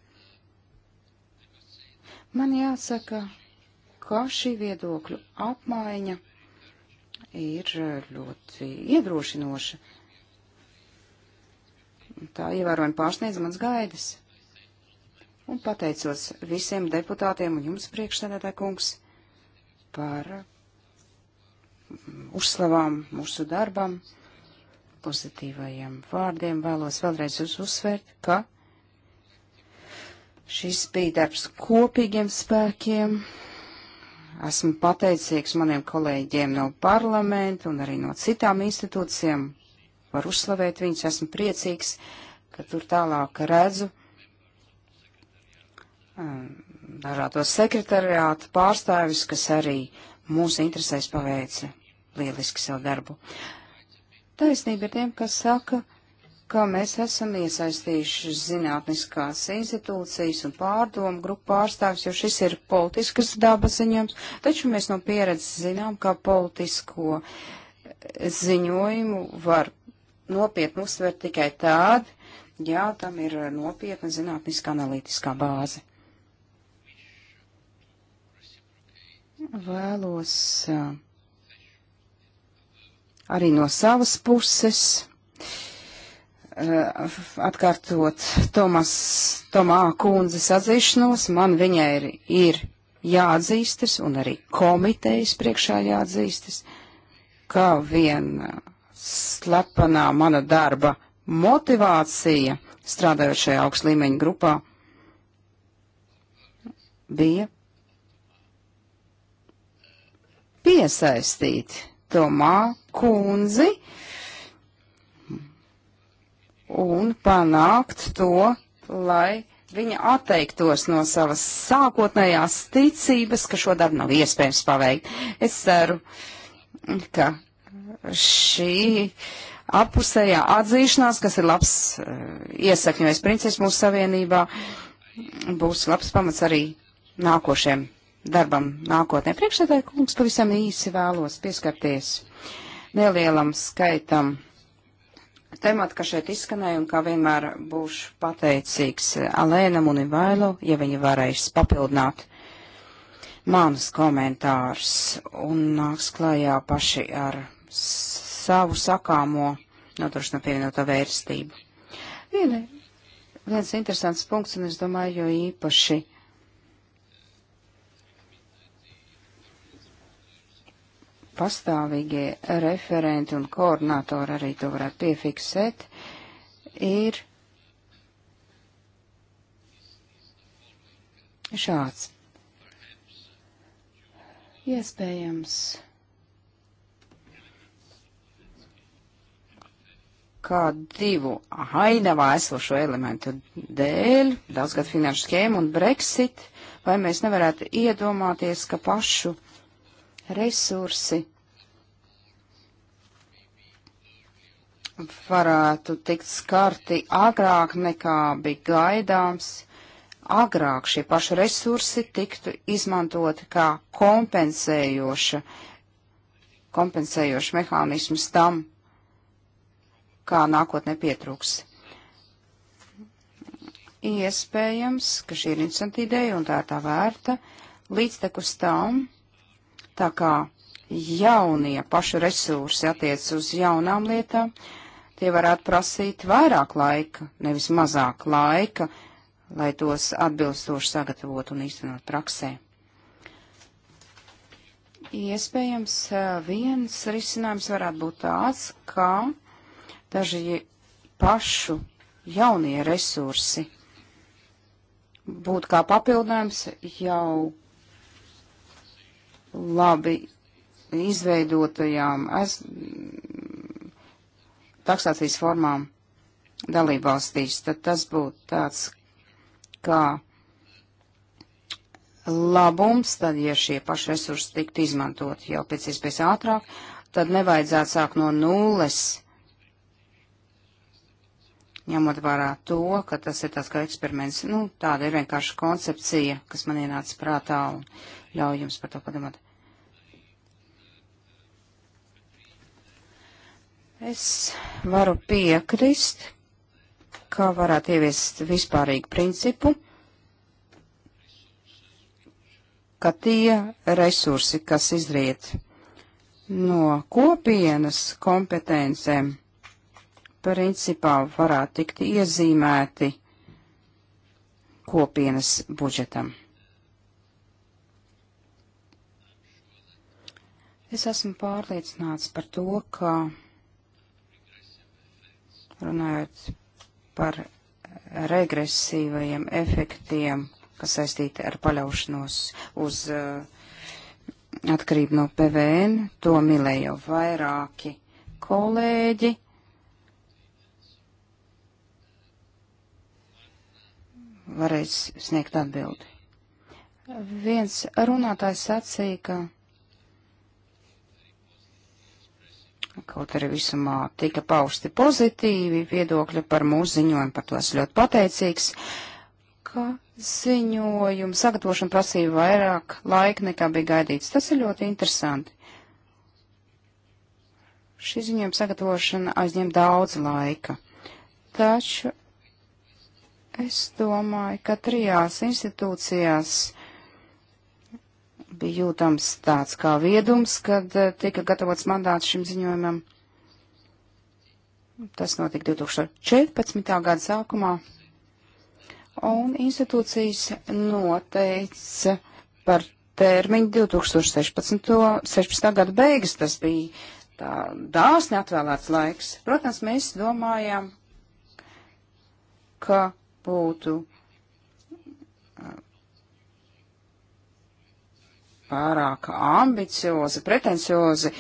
Man jāsaka, ka šī viedokļu apmaiņa ir eh, ļoti iedrošinoša. Tā ievērojami pārsniedz mans gaidas. Un pateicos visiem deputātiem un jums priekšsēdētāj kungs par mm, uzslavām mūsu darbam, pozitīvajiem vārdiem. Vēlos vēlreiz jūs uzsvērt, ka šis bija darbs kopīgiem spēkiem esmu pateicīgs maniem kolēģiem no parlamenta un arī no citām institūcijām. Var uzslavēt viņus, esmu priecīgs, ka tur tālāk redzu um, dažādos sekretariātu pārstāvis, kas arī mūsu interesēs paveica lieliski savu darbu. Taisnība ir tiem, kas saka, ka ka mēs esam iesaistījuši zinātniskās institūcijas un pārdomu grupu pārstāvis, jo šis ir politiskas dabas ziņojums, taču mēs no pieredzes zinām, ka politisko ziņojumu var nopietni uztvert tikai tādi, ja tam ir nopietna zinātniska analītiskā bāze. Vēlos arī no savas puses. Uh, Eh, atkārtot Tomas, Tomā kundzes atzīšanos, man viņai ir, ir jāatzīstas un arī komitejas priekšā jāatzīstas, ka viena eh, slepenā mana darba motivācija strādājot šajā augst līmeņa grupā bija piesaistīt Tomā kundzi, uh, un panākt to, lai viņa atteiktos no savas sākotnējās ticības, ka šo darbu nav iespējams paveikt. Es ceru, ka šī apusējā atzīšanās, kas ir labs eh, iesakņojas princips mūsu savienībā, būs labs pamats arī nākošiem darbam nākotnē. Priekšsēdētāji kungs pavisam īsi vēlos pieskarties nelielam skaitam temati, kas šeit izskanēja, un kā vienmēr būšu pateicīgs Alēnam un Ivailu, ja viņi varēs papildināt manus komentārus un nāks klājā paši ar savu sakāmo nodrošināt pievienoto vērstību. Viena, viens interesants punkts, un es domāju, jo īpaši pastāvīgie referenti un koordinātori arī to varētu piefiksēt, ir šāds. Iespējams, kā divu hainavā esošo elementu dēļ, daudzgad finanšu schēmu un Brexit, vai mēs nevarētu iedomāties, ka pašu resursi varētu tikt skarti agrāk nekā bija gaidāms. Agrāk šie paši resursi tiktu izmantoti kā kompensējoša, kompensējoša mehānisms tam, kā nākotnē pietrūks. Iespējams, ka šī ir interesanta ideja un tā ir tā vērta, līdztekus tam Tā kā jaunie paši resursi attiec uz jaunām lietām, tie varētu prasīt vairāk laika, nevis mazāk laika, lai tos atbilstoši sagatavot un īstenot praksē. Iespējams, viens risinājums varētu būt tāds, ka daži pašu jaunie resursi būtu kā papildinājums jau labi izveidotajām aiz, taksācijas formām dalībvalstīs, tad tas būtu tāds kā labums, tad, ja šie paši resursi tiktu izmantot jau pēc iespējas ātrāk, tad nevajadzētu sākt no nulles, ņemot vērā to, ka tas ir tāds kā eksperiments. Nu, tāda ir vienkārši koncepcija, kas man ienāca prātā un ļauj jums par to padomāt. Es varu piekrist, ka varētu ieviest vispārīgu principu, ka tie resursi, kas izriet no kopienas kompetencēm, principā varētu tikt iezīmēti kopienas budžetam. Es esmu pārliecināts par to, ka runājot par regresīvajiem efektiem, kas saistīti ar paļaušanos uz uh, atkarību no PVN, to milēja jau vairāki kolēģi. Varēs sniegt atbildi. Viens runātājs sacīja, ka kaut arī visumā tika pausti pozitīvi viedokļi par mūsu ziņojumu, par to esmu ļoti pateicīgs, ka ziņojumu sagatavošana prasīja vairāk laika nekā bija gaidīts. Tas ir ļoti interesanti. Šī ziņojuma sagatavošana aizņem daudz laika, taču es domāju, ka trijās institūcijās bija jūtams tāds kā viedums, kad eh, tika gatavots mandāts šim ziņojumam. Tas notika 2014. gada sākumā, un institūcijas noteica par termiņu 2016. 16. gada beigas. Tas bija tā dāsni atvēlēts laiks. Protams, mēs domājām, ka būtu pārāk ambiciozi, pretenciozi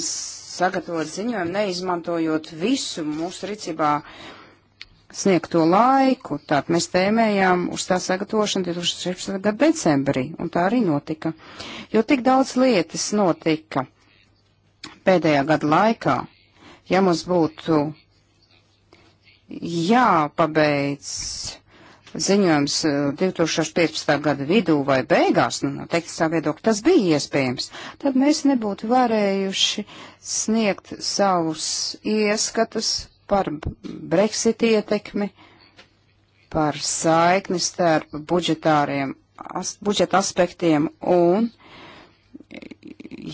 sagatavot ziņojumu, neizmantojot visu mūsu rīcībā sniegto laiku. Tātad mēs tēmējām uz tā sagatavošanu 2016. gada decembrī, un tā arī notika. Jo tik daudz lietas notika pēdējā gada laikā, ja mums būtu jāpabeidz ziņojums 2015. Eh, gada vidū vai beigās, nu, no tekstā viedokļa, tas bija iespējams, tad mēs nebūtu varējuši sniegt savus ieskatus par Brexit ietekmi, par saikni starp budžetāriem, as, budžeta aspektiem un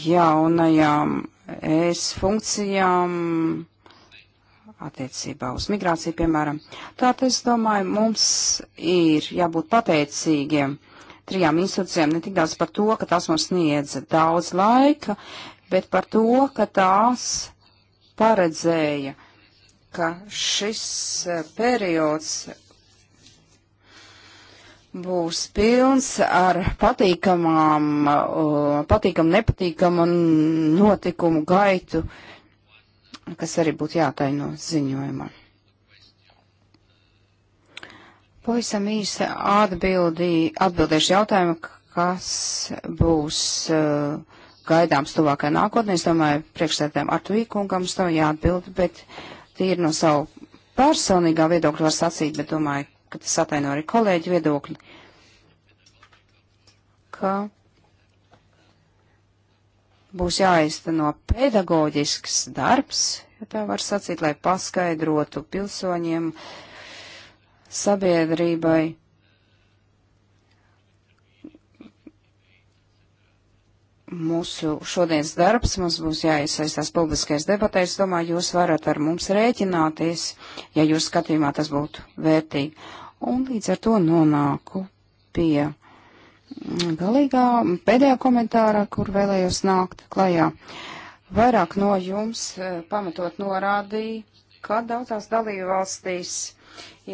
jaunajām es funkcijām attiecībā uz migrāciju, piemēram. Tātad es domāju, mums ir jābūt pateicīgiem trijām institūcijām ne tik daudz par to, ka tās mums sniedz daudz laika, bet par to, ka tās paredzēja, ka šis eh, periods būs pilns ar patīkamām, eh, patīkamu, nepatīkamu notikumu gaitu. Uh, kas arī būtu jātaino ziņojumā. Pavisam īsi atbildī, atbildēšu jautājumu, kas būs uh, gaidāms tuvākajā nākotnē. Es domāju, priekšsēdētājiem ar to īkungam uz to jāatbild, bet tīri no savu personīgā viedokļa var sacīt, bet domāju, ka tas ataino arī kolēģi viedokļi, ka būs jāizteno pedagoģisks darbs, ja tā var sacīt, lai paskaidrotu pilsoņiem, sabiedrībai, mūsu šodienas darbs, mums būs jāiesaistās publiskais debatēs, domāju, jūs varat ar mums rēķināties, ja jūs skatījumā tas būtu vērtīgi. Un līdz ar to nonāku pie galīgā pēdējā komentārā, kur vēlējos nākt klajā. Vairāk no jums eh, pamatot norādīja, ka daudzās dalībvalstīs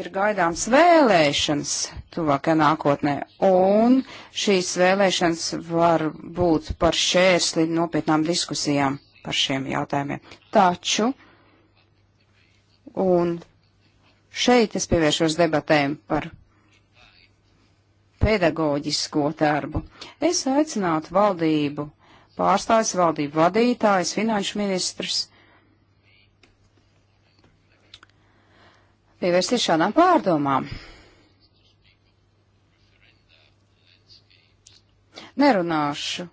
ir gaidāms vēlēšanas tuvākajā nākotnē, un šīs vēlēšanas var būt par šērsli nopietnām diskusijām par šiem jautājumiem. Taču, un šeit es pievēršos debatēm par pedagoģisko darbu. Es aicinātu valdību, pārstājas valdību vadītājs, finanšu ministrs pievērsties šādām pārdomām. Nerunāšu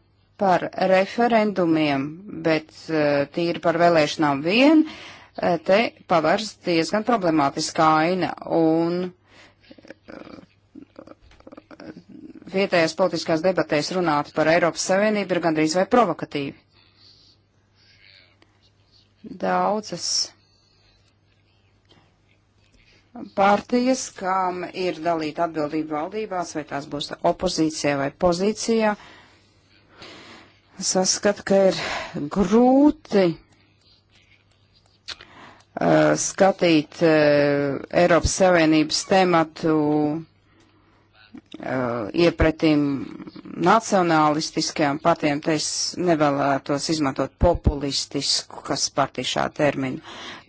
par referendumiem, bet eh, tīri par vēlēšanām vien, eh, te pavērs diezgan problemātiska aina, un eh, vietējās politiskās debatēs runāt par Eiropas Savienību ir gandrīz vai provokatīvi. Daudzas partijas, kam ir dalīta atbildība valdībās, vai tās būs opozīcijā vai pozīcijā, saskat, ka ir grūti uh, skatīt uh, Eiropas Savienības tematu uh, iepratīm nacionālistiskajām partijām, te es nevēlētos izmantot populistisku, kas partija šā terminu.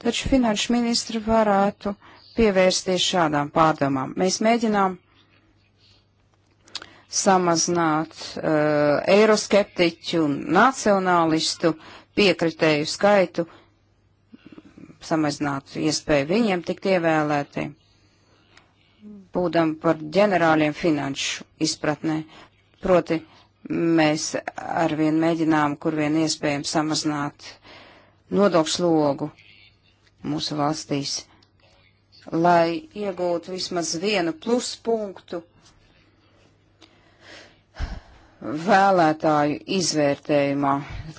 Taču finanšu ministri varētu pievērsties šādām pārdomām. Mēs mēģinām samazināt uh, eiroskeptiķu un nacionālistu piekritēju skaitu, samazināt iespēju viņiem tikt ievēlētiem būdam par ģenerāliem finanšu izpratnē. Proti, mēs arvien mēģinām, kur vien iespējams, samazināt nodokšlogu mūsu valstīs, lai iegūtu vismaz vienu pluspunktu vēlētāju izvērtējumā,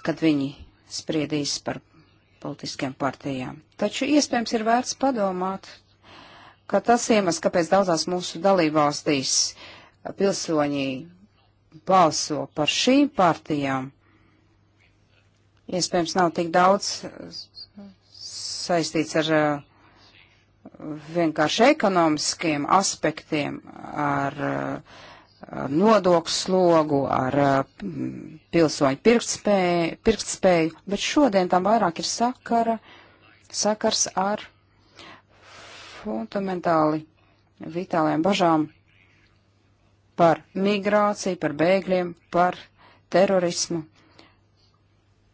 kad viņi spriedīs par politiskiem partijām. Taču iespējams ir vērts padomāt ka tas iemesls, kāpēc daudzās mūsu dalībvalstīs pilsoņi balso par šīm partijām, iespējams nav tik daudz saistīts ar uh, vienkārši ekonomiskiem aspektiem, ar uh, nodokļu slogu, ar uh, pilsoņu pirktspēju, pirktspēju, bet šodien tam vairāk ir sakara, sakars ar fundamentāli vitālajām bažām par migrāciju, par bēgļiem, par terorismu,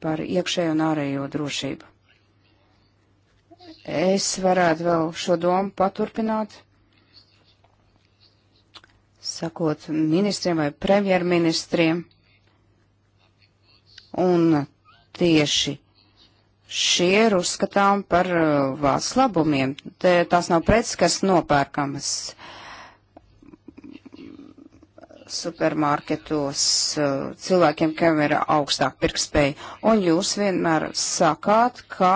par iekšējo un ārējo drošību. Es varētu vēl šo domu paturpināt, sakot ministriem vai premjerministriem, un tieši šie ir uzskatām par uh, valsts labumiem. Te, tās nav preces, kas nopērkamas supermarketos uh, cilvēkiem, kam ir augstāk pirkspēja. Un jūs vienmēr sakāt, ka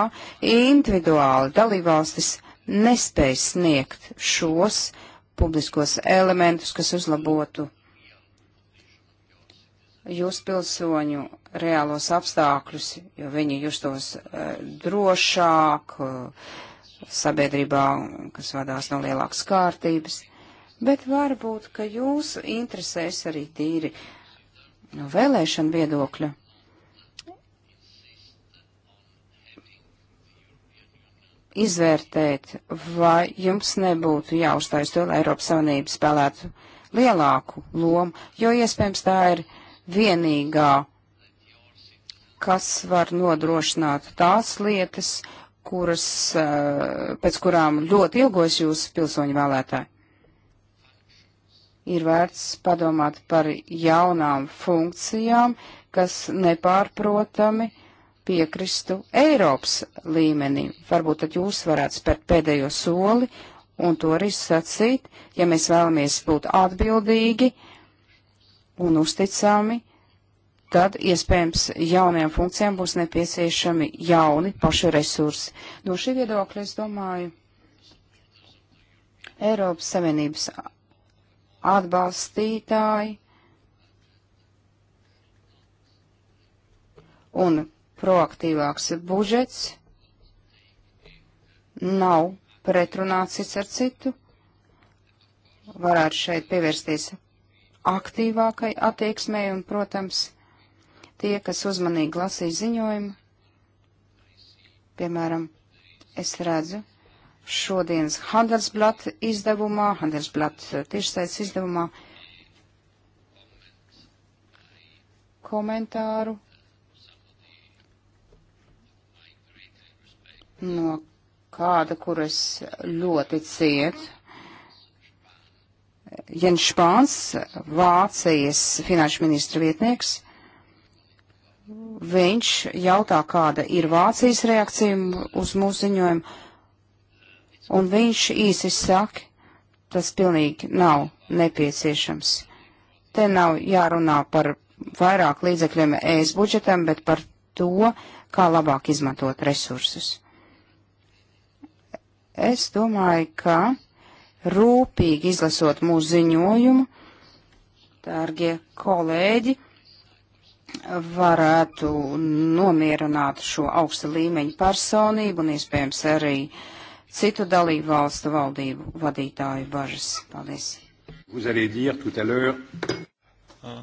individuāli dalībvalstis nespēj sniegt šos publiskos elementus, kas uzlabotu jūs pilsoņu reālos apstākļus, jo viņi justos eh, drošāk eh, sabiedrībā, kas vadās no lielākas kārtības. Bet varbūt, ka jūs interesēs arī tīri no vēlēšana viedokļa. Izvērtēt, vai jums nebūtu jāuzstājas to, lai Eiropas Savienība spēlētu lielāku lomu, jo iespējams tā ir uh, vienīgā, kas var nodrošināt tās lietas, kuras, eh, pēc kurām ļoti ilgojas jūsu pilsoņu vēlētāji. Ir vērts padomāt par jaunām funkcijām, kas nepārprotami piekristu Eiropas līmenī. Varbūt tad jūs varētu spērt pēdējo soli un to arī sacīt, ja mēs vēlamies būt atbildīgi, uh, un uzticami, tad iespējams jaunajām funkcijām būs nepieciešami jauni paši resursi. No šī viedokļa es domāju, Eiropas Savienības atbalstītāji un proaktīvāks budžets nav pretrunāts cits ar citu. Varētu šeit pievērsties aktīvākai attieksmei un, protams, tie, kas uzmanīgi lasīja ziņojumu, piemēram, es redzu šodienas Handelsblatt izdevumā, Handelsblatt tiešsaistes izdevumā komentāru no kāda, kur es ļoti cietu Jens Špāns, Vācijas finanšu ministra vietnieks, viņš jautā, kāda ir Vācijas reakcija uz mūsu ziņojumu, un viņš īsi saka, tas pilnīgi nav nepieciešams. Te nav jārunā par vairāk līdzekļiem ES budžetam, bet par to, kā labāk izmantot resursus. Es domāju, ka rūpīgi izlasot mūsu ziņojumu, dārgie kolēģi, varētu nomierināt šo augsta līmeņa personību un iespējams arī citu dalību valstu valdību vadītāju bažas. Paldies. Uh,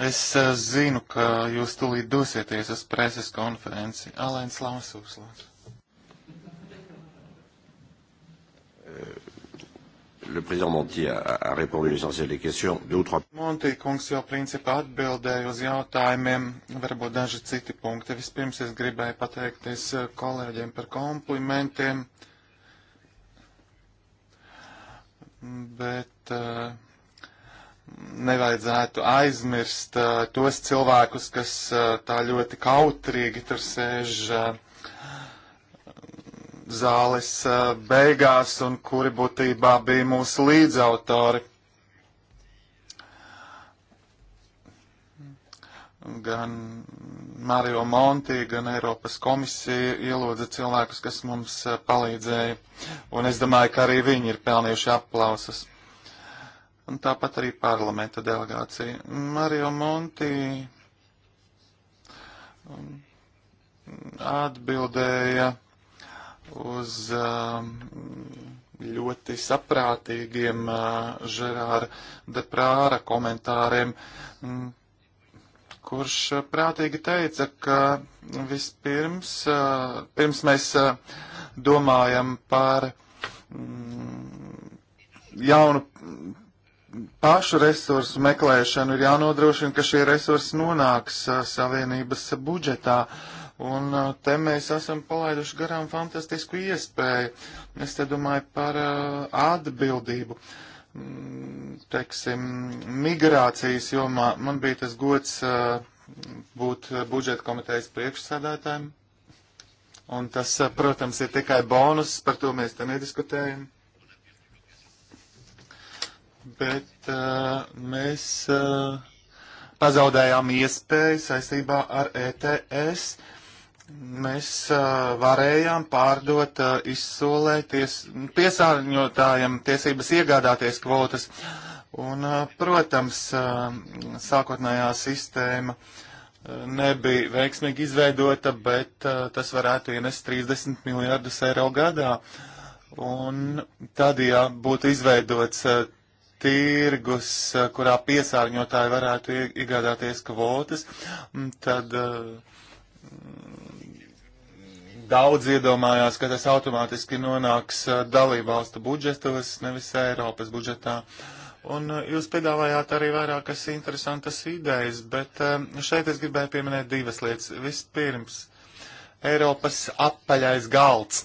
es uh, zinu, ka jūs tulīt dosieties uz preses konferenci. Alēns Lamas uzlūdzu. le président Monti a, a répondu l'essentiel des questions. Deux ou trois. Monti kungs jau principā atbildēja uz jautājumiem, varbūt daži citi punkti. Vispirms es gribēju pateikties eh, kolēģiem par komplimentiem, bet uh, nevajadzētu aizmirst uh, tos cilvēkus, kas uh, tā ļoti kautrīgi tur sēž. Uh, zāles eh, beigās un kuri būtībā bija mūsu līdzautori. Gan Mario Monti, gan Eiropas komisija ielūdza cilvēkus, kas mums eh, palīdzēja, un es domāju, ka arī viņi ir pelnījuši aplausus. Un tāpat arī parlamenta delegācija. Mario Monti mm, atbildēja uz um, ļoti saprātīgiem Žerāra uh, Deprāra komentāriem, mm, kurš prātīgi teica, ka vispirms, uh, pirms mēs uh, domājam par mm, jaunu pašu resursu meklēšanu, ir jānodrošina, ka šie resursi nonāks savienības budžetā. Uh, Un uh, te mēs esam palaiduši garām fantastisku iespēju. Es te domāju par uh, atbildību, mm, teiksim, migrācijas jomā. Man bija tas gods uh, būt budžeta komitejas priekšsēdētājiem. Un tas, protams, ir tikai bonus, par to mēs te nediskutējam. Bet uh, mēs uh, pazaudējām iespēju saistībā ar ETS. Uh, Mēs uh, varējām pārdot uh, izsolē ties, piesārņotājiem tiesības iegādāties kvotas. Un, uh, protams, uh, sākotnējā sistēma uh, nebija veiksmīgi izveidota, bet uh, tas varētu ienest 30 miljārdus eiro gadā. Un tad, ja būtu izveidots uh, tirgus, uh, kurā piesārņotāji varētu iegādāties kvotas, tad uh, daudz iedomājās, ka tas automātiski nonāks eh, dalībvalstu budžetos, nevis Eiropas budžetā. Un eh, jūs piedāvājāt arī vairākas interesantas idejas, bet eh, šeit es gribēju pieminēt divas lietas. Vispirms, Eiropas apaļais galds.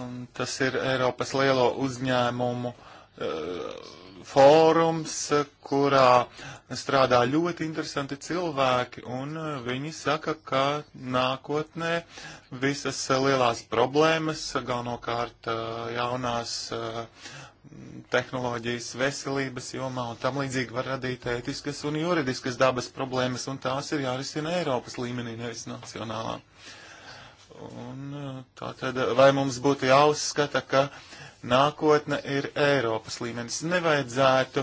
Un tas ir Eiropas lielo uzņēmumu uh, fórums, kurā strādā ļoti interesanti cilvēki, un uh, viņi saka, ka nākotnē visas lielās problēmas, galvenokārt uh, jaunās uh, tehnoloģijas veselības jomā un tam līdzīgi var radīt ētiskas un juridiskas dabas problēmas, un tās ir jārisina Eiropas līmenī, nevis nacionālā. Un tā tad, vai mums būtu jāuzskata, ka uh, Nākotne ir Eiropas līmenis. Nevajadzētu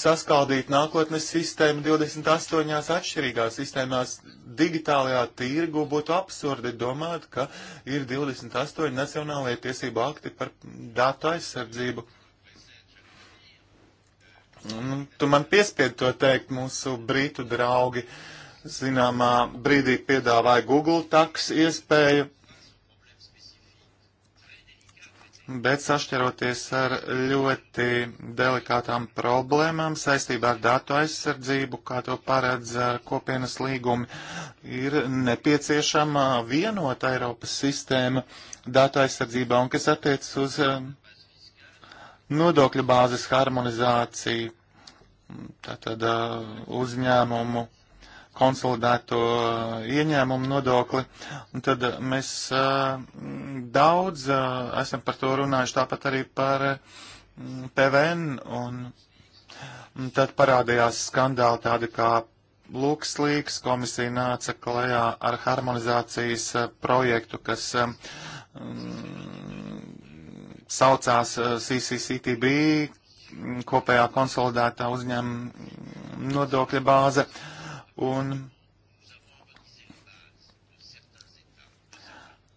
saskaldīt nākotnes sistēmu 28 atšķirīgās sistēmās. Digitālajā tirgu būtu absurdi domāt, ka ir 28 nacionālajie tiesību akti par datu aizsardzību. Nu, tu man piespied to teikt mūsu brītu draugi. Zināmā brīdī piedāvāja Google taks iespēju bet sašķiroties ar ļoti delikātām problēmām saistībā ar datu aizsardzību, kā to paredz kopienas līgumi, ir nepieciešama vienota Eiropas sistēma datu aizsardzībā un kas attiec uz um, nodokļu bāzes harmonizāciju, tātad uh, uzņēmumu konsolidēto eh, ieņēmumu nodokli, un tad eh, mēs eh, daudz esam par to runājuši, tāpat arī par mm, PVN, un tad parādījās skandāli tādi kā Lūkslīgs komisija nāca klajā ar harmonizācijas projektu, kas um, saucās CCCTB, mm, kopējā konsolidētā uzņēmuma nodokļa bāze. Uh, Un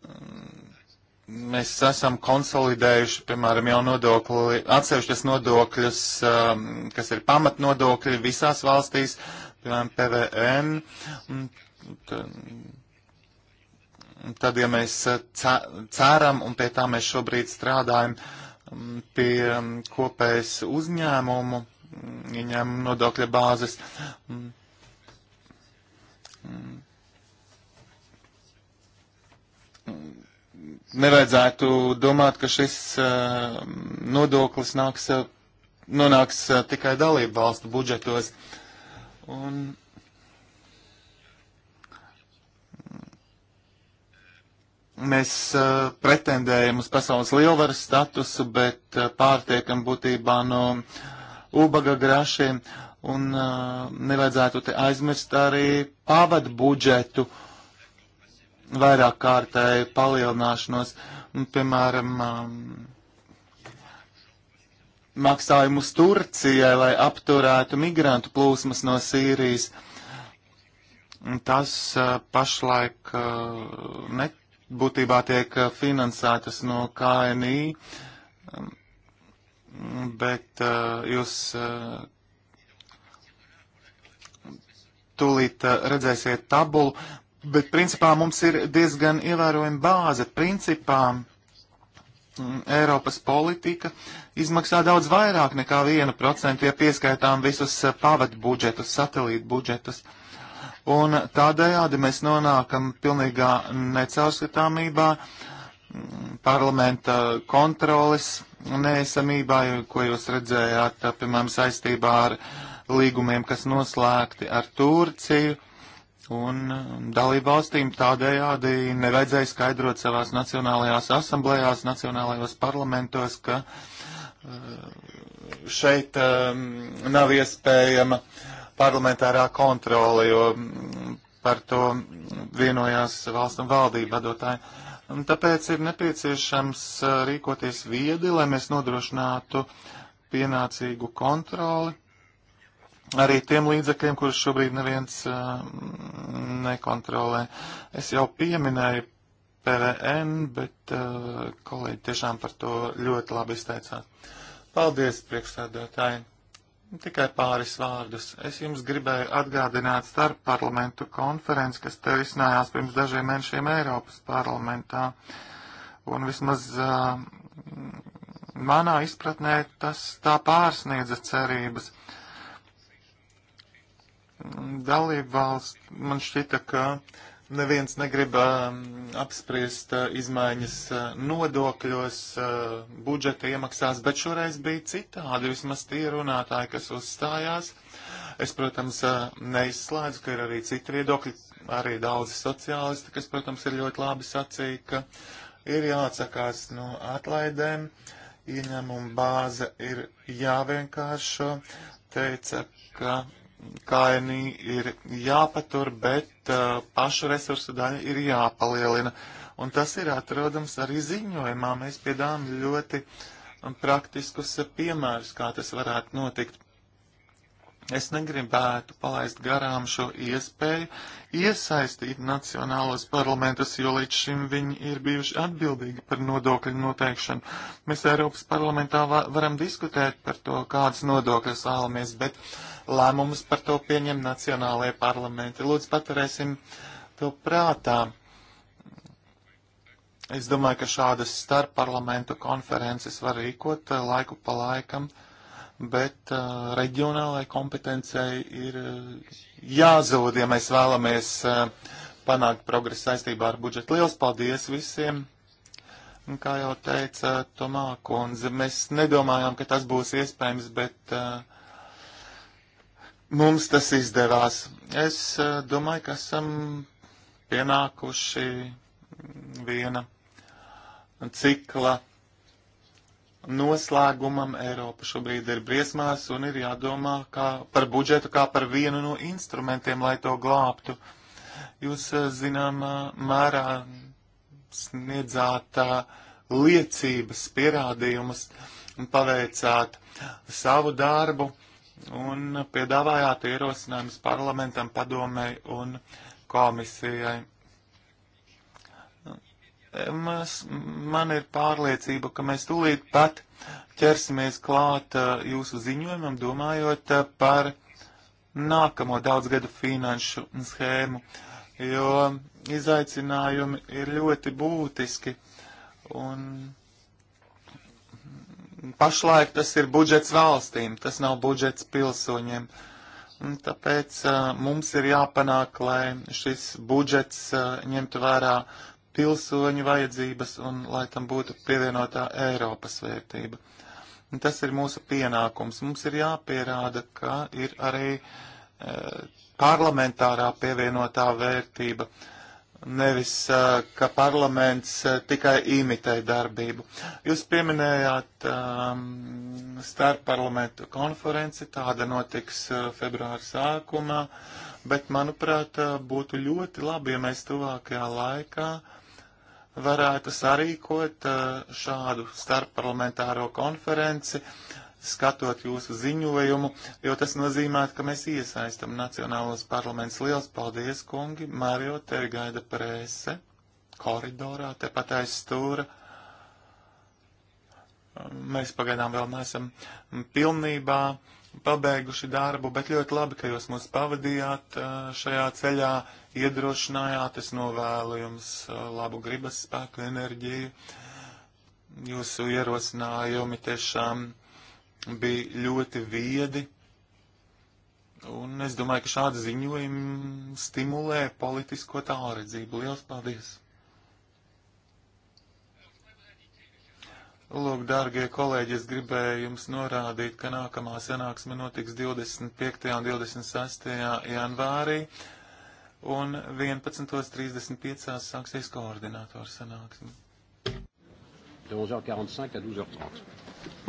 mm, mēs esam konsolidējuši, piemēram, jau nodokli, atsevišķas nodokļus, um, kas ir pamatnodokļi visās valstīs, piemēram, PVN. Tad, ja mēs uh, ceram, un pie tā mēs šobrīd strādājam, um, pie um, kopējas uzņēmumu, mm, ieņēmumu nodokļa bāzes, mm, Mm. nevajadzētu domāt, ka šis eh, nodoklis nāks, eh, nonāks eh, tikai dalību valstu budžetos. Un mm, mēs pretendējam uz pasaules lielvaras statusu, bet pārtiekam būtībā no ubaga grašiem. Uh, Un uh, nevajadzētu te aizmirst arī pavad budžetu vairāk kārtēju palielināšanos. Un, piemēram, um, maksājumus Turcijai, lai apturētu migrantu plūsmas no Sīrijas. Un tas uh, pašlaik uh, ne, būtībā tiek uh, finansētas no KNI. Um, bet uh, jūs uh, tūlīt eh, redzēsiet tabulu, bet principā mums ir diezgan ievērojama bāze. Principā mm, Eiropas politika izmaksā daudz vairāk nekā 1%, ja pieskaitām visus eh, pavadbudžetus, satelītu budžetus. Un tādējādi mēs nonākam pilnīgā necaurskatāmībā, mm, parlamenta kontroles neesamībā, ko jūs redzējāt, piemēram, saistībā ar uh, līgumiem, kas noslēgti ar Turciju, un dalību valstīm tādējādi nevajadzēja skaidrot savās nacionālajās asamblējās, nacionālajos parlamentos, ka eh, šeit ehm, nav iespējama parlamentārā kontrole, jo mm, par to vienojās valsts un valdība vadotāji. Un tāpēc ir nepieciešams eh, rīkoties viedi, lai mēs nodrošinātu pienācīgu kontroli arī tiem līdzekļiem, kurus šobrīd neviens uh, nekontrolē. Es jau pieminēju PVN, bet uh, kolēģi tiešām par to ļoti labi izteicās. Paldies, priekšsēdētāji! Tikai pāris vārdus. Es jums gribēju atgādināt starp parlamentu konferenci, kas te risinājās pirms dažiem mēnešiem Eiropas parlamentā. Un vismaz uh, manā izpratnē tas tā pārsniedza cerības. Uh, dalību valsts, man šķita, ka neviens negrib um, apspriest uh, izmaiņas uh, nodokļos, uh, budžeta iemaksās, bet šoreiz bija citādi, vismaz tie runātāji, kas uzstājās. Es, protams, uh, neizslēdzu, ka ir arī citi viedokļi, arī daudzi sociālisti, kas, protams, ir ļoti labi sacīja, ka ir jāatsakās no atlaidēm, ieņēmuma bāze ir jāvienkāršo, teica, ka kainī ir jāpatur, bet uh, pašu resursu daļa ir jāpalielina. Un tas ir atrodams arī ziņojumā. Mēs piedām ļoti praktiskus piemērus, kā tas varētu notikt. Es negribētu palaist garām šo iespēju iesaistīt nacionālos parlamentus, jo līdz šim viņi ir bijuši atbildīgi par nodokļu noteikšanu. Mēs Eiropas parlamentā va varam diskutēt par to, kādas nodokļas vēlamies, bet lēmumus par to pieņem nacionālajie parlamenti. Lūdzu, paturēsim to prātā. Es domāju, ka šādas starpparlamentu konferences var rīkot eh, laiku pa laikam. Uh, bet uh, reģionālai kompetencijai ir uh, jāzod, ja mēs vēlamies uh, panākt progresu saistībā ar budžetu. Liels paldies visiem! Un, kā jau teica Tomā Kunze, mēs nedomājām, ka tas būs iespējams, bet uh, mums tas izdevās. Es uh, domāju, ka esam pienākuši viena cikla Noslēgumam Eiropa šobrīd ir briesmās un ir jādomā kā par budžetu kā par vienu no instrumentiem, lai to glābtu. Jūs eh, zināmā eh, mērā sniedzāt eh, liecības, pierādījumus un paveicāt savu darbu un piedāvājāt ierosinājumus parlamentam, padomēji un komisijai. Mēs, man ir pārliecība, ka mēs tūlīt pat ķersimies klāt uh, jūsu ziņojumam, domājot uh, par nākamo daudzgadu finanšu schēmu, jo izaicinājumi ir ļoti būtiski. Un pašlaik tas ir budžets valstīm, tas nav budžets pilsoņiem. Un tāpēc uh, mums ir jāpanāk, lai šis budžets uh, ņemtu vērā pilsoņu vajadzības un lai tam būtu pievienotā Eiropas vērtība. Un tas ir mūsu pienākums. Mums ir jāpierāda, ka ir arī e, parlamentārā pievienotā vērtība. Nevis, e, ka parlaments e, tikai imitē darbību. Jūs pieminējāt um, e, starp parlamentu konferenci, tāda notiks uh, februāra sākumā, bet, manuprāt, e, būtu ļoti labi, ja mēs tuvākajā laikā uh, varētu sarīkot šādu starpparlamentāro konferenci, skatot jūsu ziņojumu, jo tas nozīmē, ka mēs iesaistam nacionālos parlaments. Liels paldies, kungi! Mario, tevi gaida prēse koridorā, tepat aiz stūra. Mēs pagaidām vēl neesam pilnībā uh, pabeiguši darbu, bet ļoti labi, ka jūs mūs pavadījāt eh, šajā ceļā, iedrošinājāt, es novēlu jums eh, labu gribas spēku, enerģiju. Jūsu ierosinājumi tiešām bija ļoti viedi, un es domāju, ka šādi ziņojumi stimulē politisko tālredzību. Lielas paldies! Lūk, dārgie kolēģi, es gribēju jums norādīt, ka nākamā sanāksme notiks 25. un 26. janvārī, un 11.35. sāksies koordinātoru sanāksme. De 11h45 à 12h30.